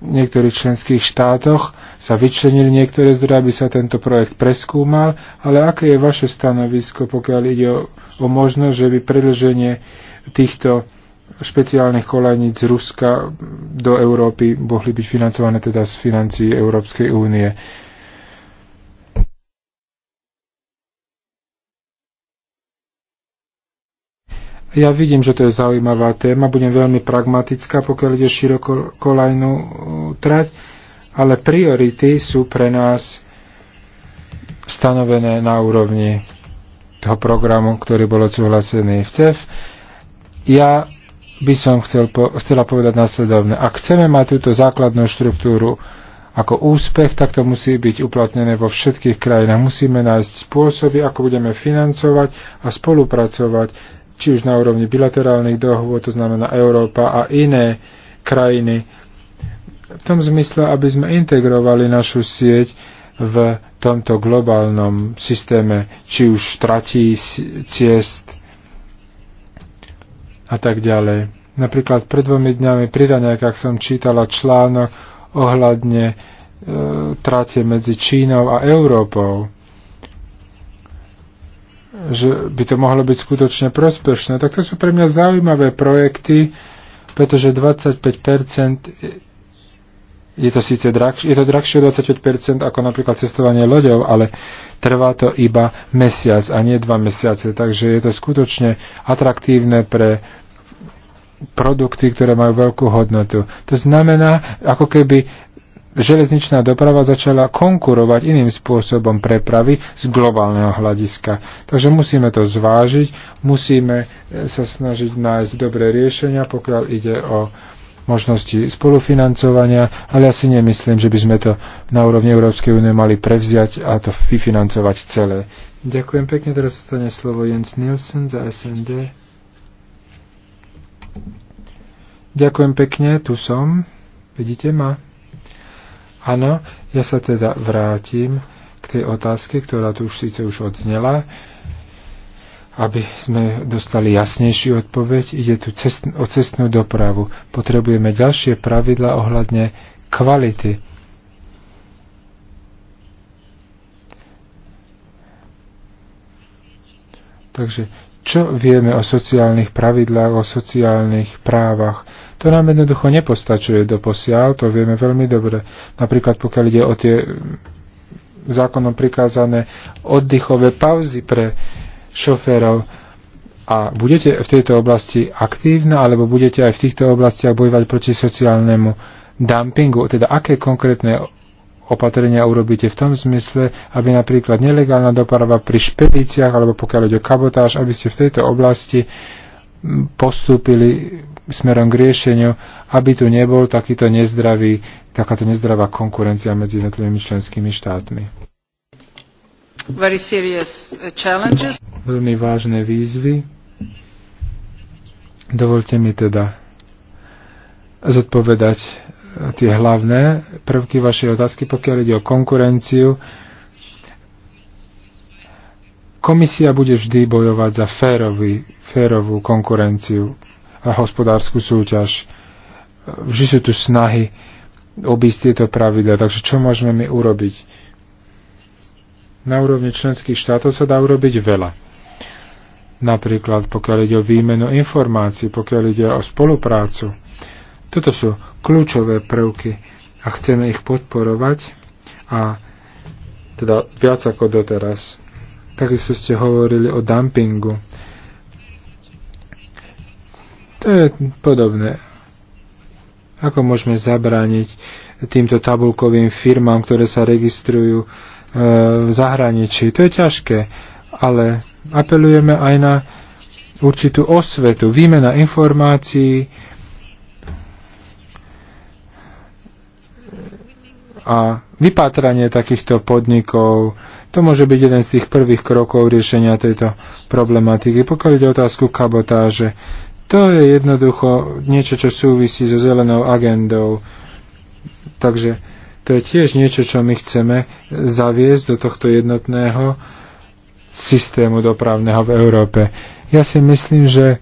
v niektorých členských štátoch sa vyčlenili niektoré zdroje, aby sa tento projekt preskúmal, ale aké je vaše stanovisko, pokiaľ ide o, o možnosť, že by predlženie týchto špeciálnych kolaníc z Ruska do Európy mohli byť financované teda z financií Európskej únie. Ja vidím, že to je zaujímavá téma, budem veľmi pragmatická, pokiaľ ide široko kolajnú uh, trať, ale priority sú pre nás stanovené na úrovni toho programu, ktorý bol odsúhlasený v CEF. Ja by som chcel po, chcela povedať následovne. Ak chceme mať túto základnú štruktúru ako úspech, tak to musí byť uplatnené vo všetkých krajinách. Musíme nájsť spôsoby, ako budeme financovať a spolupracovať, či už na úrovni bilaterálnych dohôd, to znamená Európa a iné krajiny, v tom zmysle, aby sme integrovali našu sieť v tomto globálnom systéme, či už tratí ciest, a tak ďalej. Napríklad pred dvomi dňami pri raňajkách som čítala článok ohľadne e, trate medzi Čínou a Európou že by to mohlo byť skutočne prospešné. Tak to sú pre mňa zaujímavé projekty, pretože 25% je to síce drahšie, je to drahšie 25% ako napríklad cestovanie loďov, ale trvá to iba mesiac a nie dva mesiace. Takže je to skutočne atraktívne pre produkty, ktoré majú veľkú hodnotu. To znamená, ako keby železničná doprava začala konkurovať iným spôsobom prepravy z globálneho hľadiska. Takže musíme to zvážiť, musíme e, sa snažiť nájsť dobré riešenia, pokiaľ ide o možnosti spolufinancovania, ale ja si nemyslím, že by sme to na úrovni Európskej únie mali prevziať a to vyfinancovať celé. Ďakujem pekne, teraz zostane slovo Jens Nielsen za SND. Ďakujem pekne, tu som. Vidíte ma? Áno, ja sa teda vrátim k tej otázke, ktorá tu už síce už odznela. Uh, aby sme dostali jasnejšiu odpoveď, ide tu cest, o cestnú dopravu. Potrebujeme ďalšie pravidla ohľadne kvality. Takže čo vieme o sociálnych pravidlách, o sociálnych právach? To nám jednoducho nepostačuje do posiaľ, to vieme veľmi dobre. Napríklad pokiaľ ide o tie zákonom prikázané oddychové pauzy pre šoférov. A budete v tejto oblasti aktívna, alebo budete aj v týchto oblastiach bojovať proti sociálnemu dumpingu? Teda aké konkrétne opatrenia urobíte v tom zmysle, aby napríklad nelegálna doprava pri špedíciách alebo pokiaľ ide o kabotáž, aby ste v tejto oblasti postúpili smerom k riešeniu, aby tu nebol takýto nezdravý, takáto nezdravá konkurencia medzi jednotlivými členskými štátmi. Very serious uh, challenges. Veľmi vážne výzvy. Dovolte mi teda zodpovedať uh, tie hlavné prvky vašej otázky, pokiaľ ide o konkurenciu. Komisia bude vždy bojovať za férový, férovú konkurenciu a hospodárskú súťaž. Vždy sú tu snahy obísť tieto pravidla, takže čo môžeme my urobiť? Na úrovni členských štátov sa dá urobiť veľa. Napríklad pokiaľ ide o výmenu informácií, pokiaľ ide o spoluprácu. Toto sú kľúčové prvky a chceme ich podporovať a teda viac ako doteraz. Takisto ste hovorili o dumpingu. To je podobné. Ako môžeme zabrániť týmto tabulkovým firmám, ktoré sa registrujú E, v zahraničí. To je ťažké, ale apelujeme aj na určitú osvetu, výmena informácií a vypátranie takýchto podnikov. To môže byť jeden z tých prvých krokov riešenia tejto problematiky. Pokiaľ ide otázku kabotáže, to je jednoducho niečo, čo súvisí so zelenou agendou. Takže to je tiež niečo, čo my chceme zaviesť do tohto jednotného systému dopravného v Európe. Ja si myslím, že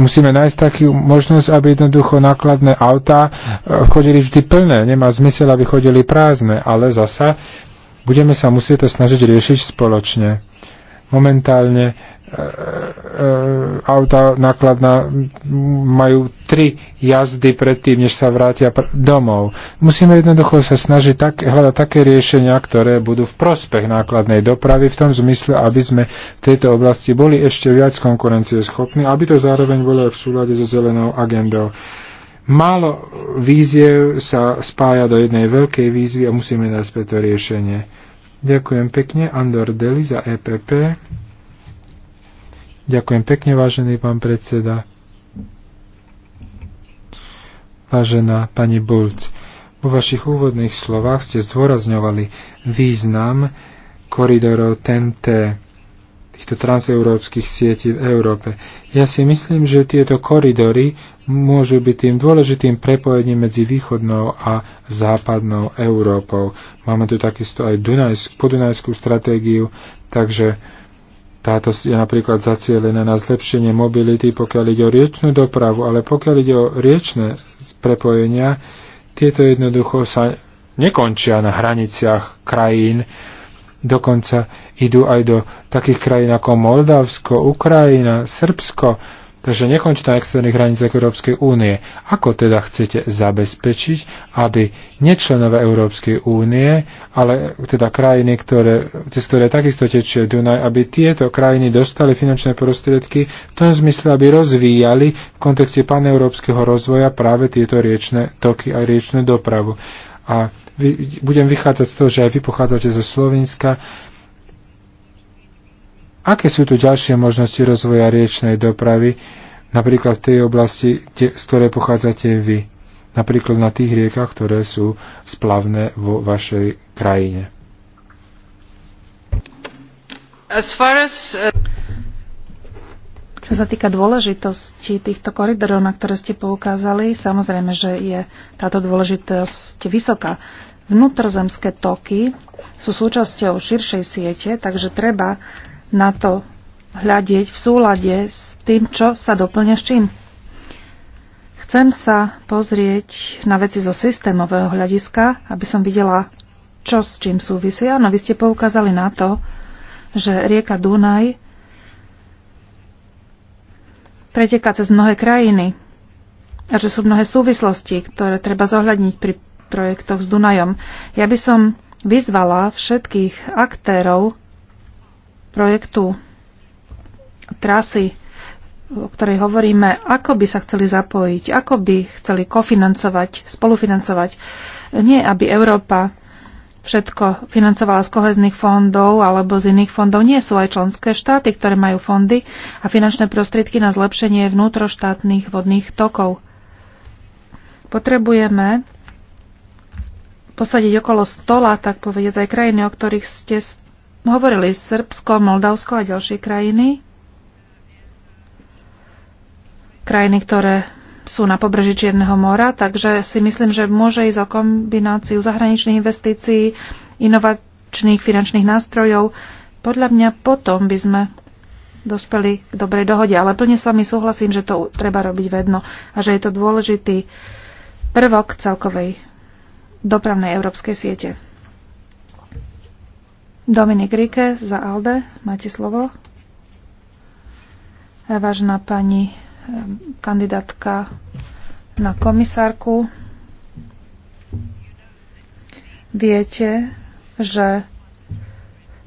musíme nájsť takú možnosť, aby jednoducho nákladné autá e, chodili vždy plné. Nemá zmysel, aby chodili prázdne, ale zasa budeme sa musieť to snažiť riešiť spoločne. Momentálne E, e, e, auta nákladná majú tri jazdy predtým, než sa vrátia domov. Musíme jednoducho sa snažiť tak, hľadať také riešenia, ktoré budú v prospech nákladnej dopravy v tom zmysle, aby sme v tejto oblasti boli ešte viac konkurencieschopní, aby to zároveň bolo aj v súlade so zelenou agendou. Málo víziev sa spája do jednej veľkej výzvy a musíme nájsť preto riešenie. Ďakujem pekne, Andor Deli za EPP. Ďakujem pekne, vážený pán predseda. Vážená pani Bulc, vo vašich úvodných slovách ste zdôrazňovali význam koridorov TNT, týchto transeurópskych sietí v Európe. Ja si myslím, že tieto koridory môžu byť tým dôležitým prepojením medzi východnou a západnou Európou. Máme tu takisto aj Dunajsk, podunajskú stratégiu, takže táto je napríklad zacielená na zlepšenie mobility, pokiaľ ide o riečnú dopravu, ale pokiaľ ide o riečne prepojenia, tieto jednoducho sa nekončia na hraniciach krajín, dokonca idú aj do takých krajín ako Moldavsko, Ukrajina, Srbsko, Takže nekončí na externých hraniciach Európskej únie. Ako teda chcete zabezpečiť, aby nečlenové Európskej únie, ale teda krajiny, ktoré, cez ktoré takisto tečie Dunaj, aby tieto krajiny dostali finančné prostriedky v tom zmysle, aby rozvíjali v kontexte paneurópskeho rozvoja práve tieto riečne toky a riečnú dopravu. A vy, budem vychádzať z toho, že aj vy pochádzate zo Slovenska, Aké sú tu ďalšie možnosti rozvoja riečnej dopravy, napríklad v tej oblasti, kde, z ktorej pochádzate vy? Napríklad na tých riekach, ktoré sú splavné vo vašej krajine. As far as, uh... Čo sa týka dôležitosti týchto koridorov, na ktoré ste poukázali, samozrejme, že je táto dôležitosť vysoká. Vnútrozemské toky sú súčasťou širšej siete, takže treba uh, na to hľadieť v súlade s tým, čo sa doplňa s čím. Chcem sa pozrieť na veci zo systémového hľadiska, aby som videla, čo s čím súvisí. Áno, vy ste poukázali na to, že rieka Dunaj preteká cez mnohé krajiny a že sú mnohé súvislosti, ktoré treba zohľadniť pri projektoch s Dunajom. Ja by som vyzvala všetkých aktérov projektu trasy, o ktorej hovoríme, ako by sa chceli zapojiť, ako by chceli kofinancovať, spolufinancovať. Nie, aby Európa všetko financovala z kohezných fondov alebo z iných fondov. Nie sú aj členské štáty, ktoré majú fondy a finančné prostriedky na zlepšenie vnútroštátnych vodných tokov. Potrebujeme posadiť okolo stola, tak povediať, aj krajiny, o ktorých ste hovorili Srbsko, Moldavsko a ďalšie krajiny. Krajiny, ktoré sú na pobreží Čierneho mora, takže si myslím, že môže ísť o kombináciu zahraničných investícií, inovačných finančných nástrojov. Podľa mňa potom by sme dospeli k dobrej dohode, ale plne s vami súhlasím, že to treba robiť vedno a že je to dôležitý prvok celkovej dopravnej európskej siete. Dominik Rike za ALDE, máte slovo. Vážená pani eh, kandidátka na komisárku, viete, že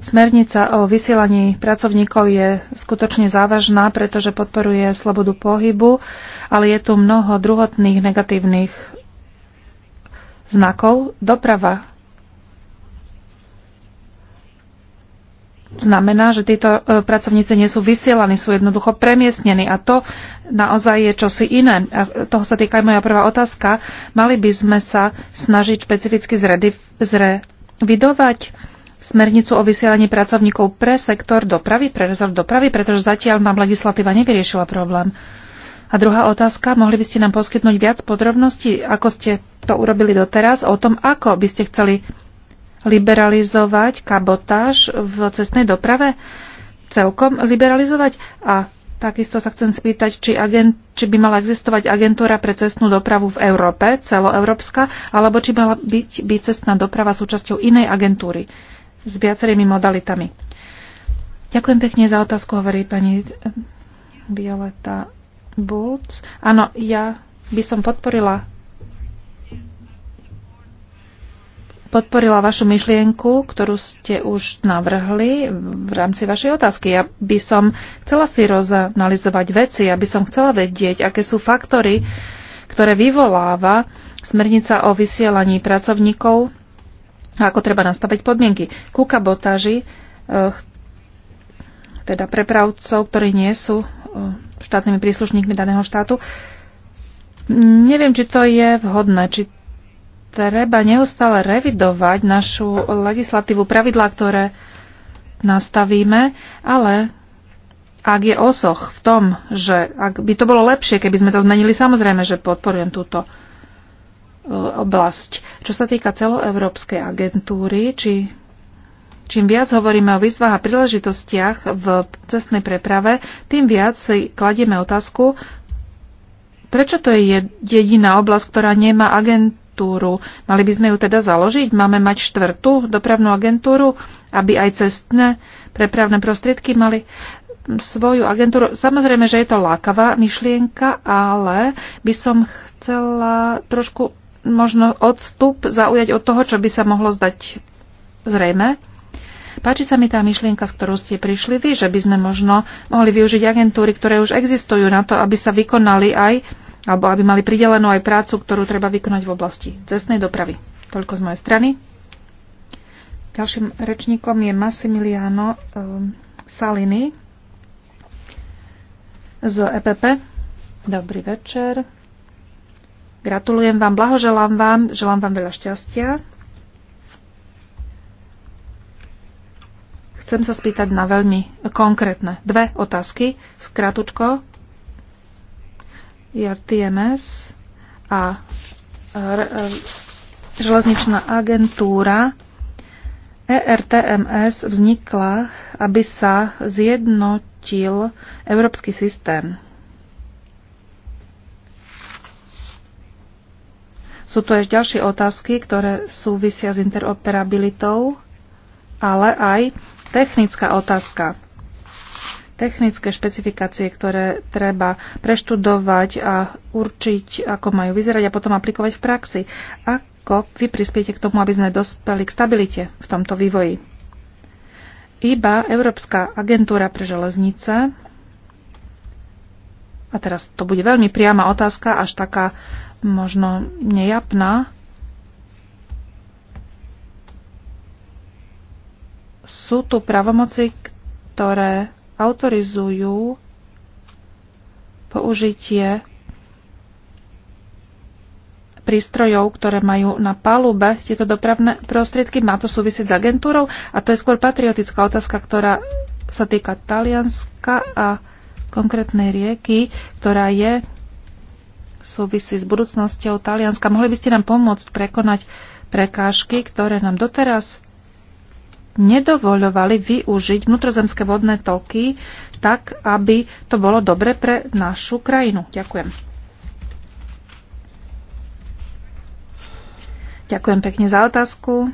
smernica o vysielaní pracovníkov je skutočne závažná, pretože podporuje slobodu pohybu, ale je tu mnoho druhotných negatívnych znakov. Doprava znamená, že títo e, pracovníci nie sú vysielaní, sú jednoducho premiestnení a to naozaj je čosi iné. A toho sa týka aj moja prvá otázka. Mali by sme sa snažiť špecificky zrevidovať smernicu o vysielaní pracovníkov pre sektor dopravy, pre rezort dopravy, pretože zatiaľ nám legislatíva nevyriešila problém. A druhá otázka, mohli by ste nám poskytnúť viac podrobností, ako ste to urobili doteraz, o tom, ako by ste chceli liberalizovať kabotáž v cestnej doprave? Celkom liberalizovať? A takisto sa chcem spýtať, či, agent, či by mala existovať agentúra pre cestnú dopravu v Európe, celoeurópska, alebo či mala byť byť cestná doprava súčasťou inej agentúry s viacerými modalitami. Ďakujem pekne za otázku, hovorí pani eh, Violeta Bulc. Áno, ja by som podporila podporila vašu myšlienku, ktorú ste už navrhli v rámci vašej otázky. Ja by som chcela si rozanalizovať veci, ja som chcela vedieť, aké sú faktory, ktoré vyvoláva smernica o vysielaní pracovníkov a ako treba nastaviť podmienky. Ku kabotáži, eh, teda prepravcov, ktorí nie sú eh, štátnymi príslušníkmi daného štátu, neviem, či to je vhodné, či treba neustále revidovať našu legislatívu, pravidlá, ktoré nastavíme, ale ak je osoch v tom, že ak by to bolo lepšie, keby sme to zmenili, samozrejme, že podporujem túto e, oblasť. Čo sa týka celoevropskej agentúry, či Čím viac hovoríme o výzvach a príležitostiach v cestnej preprave, tým viac si kladieme otázku, prečo to je jediná oblasť, ktorá nemá agent agentúru. Mali by sme ju teda založiť? Máme mať štvrtú dopravnú agentúru, aby aj cestné prepravné prostriedky mali svoju agentúru. Samozrejme, že je to lákavá myšlienka, ale by som chcela trošku možno odstup zaujať od toho, čo by sa mohlo zdať zrejme. Páči sa mi tá myšlienka, s ktorou ste prišli vy, že by sme možno mohli využiť agentúry, ktoré už existujú na to, aby sa vykonali aj alebo aby mali pridelenú aj prácu, ktorú treba vykonať v oblasti cestnej dopravy. Toľko z mojej strany. Ďalším rečníkom je Massimiliano ehm, Salini z EPP. Dobrý večer. Gratulujem vám, blahoželám vám, želám vám veľa šťastia. Chcem sa spýtať na veľmi konkrétne dve otázky, skratučko, IRTMS a e, železničná agentúra ERTMS vznikla, aby sa zjednotil európsky systém. Sú tu ešte ďalšie otázky, ktoré súvisia s interoperabilitou, ale aj technická otázka technické špecifikácie, ktoré treba preštudovať a určiť, ako majú vyzerať a potom aplikovať v praxi. Ako vy prispiete k tomu, aby sme dospeli k stabilite v tomto vývoji? Iba Európska agentúra pre železnice, a teraz to bude veľmi priama otázka, až taká možno nejapná, sú tu pravomoci, ktoré autorizujú použitie prístrojov, ktoré majú na palube tieto dopravné prostriedky. Má to súvisieť s agentúrou a to je skôr patriotická otázka, ktorá sa týka Talianska a konkrétnej rieky, ktorá je súvisí s budúcnosťou Talianska. Mohli by ste nám pomôcť prekonať prekážky, ktoré nám doteraz nedovoľovali využiť vnútrozemské vodné toky tak, aby to bolo dobre pre našu krajinu. Ďakujem. Ďakujem pekne za otázku.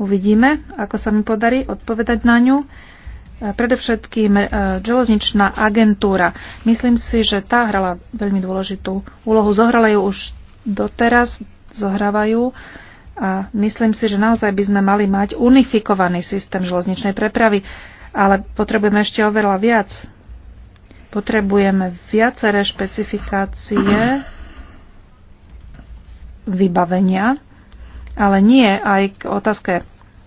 Uvidíme, ako sa mi podarí odpovedať na ňu. Predovšetkým e, železničná agentúra. Myslím si, že tá hrala veľmi dôležitú úlohu. Zohrala ju už doteraz, zohrávajú. ju a myslím si, že naozaj by sme mali mať unifikovaný systém železničnej prepravy, ale potrebujeme ešte oveľa viac. Potrebujeme viaceré špecifikácie vybavenia, ale nie aj k otázke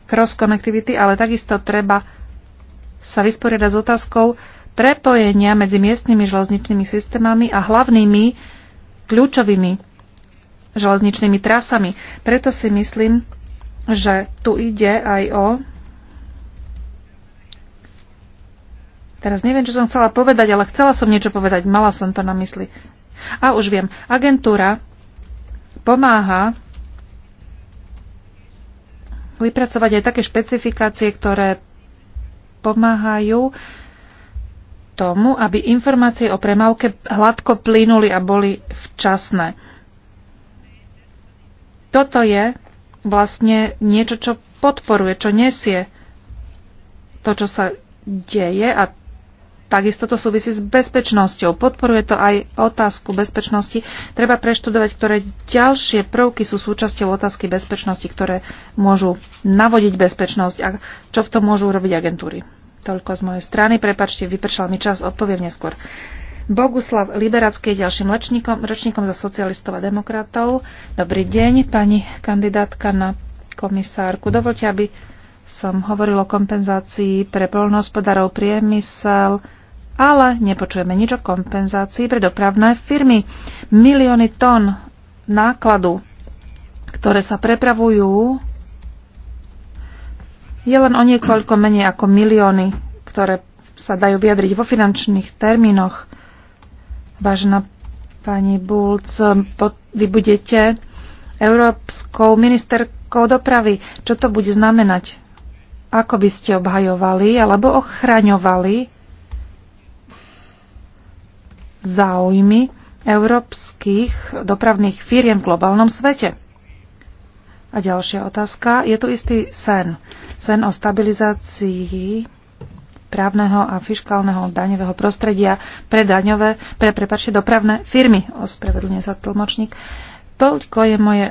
cross-connectivity, ale takisto treba sa vysporiadať s otázkou prepojenia medzi miestnymi železničnými systémami a hlavnými kľúčovými železničnými trasami. Preto si myslím, že tu ide aj o. Teraz neviem, čo som chcela povedať, ale chcela som niečo povedať. Mala som to na mysli. A už viem. Agentúra pomáha vypracovať aj také špecifikácie, ktoré pomáhajú tomu, aby informácie o premávke hladko plynuli a boli včasné. Toto je vlastne niečo, čo podporuje, čo nesie to, čo sa deje a Takisto to súvisí s bezpečnosťou. Podporuje to aj otázku bezpečnosti. Treba preštudovať, ktoré ďalšie prvky sú súčasťou otázky bezpečnosti, ktoré môžu navodiť bezpečnosť a čo v tom môžu urobiť agentúry. Toľko z mojej strany. Prepačte, vypršal mi čas, odpoviem neskôr. Boguslav Liberacký je ďalším ročníkom, ročníkom za socialistov a demokratov. Dobrý deň, pani kandidátka na komisárku. Dovolte, aby som hovoril o kompenzácii pre polnohospodárov priemysel, ale nepočujeme nič o kompenzácii pre dopravné firmy. Milióny tón nákladu, ktoré sa prepravujú, je len o niekoľko menej ako milióny, ktoré sa dajú vyjadriť vo finančných termínoch. Vážená pani Bulc, vy budete európskou ministerkou dopravy. Čo to bude znamenať? Ako by ste obhajovali alebo ochraňovali záujmy európskych dopravných firiem v globálnom svete? A ďalšia otázka. Je tu istý sen. Sen o stabilizácii právneho a fiškálneho daňového prostredia pre daňové, pre, prepačte, dopravné firmy. Ospravedlňuje sa tlmočník. Toľko, je moje,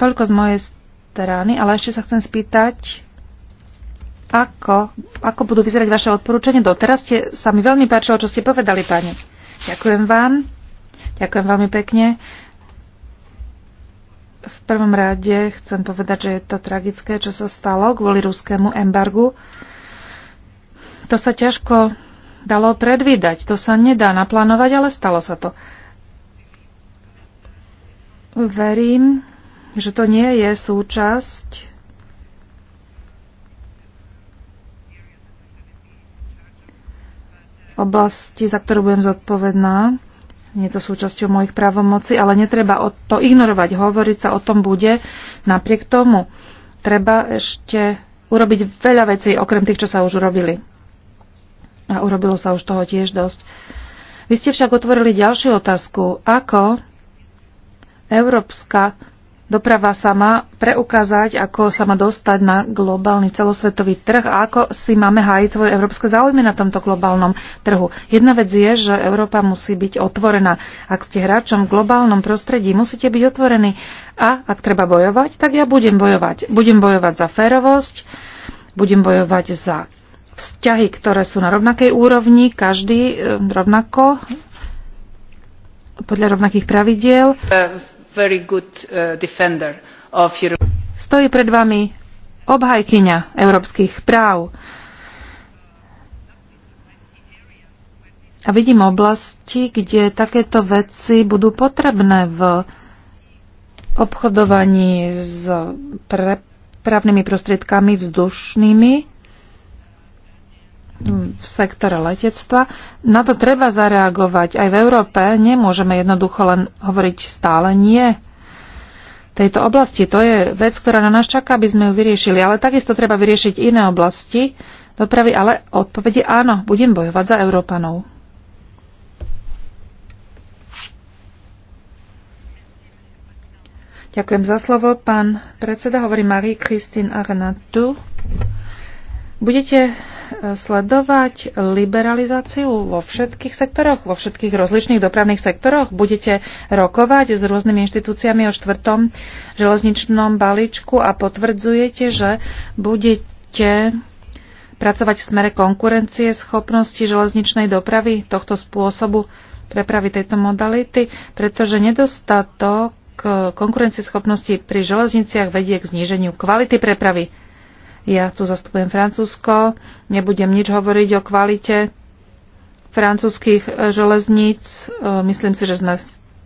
toľko z mojej strany, ale ešte sa chcem spýtať, ako, ako budú vyzerať vaše odporúčania. Doteraz ste, sa mi veľmi páčilo, čo ste povedali, pani. Ďakujem vám. Ďakujem veľmi pekne. V prvom rade chcem povedať, že je to tragické, čo sa stalo kvôli ruskému embargu. To sa ťažko dalo predvídať. To sa nedá naplánovať, ale stalo sa to. Verím, že to nie je súčasť oblasti, za ktorú budem zodpovedná. Nie je to súčasťou mojich právomocí, ale netreba to ignorovať. Hovoriť sa o tom bude. Napriek tomu treba ešte urobiť veľa vecí, okrem tých, čo sa už urobili. A urobilo sa už toho tiež dosť. Vy ste však otvorili ďalšiu otázku. Ako európska doprava sa má preukázať, ako sa má dostať na globálny celosvetový trh a ako si máme hájiť svoje európske záujmy na tomto globálnom trhu. Jedna vec je, že Európa musí byť otvorená. Ak ste hráčom v globálnom prostredí, musíte byť otvorení. A ak treba bojovať, tak ja budem bojovať. Budem bojovať za férovosť, budem bojovať za vzťahy, ktoré sú na rovnakej úrovni, každý e, rovnako, podľa rovnakých pravidiel. E, Stojí pred vami obhajkyňa európskych práv. A vidím oblasti, kde takéto veci budú potrebné v obchodovaní s prepravnými prostriedkami vzdušnými v sektore letectva. Na to treba zareagovať. Aj v Európe nemôžeme jednoducho len hovoriť stále nie tejto oblasti. To je vec, ktorá na nás čaká, aby sme ju vyriešili. Ale takisto treba vyriešiť iné oblasti dopravy, ale odpovede áno, budem bojovať za Európanov. Ďakujem za slovo, pán predseda. Hovorí Marie-Christine Arnatu. Budete sledovať liberalizáciu vo všetkých sektoroch, vo všetkých rozličných dopravných sektoroch? Budete rokovať s rôznymi inštitúciami o štvrtom železničnom balíčku a potvrdzujete, že budete pracovať v smere konkurencie schopnosti železničnej dopravy tohto spôsobu prepravy tejto modality, pretože nedostatok konkurencieschopnosti pri železniciach vedie k zníženiu kvality prepravy. Ja tu zastupujem Francúzsko, nebudem nič hovoriť o kvalite francúzských e, železníc. E, myslím si, že sme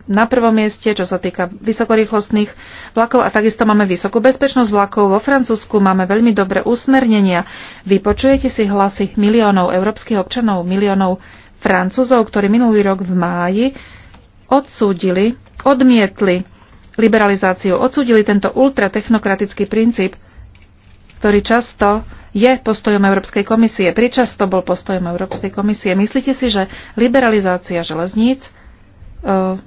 na prvom mieste, čo sa týka vysokorýchlostných vlakov a takisto máme vysokú bezpečnosť vlakov. Vo Francúzsku máme veľmi dobré usmernenia. Vypočujete si hlasy miliónov európskych občanov, miliónov Francúzov, ktorí minulý rok v máji odsúdili, odmietli liberalizáciu, odsúdili tento ultratechnokratický princíp ktorý často je postojom Európskej komisie, pričasto bol postojom Európskej komisie. Myslíte si, že liberalizácia železníc e,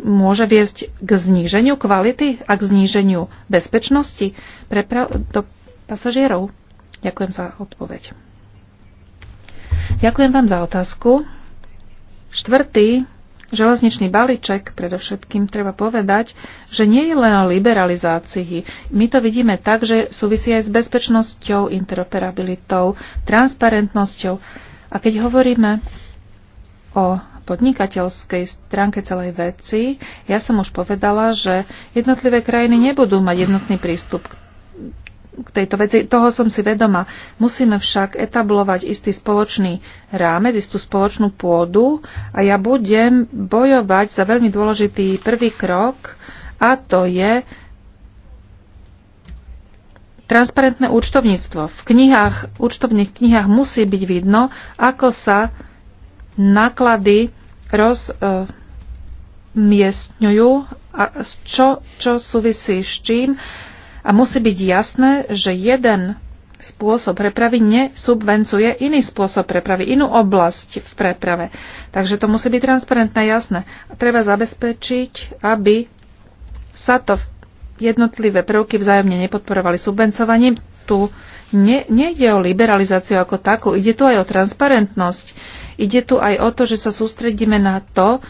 môže viesť k zníženiu kvality a k zníženiu bezpečnosti pre do pasažierov? Ďakujem za odpoveď. Ďakujem vám za otázku. Štvrtý železničný balíček, predovšetkým treba povedať, že nie je len o liberalizácii. My to vidíme tak, že súvisí aj s bezpečnosťou, interoperabilitou, transparentnosťou. A keď hovoríme o podnikateľskej stránke celej veci, ja som už povedala, že jednotlivé krajiny nebudú mať jednotný prístup k tejto veci. Toho som si vedoma. Musíme však etablovať istý spoločný rámec, istú spoločnú pôdu a ja budem bojovať za veľmi dôležitý prvý krok a to je transparentné účtovníctvo. V knihách, účtovných knihách musí byť vidno, ako sa náklady rozmiestňujú miestňujú a čo, čo súvisí s čím a musí byť jasné, že jeden spôsob prepravy nesubvencuje iný spôsob prepravy, inú oblasť v preprave. Takže to musí byť transparentné, jasné. A treba zabezpečiť, aby sa to jednotlivé prvky vzájomne nepodporovali subvencovaním. Tu ne, nejde o liberalizáciu ako takú, ide tu aj o transparentnosť. Ide tu aj o to, že sa sústredíme na to,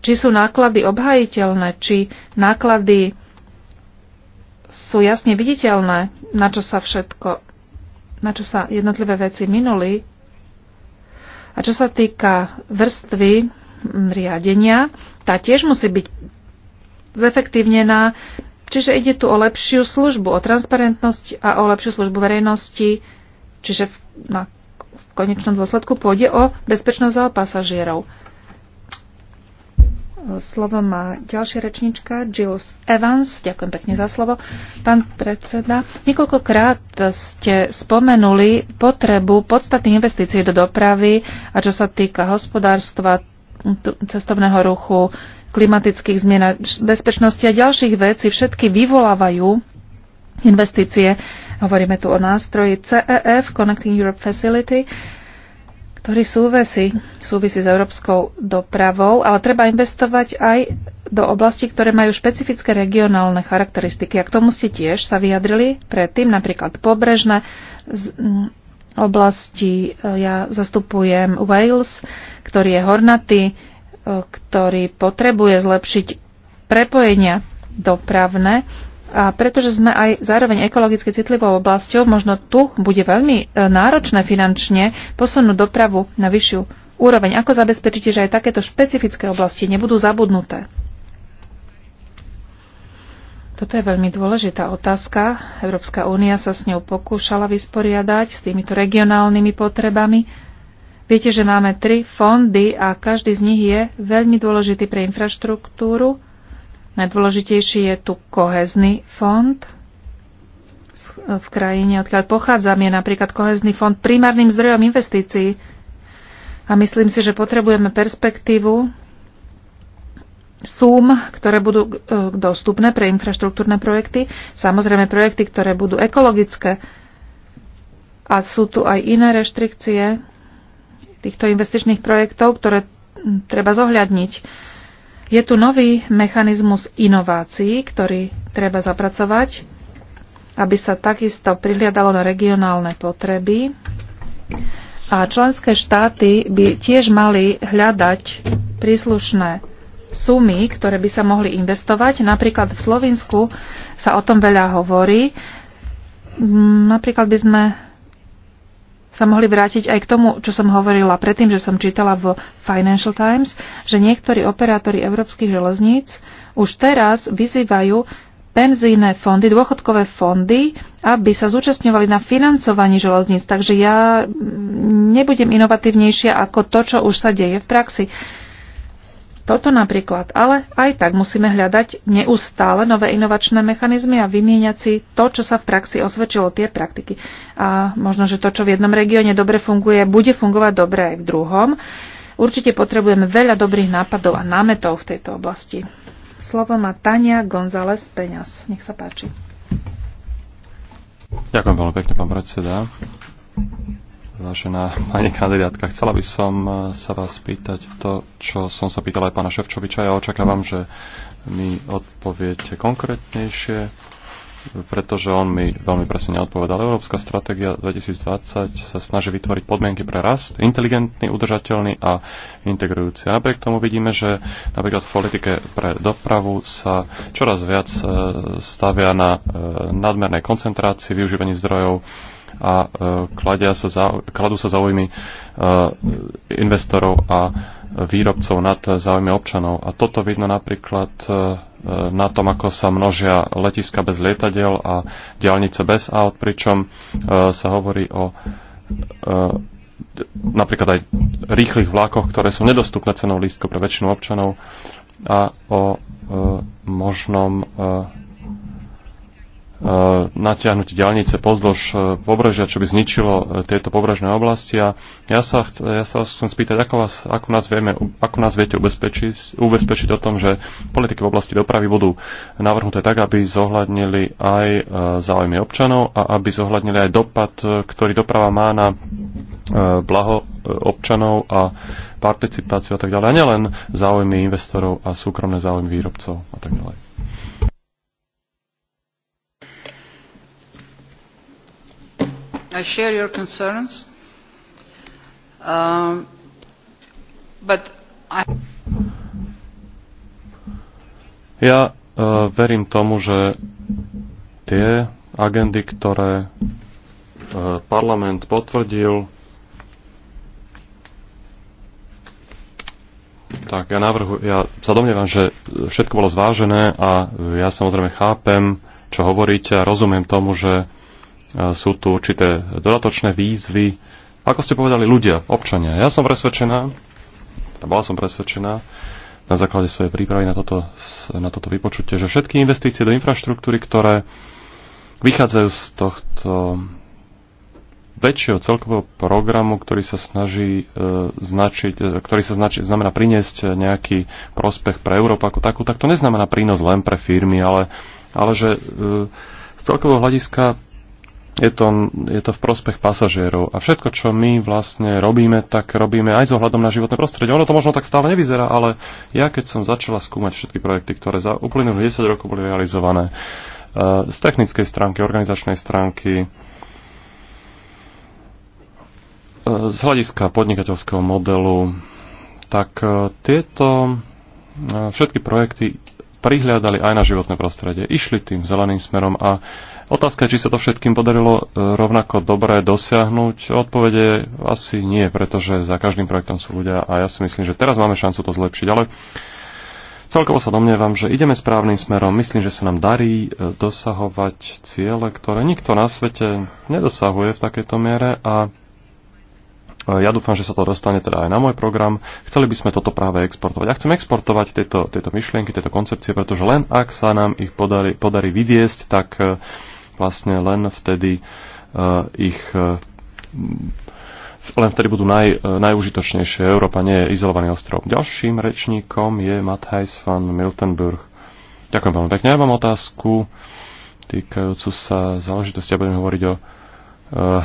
či sú náklady obhajiteľné, či náklady sú jasne viditeľné, na čo sa všetko, na čo sa jednotlivé veci minuli. A čo sa týka vrstvy riadenia, tá tiež musí byť zefektívnená, čiže ide tu o lepšiu službu, o transparentnosť a o lepšiu službu verejnosti, čiže v, na, v konečnom dôsledku pôjde o bezpečnosť za pasažierov. Slovo má ďalšia rečnička, Jules Evans. Ďakujem pekne za slovo, pán predseda. Niekoľkokrát ste spomenuli potrebu podstatných investícií do dopravy a čo sa týka hospodárstva, cestovného ruchu, klimatických zmien a bezpečnosti a ďalších vecí. Všetky vyvolávajú investície. Hovoríme tu o nástroji CEF, Connecting Europe Facility ktorý súvisí, súvisí s európskou dopravou, ale treba investovať aj do oblastí, ktoré majú špecifické regionálne charakteristiky. A k tomu ste tiež sa vyjadrili predtým, napríklad pobrežné oblasti. E, ja zastupujem Wales, ktorý je hornatý, e, ktorý potrebuje zlepšiť prepojenia dopravné a pretože sme aj zároveň ekologicky citlivou oblasťou, možno tu bude veľmi e, náročné finančne posunúť dopravu na vyššiu úroveň. Ako zabezpečíte, že aj takéto špecifické oblasti nebudú zabudnuté? Toto je veľmi dôležitá otázka. Európska únia sa s ňou pokúšala vysporiadať s týmito regionálnymi potrebami. Viete, že máme tri fondy a každý z nich je veľmi dôležitý pre infraštruktúru, Najdôležitejší je tu kohezný fond. V krajine, odkiaľ pochádzam, je napríklad kohezný fond primárnym zdrojom investícií. A myslím si, že potrebujeme perspektívu súm, ktoré budú e, dostupné pre infraštruktúrne projekty. Samozrejme projekty, ktoré budú ekologické. A sú tu aj iné reštrikcie týchto investičných projektov, ktoré treba zohľadniť je tu nový mechanizmus inovácií, ktorý treba zapracovať, aby sa takisto prihliadalo na regionálne potreby. A členské štáty by tiež mali hľadať príslušné sumy, ktoré by sa mohli investovať. Napríklad v Slovensku sa o tom veľa hovorí. Napríklad by sme sa mohli vrátiť aj k tomu, čo som hovorila predtým, že som čítala vo Financial Times, že niektorí operátori európskych železníc už teraz vyzývajú penzíne fondy, dôchodkové fondy, aby sa zúčastňovali na financovaní železníc. Takže ja mm, nebudem inovatívnejšia ako to, čo už sa deje v praxi. Toto napríklad. Ale aj tak musíme hľadať neustále nové inovačné mechanizmy a vymieňať si to, čo sa v praxi osvedčilo, tie praktiky. A možno, že to, čo v jednom regióne dobre funguje, bude fungovať dobre aj v druhom. Určite potrebujeme veľa dobrých nápadov a námetov v tejto oblasti. Slovo má Tania González Peňas. Nech sa páči. Ďakujem veľmi pekne, pán predseda. Vážená pani kandidátka, chcela by som e, sa vás pýtať to, čo som sa pýtala aj pána Ševčoviča. Ja očakávam, že mi odpoviete konkrétnejšie, pretože on mi veľmi presne neodpovedal. Európska stratégia 2020 sa snaží vytvoriť podmienky pre rast, inteligentný, udržateľný a integrujúci. Napriek tomu vidíme, že napríklad v politike pre dopravu sa čoraz viac e, stavia na e, nadmernej koncentrácii, využívaní zdrojov, a e, kladia sa za, kladú sa záujmy e, investorov a výrobcov nad záujmy občanov. A toto vidno napríklad e, na tom, ako sa množia letiska bez lietadiel a diálnice bez aut, pričom sa hovorí o napríklad aj rýchlych vlákoch, ktoré sú nedostupné cenou lístku pre väčšinu občanov a o možnom Eh, natiahnuť diaľnice pozdĺž eh, pobrežia, čo by zničilo eh, tieto pobrežné oblasti. A ja sa, chc- ja sa chcem spýtať, ako, vás, ako, nás vieme, ako nás viete ubezpečiť, ubezpečiť o tom, že politiky v oblasti dopravy budú navrhnuté tak, aby zohľadnili aj záujmy občanov a aby zohľadnili aj dopad, ktorý doprava má na blaho občanov a participáciu a tak ďalej. A nielen záujmy investorov a súkromné záujmy výrobcov a tak ďalej. I share your concerns. Um, but I... Ja uh, verím tomu, že tie agendy, ktoré uh, parlament potvrdil, Tak ja, navrhu, ja sa domnievam, že všetko bolo zvážené a ja samozrejme chápem, čo hovoríte a rozumiem tomu, že sú tu určité dodatočné výzvy. Ako ste povedali, ľudia, občania. Ja som presvedčená, bola som presvedčená, na základe svojej prípravy na toto, na toto vypočutie, že všetky investície do infraštruktúry, ktoré vychádzajú z tohto väčšieho celkového programu, ktorý sa snaží e, značiť, e, ktorý sa značí, znamená priniesť nejaký prospech pre Európu ako takú, tak to neznamená prínos len pre firmy, ale, ale že e, z celkového hľadiska je to, je to v prospech pasažierov. A všetko, čo my vlastne robíme, tak robíme aj s ohľadom na životné prostredie. Ono to možno tak stále nevyzerá, ale ja keď som začala skúmať všetky projekty, ktoré za uplynulých 10 rokov boli realizované, eh, z technickej stránky, organizačnej stránky, eh, z hľadiska podnikateľského modelu, tak eh, tieto všetky projekty prihľadali aj na životné prostredie. Išli tým zeleným smerom a Otázka, či sa to všetkým podarilo e, rovnako dobre dosiahnuť, odpovede asi nie, pretože za každým projektom sú ľudia a ja si myslím, že teraz máme šancu to zlepšiť, ale celkovo sa domnievam, že ideme správnym smerom. Myslím, že sa nám darí e, dosahovať ciele, ktoré nikto na svete nedosahuje v takejto miere a e, ja dúfam, že sa to dostane teda aj na môj program. Chceli by sme toto práve exportovať. Ja chcem exportovať tieto, tieto myšlienky, tieto koncepcie, pretože len ak sa nám ich podarí, podarí vyviesť, tak vlastne len vtedy e, ich e, len vtedy budú naj, e, najužitočnejšie. Európa nie je izolovaný ostrov. Ďalším rečníkom je Matthijs van Miltenburg. Ďakujem veľmi pekne. Ja mám otázku týkajúcu sa záležitosti. Ja budem hovoriť o uh,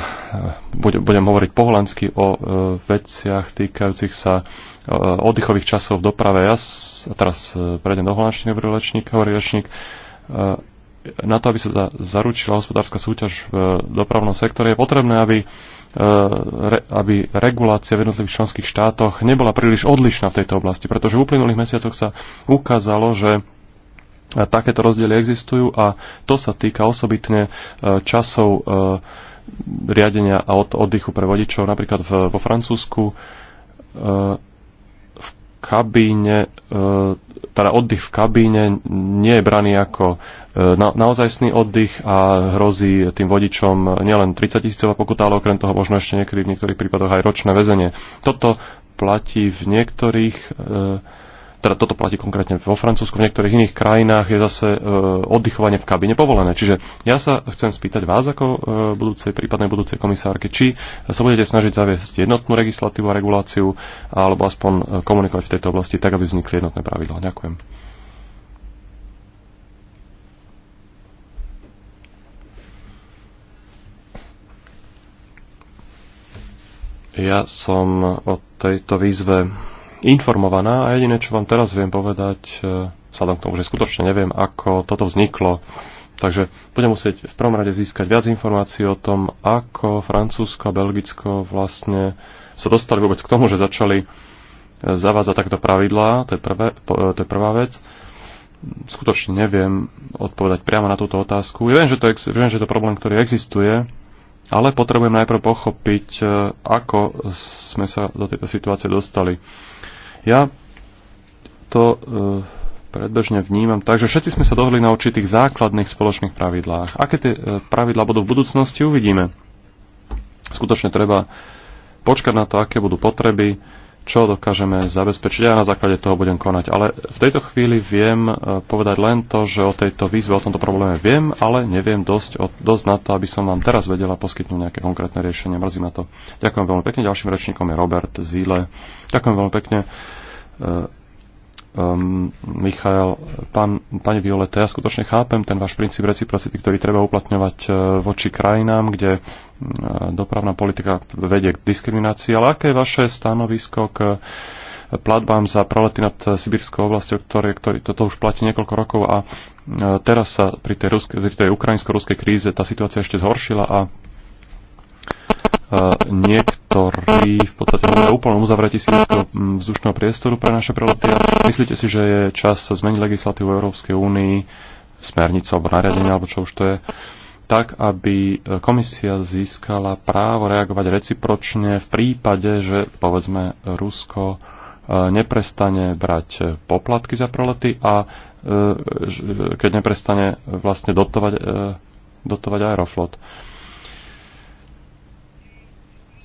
budem, budem hovoriť po holandsky o uh, veciach týkajúcich sa uh, oddychových časov v doprave. Ja s, teraz uh, prejdem do holandštiny, hovorí rečník. Hovorí rečník uh, na to, aby sa za, zaručila hospodárska súťaž v dopravnom sektore, je potrebné, aby, e, re, aby regulácia v jednotlivých členských štátoch nebola príliš odlišná v tejto oblasti, pretože v uplynulých mesiacoch sa ukázalo, že takéto rozdiely existujú a to sa týka osobitne e, časov e, riadenia a oddychu pre vodičov. Napríklad v, vo Francúzsku kabíne, e, teda oddych v kabíne nie je braný ako e, na, naozajstný oddych a hrozí tým vodičom nielen 30 tisícová pokuta, ale okrem toho možno ešte niekedy v niektorých prípadoch aj ročné väzenie. Toto platí v niektorých e, teda toto platí konkrétne vo Francúzsku, v niektorých iných krajinách je zase e, oddychovanie v kabine povolené. Čiže ja sa chcem spýtať vás ako e, budúcej, prípadnej budúcej komisárky, či sa budete snažiť zaviesť jednotnú legislatívu a reguláciu, alebo aspoň e, komunikovať v tejto oblasti tak, aby vznikli jednotné pravidla. Ďakujem. Ja som o tejto výzve informovaná a jediné, čo vám teraz viem povedať, e, vzhľadom k tomu, že skutočne neviem, ako toto vzniklo, takže budem musieť v prvom rade získať viac informácií o tom, ako Francúzsko a Belgicko vlastne sa dostali vôbec k tomu, že začali e, zavádzať takto pravidlá, to je, prvé, e, to je prvá vec skutočne neviem odpovedať priamo na túto otázku. Ja viem, že to, viem, že to problém, ktorý existuje, ale potrebujem najprv pochopiť, ako sme sa do tejto situácie dostali. Ja to e, predbežne vnímam tak, že všetci sme sa dohodli na určitých základných spoločných pravidlách. Aké tie e, pravidlá budú v budúcnosti, uvidíme. Skutočne treba počkať na to, aké budú potreby, čo dokážeme zabezpečiť a ja na základe toho budem konať. Ale v tejto chvíli viem e, povedať len to, že o tejto výzve, o tomto probléme viem, ale neviem dosť, o, dosť na to, aby som vám teraz vedela poskytnúť nejaké konkrétne riešenie. Mrzí ma to. Ďakujem veľmi pekne. Ďalším rečníkom je Robert Zíle. Ďakujem veľmi pekne. E, um, Michael, pán, pani Violeta, ja skutočne chápem ten váš princíp reciprocity, ktorý treba uplatňovať uh, voči krajinám, kde uh, dopravná politika vedie k diskriminácii, ale aké je vaše stanovisko k platbám za prelety nad e, Sibirskou oblasťou, ktoré, ktoré toto už platí niekoľko rokov a uh, teraz sa pri tej, ruske, pri tej ukrajinsko-ruskej kríze tá situácia ešte zhoršila a niektorí v podstate hovoria o úplnom uzavretí sírskeho mm, vzdušného priestoru pre naše prelety a myslíte si, že je čas zmeniť legislatívu Európskej únii, smernicu alebo nariadenie, alebo čo už to je, tak, aby komisia získala právo reagovať recipročne v prípade, že povedzme Rusko e, neprestane brať poplatky za prelety a e, e, keď neprestane vlastne dotovať, dotovať Aeroflot.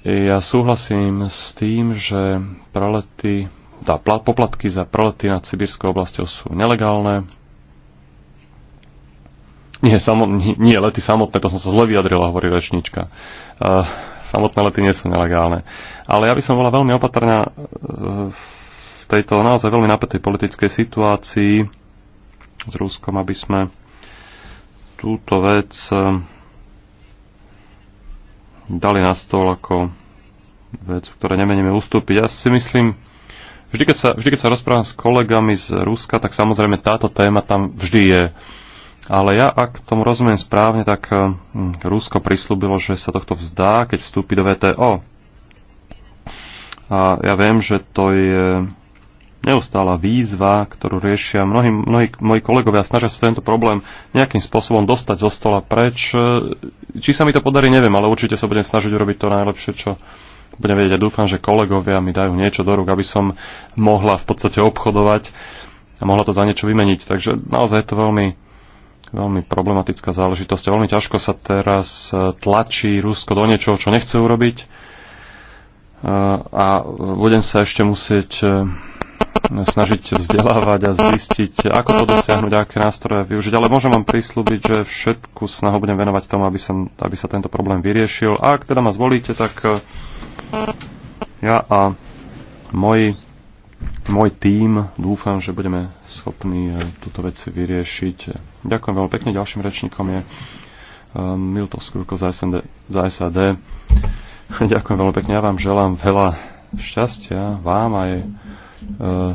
Ja súhlasím s tým, že prelety, tá poplatky za prelety nad Sibírskou oblasťou sú nelegálne. Nie, samo, nie, nie lety samotné, to som sa zle vyjadrila, hovorí rečnička. Uh, samotné lety nie sú nelegálne. Ale ja by som bola veľmi opatrná eh, v tejto naozaj veľmi napätej politickej situácii s Ruskom, aby sme túto vec eh, dali na stôl ako vec, ktoré nemeníme ustúpiť. Ja si myslím, vždy keď, sa, vždy keď sa rozprávam s kolegami z Ruska, tak samozrejme táto téma tam vždy je. Ale ja, ak tomu rozumiem správne, tak hm, Rusko prislúbilo, že sa tohto vzdá, keď vstúpi do VTO. A ja viem, že to je neustála výzva, ktorú riešia mnohí, mnohí moji kolegovia, snažia sa tento problém nejakým spôsobom dostať zo stola preč. E, či sa mi to podarí, neviem, ale určite sa budem snažiť urobiť to najlepšie, čo budem vedieť. A dúfam, že kolegovia mi dajú niečo do rúk, aby som mohla v podstate obchodovať a mohla to za niečo vymeniť. Takže naozaj je to veľmi, veľmi problematická záležitosť. A veľmi ťažko sa teraz e, tlačí Rusko do niečoho, čo nechce urobiť. E, a budem sa ešte musieť snažiť vzdelávať a zistiť, ako to dosiahnuť, aké nástroje využiť. Ale môžem vám prislúbiť, že všetku snahu budem venovať tomu, aby, som, aby sa tento problém vyriešil. A ak teda ma zvolíte, tak eh, ja a môj môj tím dúfam, že budeme schopní eh, túto vec vyriešiť. Ďakujem veľmi pekne. Ďalším rečníkom je eh, Milto Skurko za, SND, za SAD. [LAUGHS] Ďakujem veľmi pekne. Ja vám želám veľa šťastia vám aj Eh,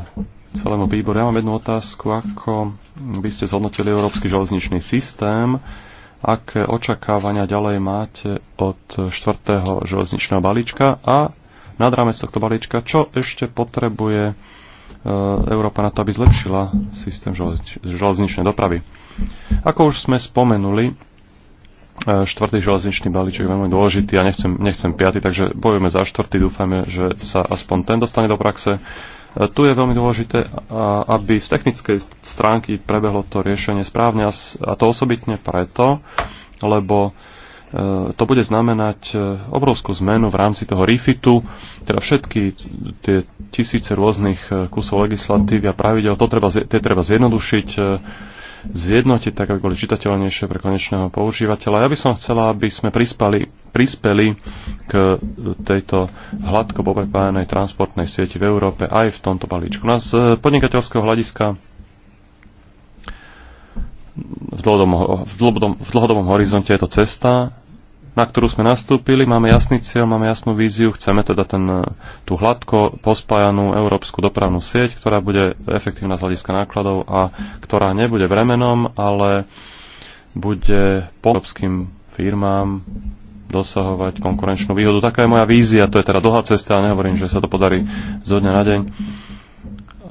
celému výboru. Ja mám jednu otázku, ako by ste zhodnotili európsky železničný systém, aké očakávania ďalej máte od štvrtého železničného balíčka a nad rámec tohto balíčka, čo ešte potrebuje eh, Európa na to, aby zlepšila systém železničnej dopravy. Ako už sme spomenuli, eh, štvrtý železničný balíček je veľmi dôležitý a ja nechcem, nechcem piaty, takže bojujeme za štvrtý, dúfame, že sa aspoň ten dostane do praxe. E, tu je veľmi dôležité, aby z technickej stránky prebehlo to riešenie správne a to osobitne preto, lebo e, to bude znamenať e, obrovskú zmenu v rámci toho refitu, teda všetky tie tisíce rôznych kusov legislatívy a pravidel, to treba, tie treba zjednodušiť, zjednotiť tak, aby boli čitateľnejšie pre konečného používateľa. Ja by som chcela, aby sme prispali, prispeli k tejto hladko poprepájanej transportnej sieti v Európe aj v tomto balíčku. Na no z podnikateľského hľadiska v dlhodobom, v, dlhodobom, v dlhodobom horizonte je to cesta, na ktorú sme nastúpili. Máme jasný cieľ, máme jasnú víziu, chceme teda ten, eh, tú hladko pospájanú európsku dopravnú sieť, ktorá bude efektívna z hľadiska nákladov a ktorá nebude bremenom, ale bude po európskym firmám dosahovať konkurenčnú výhodu. Taká je moja vízia, to je teda dlhá cesta, a nehovorím, že sa to podarí zo dňa na deň.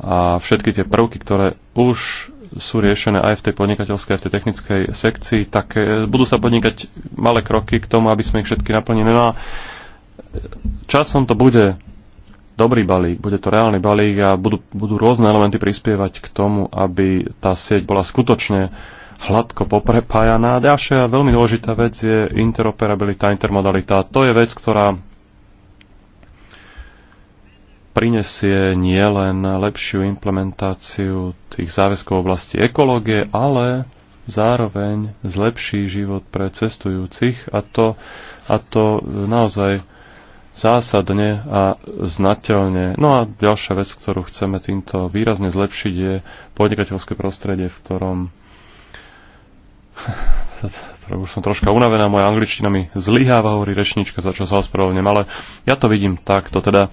A všetky tie prvky, ktoré už sú riešené aj v tej podnikateľskej, aj v tej technickej sekcii, tak e, budú sa podnikať malé kroky k tomu, aby sme ich všetky naplnili. No a e, časom to bude dobrý balík, bude to reálny balík a budú, budú rôzne elementy prispievať k tomu, aby tá sieť bola skutočne hladko poprepájaná. Ďalšia veľmi dôležitá vec je interoperabilita, intermodalita. To je vec, ktorá prinesie nielen lepšiu implementáciu tých záväzkov v oblasti ekológie, ale zároveň zlepší život pre cestujúcich a to, a to naozaj zásadne a znateľne. No a ďalšia vec, ktorú chceme týmto výrazne zlepšiť, je podnikateľské prostredie, v ktorom [LAUGHS] už som troška unavená, moja angličtina mi zlyháva, hovorí rečnička, za čo sa ospravedlňujem, ale ja to vidím takto, teda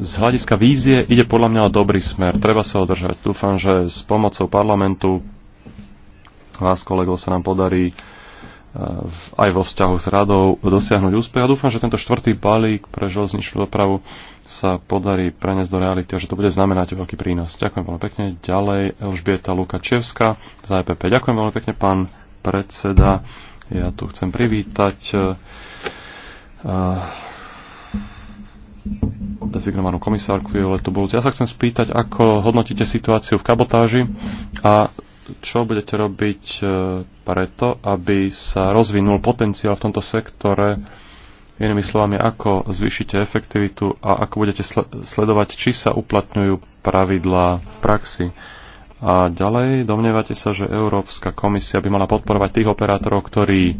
z hľadiska vízie ide podľa mňa o dobrý smer. Treba sa održať. Dúfam, že s pomocou parlamentu vás kolegov sa nám podarí e, aj vo vzťahu s radou dosiahnuť úspech. A dúfam, že tento štvrtý balík pre železničnú dopravu sa podarí preniesť do reality a že to bude znamenať veľký prínos. Ďakujem veľmi pekne. Ďalej Elžbieta Lukačevská za EPP. Ďakujem veľmi pekne, pán predseda. Ja tu chcem privítať e, dezignovanú komisárku Violetu Bulc. Ja sa chcem spýtať, ako hodnotíte situáciu v kabotáži a čo budete robiť e, preto, aby sa rozvinul potenciál v tomto sektore, inými slovami, ako zvýšite efektivitu a ako budete sledovať, či sa uplatňujú pravidlá v praxi. A ďalej, domnievate sa, že Európska komisia by mala podporovať tých operátorov, ktorí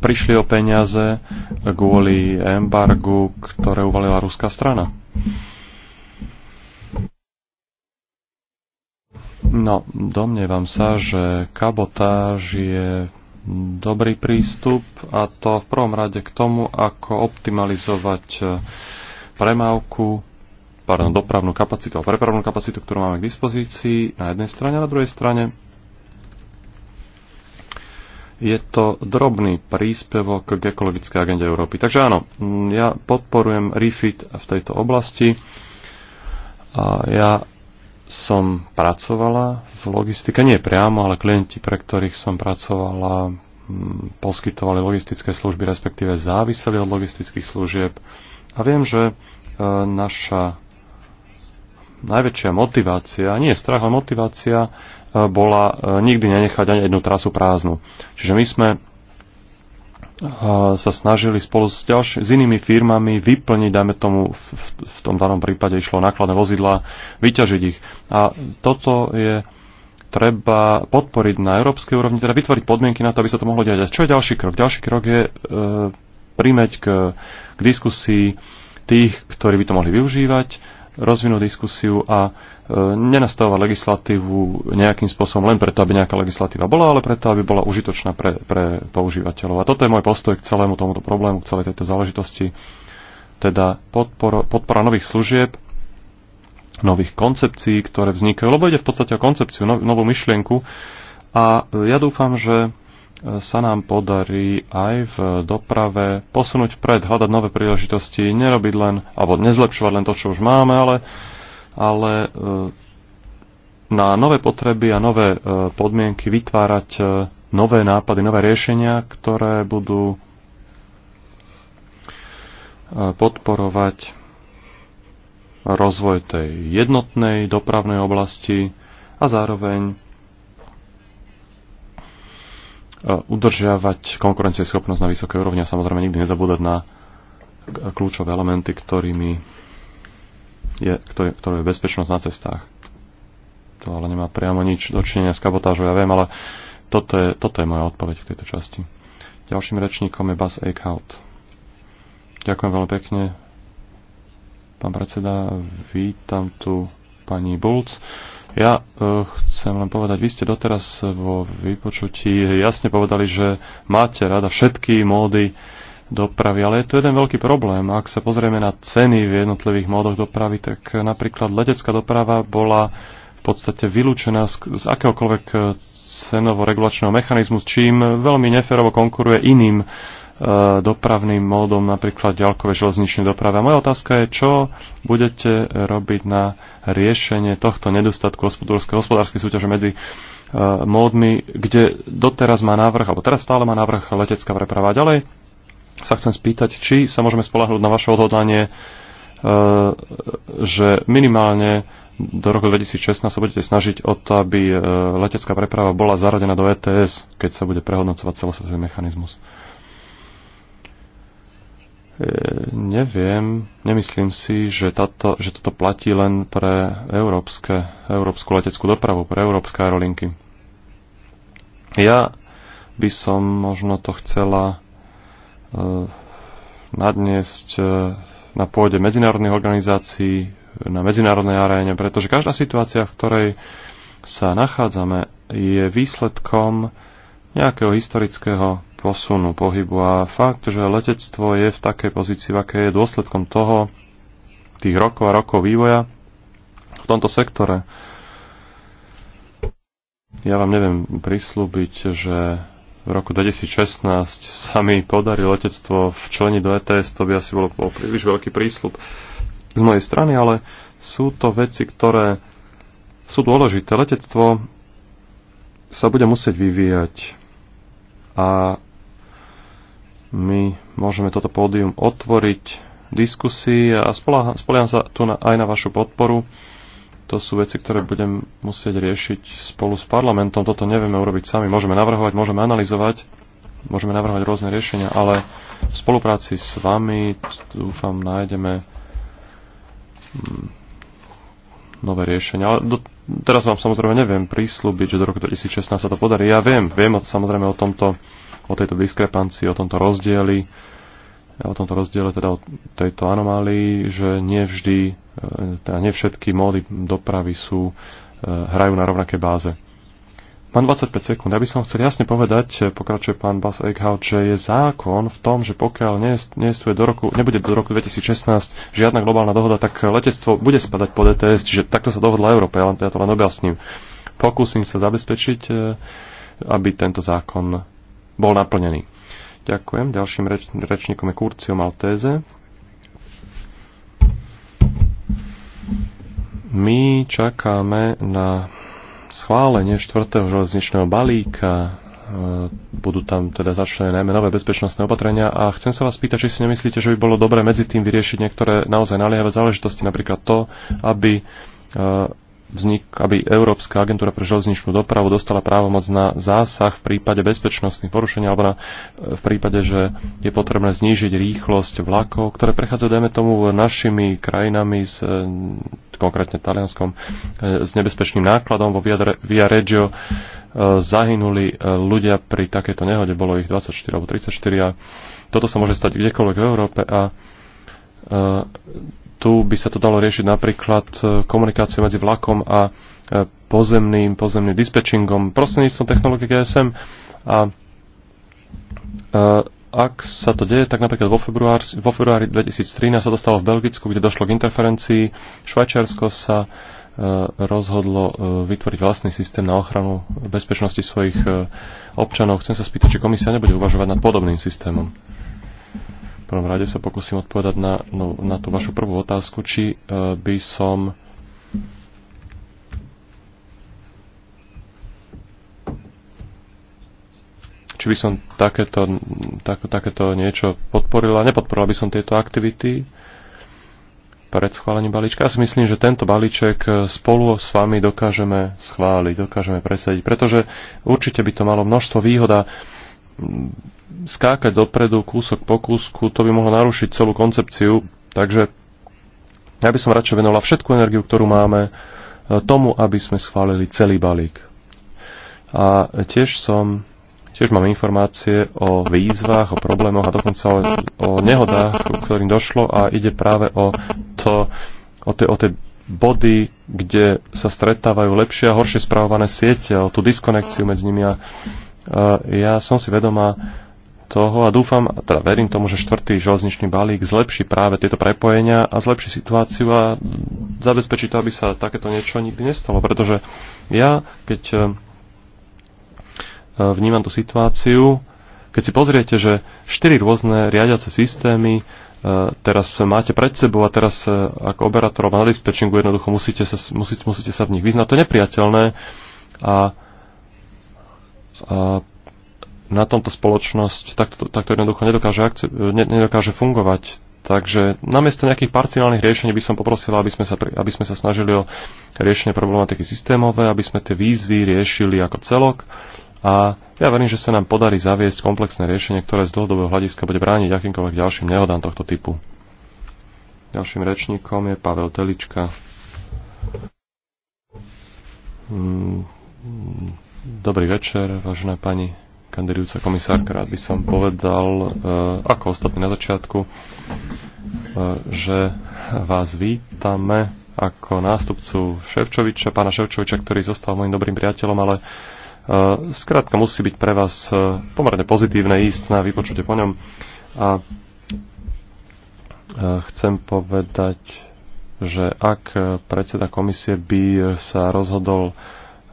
prišli o peniaze kvôli embargu, ktoré uvalila ruská strana. No, domnievam sa, že kabotáž je dobrý prístup a to v prvom rade k tomu, ako optimalizovať eh, premávku, pardon, dopravnú kapacitu a prepravnú kapacitu, ktorú máme k dispozícii na jednej strane a na druhej strane je to drobný príspevok k ekologickej agende Európy. Takže áno, ja podporujem REFIT v tejto oblasti. A ja som pracovala v logistike, nie priamo, ale klienti, pre ktorých som pracovala, mm, poskytovali logistické služby, respektíve záviseli od logistických služieb. A viem, že e, naša najväčšia motivácia, nie je strach, ale motivácia bola e, nikdy nenechať ani jednu trasu prázdnu. Čiže my sme e, sa snažili spolu s, ďalš- s inými firmami vyplniť, dajme tomu, v, v tom danom prípade išlo nákladné vozidlá, vyťažiť ich. A toto je treba podporiť na európskej úrovni, teda vytvoriť podmienky na to, aby sa to mohlo diať. A čo je ďalší krok? Ďalší krok je e, prímeť k, k diskusii tých, ktorí by to mohli využívať, rozvinúť diskusiu a E, nenastáva legislatívu nejakým spôsobom len preto, aby nejaká legislatíva bola, ale preto, aby bola užitočná pre, pre používateľov. A toto je môj postoj k celému tomuto problému, k celej tejto záležitosti. Teda podporo, podpora nových služieb, nových koncepcií, ktoré vznikajú, lebo ide v podstate o koncepciu, nov, novú myšlienku. A e, ja dúfam, že e, sa nám podarí aj v doprave posunúť vpred, hľadať nové príležitosti, nerobiť len, alebo nezlepšovať len to, čo už máme, ale ale e, na nové potreby a nové e, podmienky vytvárať e, nové nápady, nové riešenia, ktoré budú podporovať rozvoj tej jednotnej dopravnej oblasti a zároveň udržiavať konkurencieschopnosť na vysokej úrovni a samozrejme nikdy nezabúdať na kľúčové elementy, ktorými je, ktorý je bezpečnosť na cestách. To ale nemá priamo nič dočinenia s kabotážou, ja viem, ale toto je, toto je moja odpoveď v tejto časti. Ďalším rečníkom je Bas Eichhout. Ďakujem veľmi pekne, pán predseda. Vítam tu pani Bulc. Ja e, chcem len povedať, vy ste doteraz vo vypočutí jasne povedali, že máte rada všetky módy dopravy. Ale je to jeden veľký problém. Ak sa pozrieme na ceny v jednotlivých módoch dopravy, tak napríklad letecká doprava bola v podstate vylúčená z, z akéhokoľvek eh, cenovo-regulačného mechanizmu, čím veľmi neferovo konkuruje iným e, dopravným módom, napríklad ďalkové železničnej doprave. A moja otázka je, čo budete robiť na riešenie tohto nedostatku hospodárskej súťaže medzi eh, módmi, kde doteraz má návrh, alebo teraz stále má návrh letecká preprava ďalej, sa chcem spýtať, či sa môžeme spolahnúť na vaše odhodlanie, e, že minimálne do roku 2016 sa budete snažiť o to, aby e, letecká preprava bola zaradená do ETS, keď sa bude prehodnocovať celosvetový mechanizmus. E, neviem, nemyslím si, že, táto, že toto platí len pre európske, európsku leteckú dopravu, pre európske aerolinky. Ja by som možno to chcela Eh, nadniesť eh, na pôde medzinárodných organizácií, na medzinárodnej aréne, pretože každá situácia, v ktorej sa nachádzame, je výsledkom nejakého historického posunu, pohybu a fakt, že letectvo je v takej pozícii, aké je dôsledkom toho, tých rokov a rokov vývoja v tomto sektore. Ja vám neviem prislúbiť, že v roku 2016 sa mi podarí letectvo v člení do ETS, to by asi bolo, bol príliš veľký prísľub z mojej strany, ale sú to veci, ktoré sú dôležité. Letectvo sa bude musieť vyvíjať a my môžeme toto pódium otvoriť diskusii a spolieham sa tu na, aj na vašu podporu to sú veci, ktoré budem musieť riešiť spolu s parlamentom. Toto nevieme urobiť sami. Môžeme navrhovať, môžeme analyzovať, môžeme navrhovať rôzne riešenia, ale v spolupráci s vami dúfam nájdeme mm, nové riešenia. Ale do, teraz vám samozrejme neviem prísľubiť, že do roku 2016 sa to podarí. Ja viem, viem samozrejme o tomto, o tejto diskrepancii, o tomto rozdieli, o tomto rozdiele, teda o tejto anomálii, že nie vždy E, teda nie všetky módy dopravy sú, e, hrajú na rovnaké báze. Mám 25 sekúnd. Ja by som chcel jasne povedať, e, pokračuje pán Bas Eichhout, že je zákon v tom, že pokiaľ neestuje do roku, nebude do roku 2016 žiadna globálna dohoda, tak letectvo bude spadať pod ETS, čiže takto sa dohodla Európa, ja, ja to len objasním. Pokúsim sa zabezpečiť, aby tento zákon bol naplnený. Ďakujem. Ďalším reč, rečníkom je Kurcio Maltéze. My čakáme na schválenie 4. železničného balíka. E, budú tam teda začlené najmä nové bezpečnostné opatrenia a chcem sa vás pýtať, či si nemyslíte, že by bolo dobré medzi tým vyriešiť niektoré naozaj naliehavé záležitosti, napríklad to, aby e, vznik, aby Európska agentúra pre železničnú dopravu dostala právomoc na zásah v prípade bezpečnostných porušení alebo na, e, v prípade, že je potrebné znížiť rýchlosť vlakov, ktoré prechádzajú, dajme tomu, našimi krajinami, s, e, konkrétne Talianskom, e, s nebezpečným nákladom. Vo Via Reggio zahynuli ľudia pri takejto nehode, bolo ich 24 alebo 34 a toto sa môže stať kdekoľvek v Európe a tu by sa to dalo riešiť napríklad e, komunikáciou medzi vlakom a e, pozemným, pozemným dispečingom prostredníctvom technológie GSM a e, ak sa to deje, tak napríklad vo, február, vo februári 2013 sa to stalo v Belgicku, kde došlo k interferencii. Švajčiarsko sa rozhodlo vytvoriť vlastný systém na ochranu bezpečnosti svojich občanov. Chcem sa spýtať, či komisia nebude uvažovať nad podobným systémom prvom rade sa pokúsim odpovedať na, no, na tú vašu prvú otázku, či uh, by som či by som takéto, tak, takéto niečo podporila. Nepodporila by som tieto aktivity pred schválením balíčka. Ja si myslím, že tento balíček e, spolu s vami dokážeme schváliť, dokážeme presadiť, pretože určite by to malo množstvo výhoda skákať dopredu kúsok po kúsku, to by mohlo narušiť celú koncepciu. Takže ja by som radšej venovala všetku energiu, ktorú máme, e, tomu, aby sme schválili celý balík. A tiež som Tiež mám informácie o výzvach, o problémoch a dokonca o, o nehodách, ktorým došlo a ide práve o, to, o, tie, o tie body, kde sa stretávajú lepšie a horšie spravované siete, o tú diskonekciu medzi nimi. A, uh, ja som si vedomá toho a dúfam, teda verím tomu, že štvrtý železničný balík zlepší práve tieto prepojenia a zlepší situáciu a zabezpečí to, aby sa takéto niečo nikdy nestalo. Pretože ja, keď eh, eh, vnímam tú situáciu, keď si pozriete, že štyri rôzne riadiace systémy eh, teraz máte pred sebou a teraz ako operátorov na dispečingu jednoducho musíte sa, musíte, musíte sa v nich vyznať. To je nepriateľné a, a na tomto spoločnosť takto, takto jednoducho nedokáže, nedokáže fungovať. Takže namiesto nejakých parciálnych riešení by som poprosila, aby sme, sa, aby sme sa snažili o riešenie problematiky systémové, aby sme tie výzvy riešili ako celok a ja verím, že sa nám podarí zaviesť komplexné riešenie, ktoré z dlhodobého hľadiska bude brániť akýmkoľvek ďalším nehodám tohto typu. Ďalším rečníkom je Pavel Telička. Mm, mm, dobrý večer, vážená pani kandidujúca komisárka, rád by som povedal, e, ako ostatní na začiatku, e, že vás vítame ako nástupcu Ševčoviča, pána Ševčoviča, ktorý zostal môjim dobrým priateľom, ale e, skrátka musí byť pre vás pomerne pozitívne ísť na vypočutie po ňom. A chcem povedať, že ak predseda komisie by sa rozhodol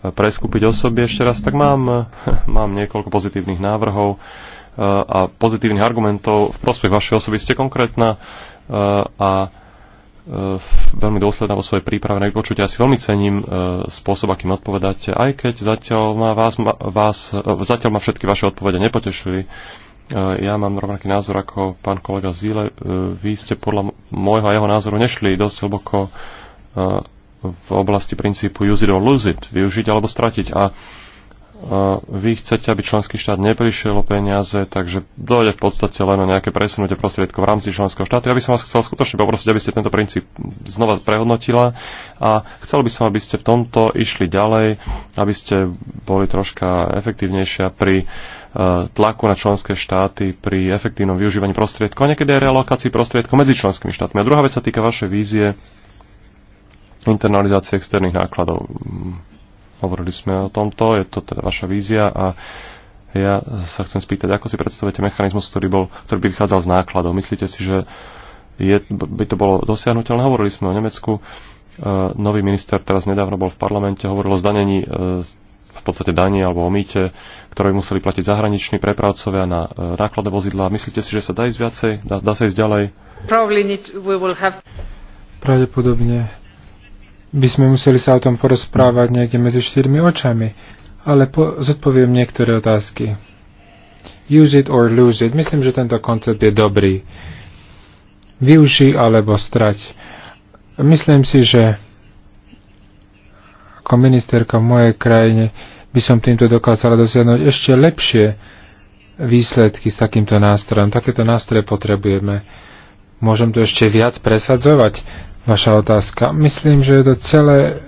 preskúpiť osoby ešte raz, tak mám, [LAUGHS] mám niekoľko pozitívnych návrhov e, a pozitívnych argumentov v prospech vašej osoby. Ste konkrétna e, a e, veľmi dôsledná vo svojej príprave na vypočutie. Ja si veľmi cením spôsob, akým odpovedáte, aj keď zatiaľ ma, vás, vás, zatiaľ ma všetky vaše odpovede nepotešili. Ja mám rovnaký názor ako pán kolega Zíle. Vy ste podľa môjho a jeho názoru nešli dosť hlboko v oblasti princípu use it or lose it, využiť alebo stratiť. A vy chcete, aby členský štát neprišiel o peniaze, takže dojde v podstate len o nejaké presunutie prostriedkov v rámci členského štátu. Ja by som vás chcel skutočne poprosiť, aby ste tento princíp znova prehodnotila a chcel by som, aby ste v tomto išli ďalej, aby ste boli troška efektívnejšia pri e, tlaku na členské štáty pri efektívnom využívaní prostriedkov a niekedy aj realokácii prostriedkov medzi členskými štátmi. A druhá vec sa týka vašej vízie internalizácie externých nákladov. Hovorili sme o tomto, je to teda vaša vízia a ja sa chcem spýtať, ako si predstavujete mechanizmus, ktorý, bol, ktorý by vychádzal z nákladov. Myslíte si, že je, by to bolo dosiahnuteľné? Hovorili sme o Nemecku. E, nový minister teraz nedávno bol v parlamente, hovoril o zdanení e, v podstate daní alebo o mýte, ktoré museli platiť zahraniční prepravcovia na e, nákladné vozidlá. Myslíte si, že sa dá ísť viacej? Dá, dá sa ísť ďalej? Pravdepodobne by sme museli sa o tom porozprávať nejaké medzi štyrmi očami, ale po, zodpoviem niektoré otázky. Use it or lose it. Myslím, že tento koncept je dobrý. Využi alebo strať. Myslím si, že ako ministerka v mojej krajine by som týmto dokázala dosiahnuť ešte lepšie výsledky s takýmto nástrojom. Takéto nástroje potrebujeme. Môžem to ešte viac presadzovať vaša otázka. Myslím, že je to celé,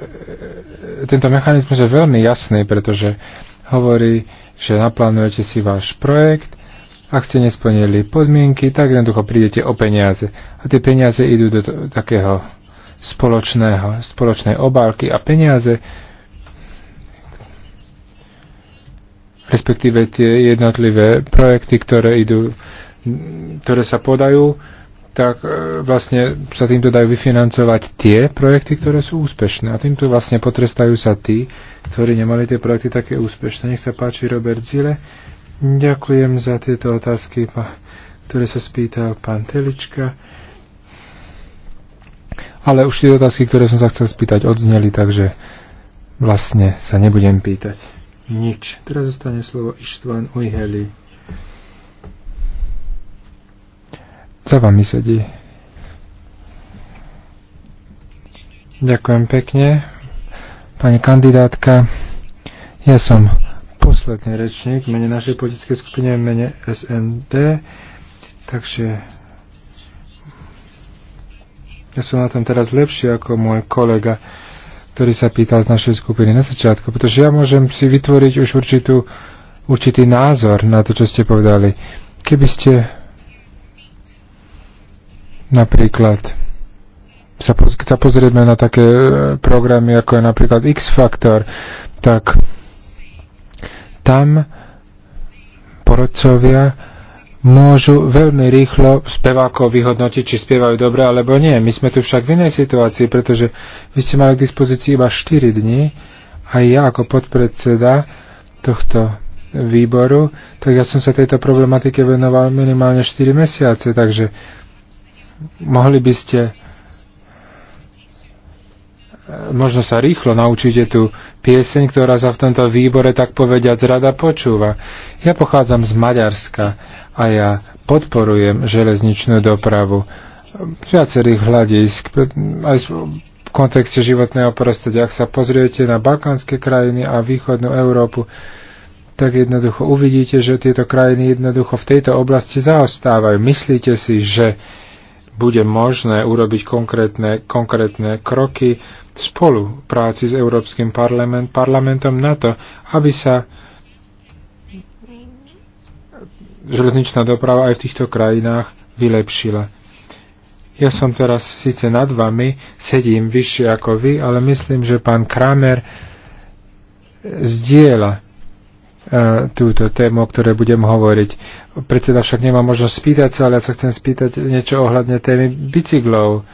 tento mechanizmus je veľmi jasný, pretože hovorí, že naplánujete si váš projekt, ak ste nesplnili podmienky, tak jednoducho prídete o peniaze. A tie peniaze idú do takého spoločného, spoločnej obálky a peniaze, respektíve tie jednotlivé projekty, ktoré idú, ktoré sa podajú, tak e, vlastne sa týmto dajú vyfinancovať tie projekty, ktoré sú úspešné. A týmto vlastne potrestajú sa tí, ktorí nemali tie projekty také úspešné. Nech sa páči Robert Zile. Ďakujem za tieto otázky, ktoré sa spýtal pán Telička. Ale už tie otázky, ktoré som sa chcel spýtať, odzneli, takže vlastne sa nebudem pýtať. Nič. Teraz zostane slovo Ištván Ujheli. Za vami sedí. Ďakujem pekne. Pani kandidátka, ja som posledný rečník v mene našej politickej skupine, v mene SND, takže ja som na tom teraz lepší ako môj kolega, ktorý sa pýtal z našej skupiny na začiatku, pretože ja môžem si vytvoriť už určitú, určitý názor na to, čo ste povedali. Keby ste Napríklad sa, poz, keď sa pozrieme na také e, programy, ako je napríklad X Factor, tak tam porodcovia môžu veľmi rýchlo spevákov vyhodnotiť, či spievajú dobre alebo nie. My sme tu však v inej situácii, pretože vy ste mali k dispozícii iba 4 dní a ja ako podpredseda tohto výboru, tak ja som sa tejto problematike venoval minimálne 4 mesiace, takže mohli by ste e, možno sa rýchlo naučíte tú pieseň, ktorá sa v tomto výbore tak povediať rada počúva. Ja pochádzam z Maďarska a ja podporujem železničnú dopravu z viacerých hľadisk, aj v kontexte životného prostredia. Ak sa pozriete na balkánske krajiny a východnú Európu, tak jednoducho uvidíte, že tieto krajiny jednoducho v tejto oblasti zaostávajú. Myslíte si, že uh, bude možné urobiť konkrétne, konkrétne kroky spolu práci s Európskym parlament, parlamentom na to, aby sa železničná doprava aj v týchto krajinách vylepšila. Ja som teraz síce nad vami, sedím vyššie ako vy, ale myslím, že pán Kramer zdieľa E, túto tému, o ktorej budem hovoriť. Predseda však nemá možnosť spýtať sa, ale ja sa chcem spýtať niečo ohľadne témy bicyklov.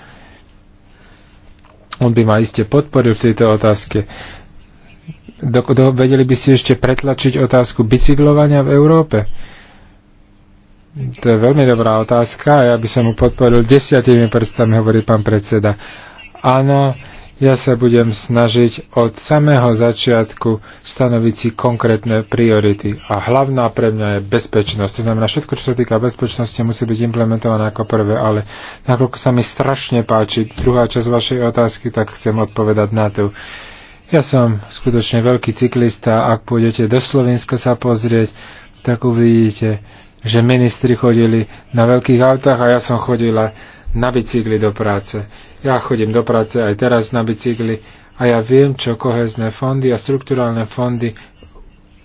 On by ma iste podporil v tejto otázke. Do, do, vedeli by ste ešte pretlačiť otázku bicyklovania v Európe? To je veľmi dobrá otázka a ja by som mu podporil desiatými prstami, hovorí pán predseda. Áno, ja sa budem snažiť od samého začiatku stanoviť si konkrétne priority. A hlavná pre mňa je bezpečnosť. To znamená, všetko, čo sa týka bezpečnosti, musí byť implementované ako prvé. Ale nakoľko sa mi strašne páči druhá časť vašej otázky, tak chcem odpovedať na to. Ja som skutočne veľký cyklista. Ak pôjdete do Slovenska sa pozrieť, tak uvidíte, že ministri chodili na veľkých autách a ja som chodila na bicykli do práce. Ja chodím do práce aj teraz na bicykli a ja viem, čo kohezné fondy a strukturálne fondy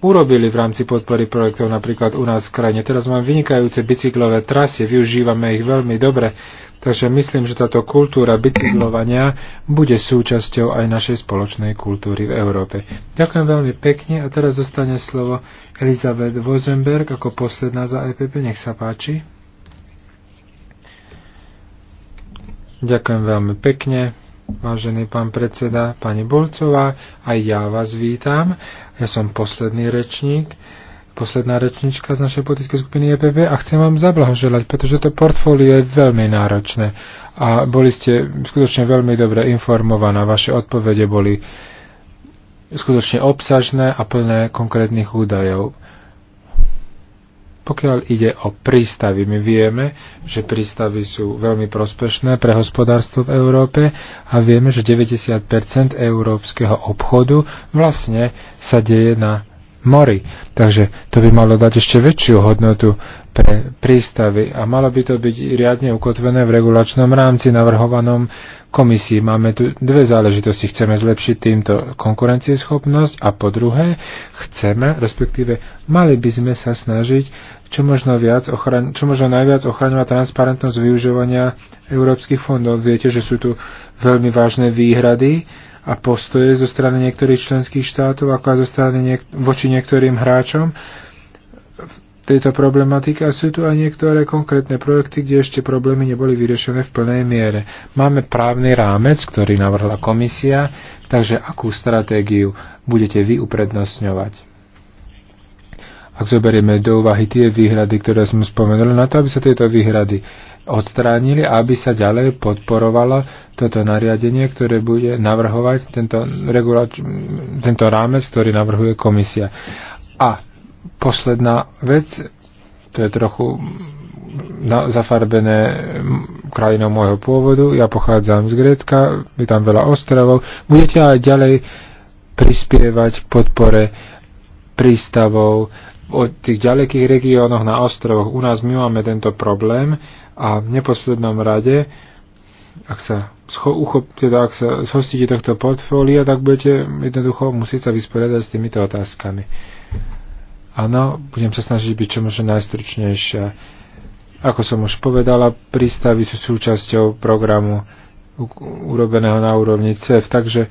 urobili v rámci podpory projektov napríklad u nás v krajine. Teraz mám vynikajúce bicyklové trasy, využívame ich veľmi dobre, takže myslím, že táto kultúra bicyklovania bude súčasťou aj našej spoločnej kultúry v Európe. Ďakujem veľmi pekne a teraz dostane slovo Elizabeth Vozenberg ako posledná za EPP. Nech sa páči. Ďakujem veľmi pekne, vážený pán predseda, pani Bolcová, aj ja vás vítam. Ja som posledný rečník, posledná rečnička z našej politickej skupiny EPP a chcem vám zablahoželať, pretože to portfólio je veľmi náročné a boli ste skutočne veľmi dobre informovaná, vaše odpovede boli skutočne obsažné a plné konkrétnych údajov. Pokiaľ ide o prístavy, my vieme, že prístavy sú veľmi prospešné pre hospodárstvo v Európe a vieme, že 90 európskeho obchodu vlastne sa deje na mori. Takže to by malo dať ešte väčšiu hodnotu pre prístavy a malo by to byť riadne ukotvené v regulačnom rámci navrhovanom komisii. Máme tu dve záležitosti. Chceme zlepšiť týmto konkurencieschopnosť a po druhé chceme, respektíve mali by sme sa snažiť čo možno, viac ochraň, čo možno najviac ochraňovať transparentnosť využívania európskych fondov. Viete, že sú tu veľmi vážne výhrady a postoje zo strany niektorých členských štátov, ako aj zo strany niek- voči niektorým hráčom v tejto problematike a sú tu aj niektoré konkrétne projekty, kde ešte problémy neboli vyriešené v plnej miere. Máme právny rámec, ktorý navrhla komisia, takže akú stratégiu budete vy uprednostňovať? ak zoberieme do úvahy tie výhrady, ktoré sme spomenuli, na to, aby sa tieto výhrady odstránili a aby sa ďalej podporovalo toto nariadenie, ktoré bude navrhovať tento, regulač- tento rámec, ktorý navrhuje komisia. A posledná vec, to je trochu na, zafarbené krajinou môjho pôvodu. Ja pochádzam z Grécka, je tam veľa ostrovov. Budete aj ďalej prispievať podpore prístavov o tých ďalekých regiónoch na ostrovoch. U nás my máme tento problém a v neposlednom rade, ak sa, uchop, teda ak sa zhostíte tohto portfólia, tak budete jednoducho musieť sa vysporiadať s týmito otázkami. Áno, budem sa snažiť byť čo možno najstručnejšia. Ako som už povedala, prístavy sú súčasťou programu urobeného na úrovni CEF, takže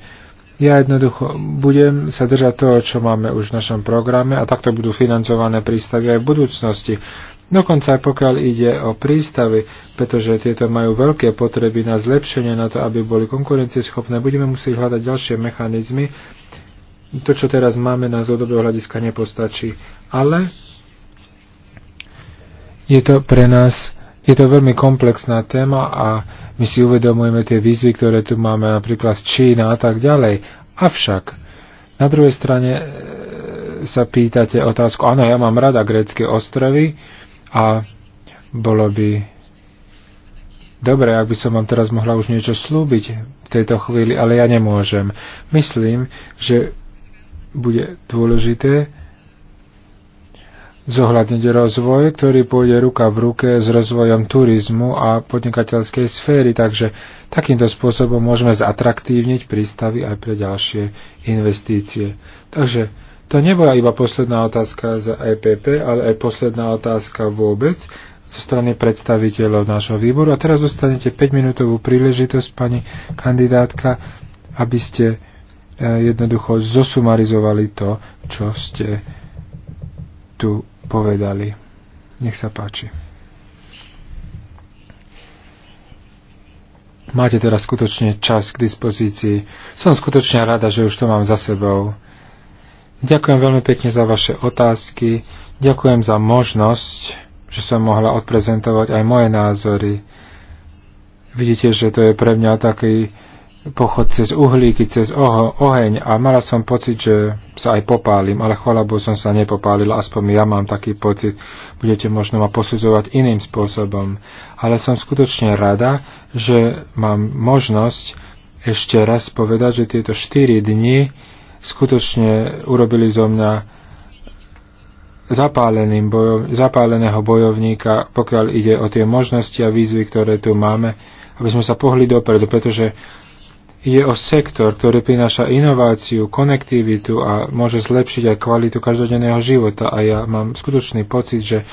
ja jednoducho budem sa držať toho, čo máme už v našom programe a takto budú financované prístavy aj v budúcnosti. Dokonca aj pokiaľ ide o prístavy, pretože tieto majú veľké potreby na zlepšenie, na to, aby boli konkurencieschopné, budeme musieť hľadať ďalšie mechanizmy. To, čo teraz máme na zlodobého hľadiska, nepostačí. Ale je to pre nás je to veľmi komplexná téma a my si uvedomujeme tie výzvy, ktoré tu máme, napríklad z Čína a tak ďalej. Avšak, na druhej strane e, sa pýtate otázku, áno, ja mám rada grécké ostrovy a bolo by dobre, ak by som vám teraz mohla už niečo slúbiť v tejto chvíli, ale ja nemôžem. Myslím, že bude dôležité zohľadniť rozvoj, ktorý pôjde ruka v ruke s rozvojom turizmu a podnikateľskej sféry, takže takýmto spôsobom môžeme zatraktívniť prístavy aj pre ďalšie investície. Takže to nebola iba posledná otázka za EPP, ale aj posledná otázka vôbec zo strany predstaviteľov nášho výboru. A teraz dostanete 5-minútovú príležitosť, pani kandidátka, aby ste e, jednoducho zosumarizovali to, čo ste tu povedali. Nech sa páči. Máte teraz skutočne čas k dispozícii. Som skutočne rada, že už to mám za sebou. Ďakujem veľmi pekne za vaše otázky. Ďakujem za možnosť, že som mohla odprezentovať aj moje názory. Vidíte, že to je pre mňa taký pochod cez uhlíky, cez oho, oheň a mala som pocit, že sa aj popálim, ale chvala Bohu som sa nepopálil, aspoň ja mám taký pocit, budete možno ma posudzovať iným spôsobom. Ale som skutočne rada, že mám možnosť ešte raz povedať, že tieto 4 dni skutočne urobili zo mňa zapáleným bojov, zapáleného bojovníka, pokiaľ ide o tie možnosti a výzvy, ktoré tu máme, aby sme sa pohli dopredu, pretože Ide o sektor, ktorý prináša inováciu, konektivitu a môže zlepšiť aj kvalitu každodenného života. A ja mám skutočný pocit, že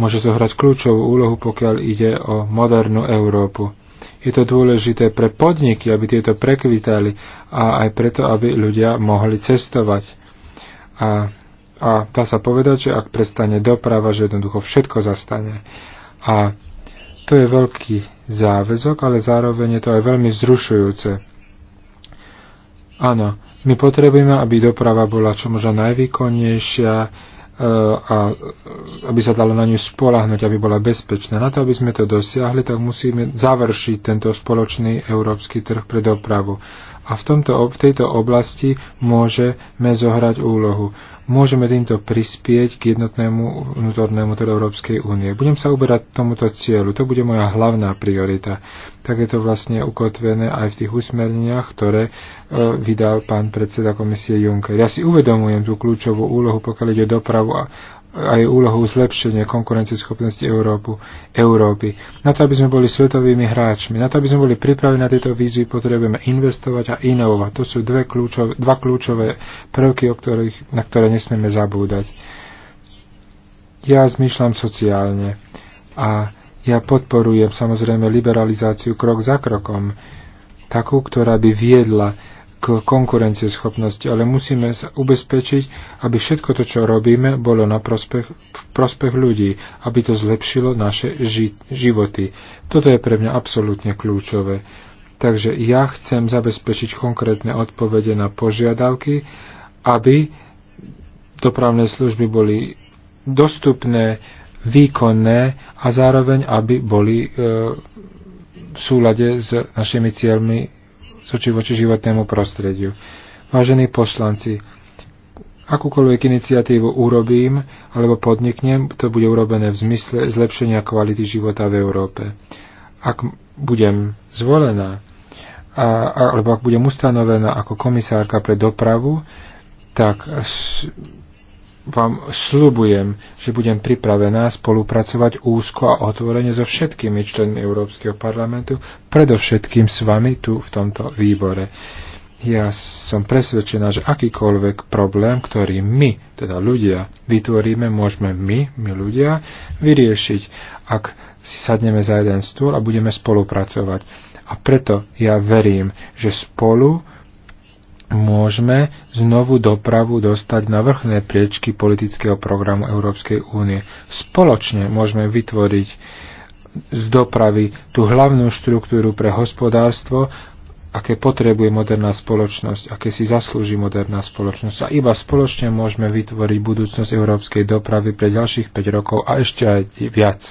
môže zohrať kľúčovú úlohu, pokiaľ ide o modernú Európu. Je to dôležité pre podniky, aby tieto prekvitali a aj preto, aby ľudia mohli cestovať. A, a dá sa povedať, že ak prestane doprava, že jednoducho všetko zastane. A to je veľký záväzok, ale zároveň je to aj veľmi zrušujúce. Áno, my potrebujeme, aby doprava bola čo možno najvýkonnejšia e, a aby sa dalo na ňu spolahnuť, aby bola bezpečná. Na to, aby sme to dosiahli, tak musíme završiť tento spoločný európsky trh pre dopravu. A v, tomto, v tejto oblasti môžeme zohrať úlohu. Môžeme týmto prispieť k jednotnému vnútornému teda Európskej únie. Budem sa uberať tomuto cieľu. To bude moja hlavná priorita. Tak je to vlastne ukotvené aj v tých usmerniach, ktoré e, vydal pán predseda komisie Juncker. Ja si uvedomujem tú kľúčovú úlohu, pokiaľ ide dopravu a aj úlohu zlepšenia konkurencieschopnosti Európu, Európy. Na to, aby sme boli svetovými hráčmi, na to, aby sme boli pripravení na tieto výzvy, potrebujeme investovať a inovovať. To sú dve kľúčové, dva kľúčové prvky, o ktorých, na ktoré nesmieme zabúdať. Ja zmýšľam sociálne a ja podporujem samozrejme liberalizáciu krok za krokom, takú, ktorá by viedla k konkurencieschopnosti, ale musíme sa ubezpečiť, aby všetko to, čo robíme, bolo na prospech, v prospech ľudí, aby to zlepšilo naše ži- životy. Toto je pre mňa absolútne kľúčové. Takže ja chcem zabezpečiť konkrétne odpovede na požiadavky, aby dopravné služby boli dostupné, výkonné a zároveň, aby boli e, v súlade s našimi cieľmi soči voči životnému prostrediu. Vážení poslanci, akúkoľvek iniciatívu urobím alebo podniknem, to bude urobené v zmysle zlepšenia kvality života v Európe. Ak budem zvolená, a, alebo ak budem ustanovená ako komisárka pre dopravu, tak vám slubujem, že budem pripravená spolupracovať úzko a otvorene so všetkými členmi Európskeho parlamentu, predovšetkým s vami tu v tomto výbore. Ja som presvedčená, že akýkoľvek problém, ktorý my, teda ľudia, vytvoríme, môžeme my, my ľudia, vyriešiť, ak si sadneme za jeden stôl a budeme spolupracovať. A preto ja verím, že spolu môžeme znovu dopravu dostať na vrchné priečky politického programu Európskej únie. Spoločne môžeme vytvoriť z dopravy tú hlavnú štruktúru pre hospodárstvo, aké potrebuje moderná spoločnosť, aké si zaslúži moderná spoločnosť. A iba spoločne môžeme vytvoriť budúcnosť európskej dopravy pre ďalších 5 rokov a ešte aj viac.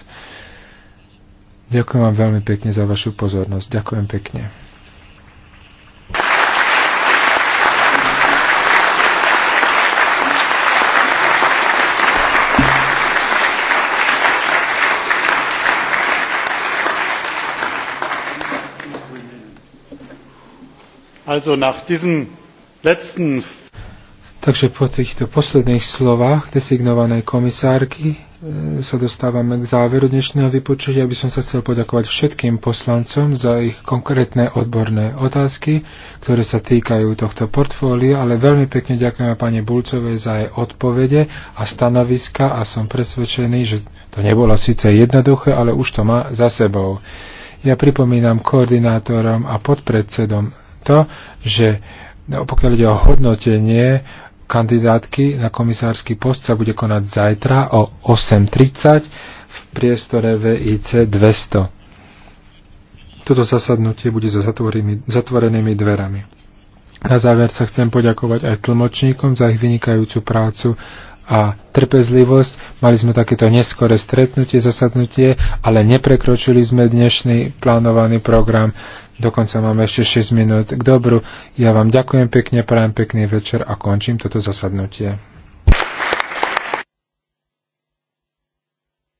Ďakujem vám veľmi pekne za vašu pozornosť. Ďakujem pekne. Also nach diesen letzten Takže po týchto posledných slovách designovanej komisárky e, sa dostávame k záveru dnešného vypočutia. Aby som sa chcel poďakovať všetkým poslancom za ich konkrétne odborné otázky, ktoré sa týkajú tohto portfólia, ale veľmi pekne ďakujeme pani Bulcovej za jej odpovede a stanoviska a som presvedčený, že to nebolo síce jednoduché, ale už to má za sebou. Ja pripomínam koordinátorom a podpredsedom to, že no, pokiaľ ide o hodnotenie kandidátky na komisársky post sa bude konať zajtra o 8.30 v priestore VIC 200. Toto zasadnutie bude za zatvorenými, zatvorenými dverami. Na záver sa chcem poďakovať aj tlmočníkom za ich vynikajúcu prácu a trpezlivosť. Mali sme takéto neskore stretnutie, zasadnutie, ale neprekročili sme dnešný plánovaný program. Dokonca máme ešte 6 minút k dobru. Ja vám ďakujem pekne, prajem pekný večer a končím toto zasadnutie.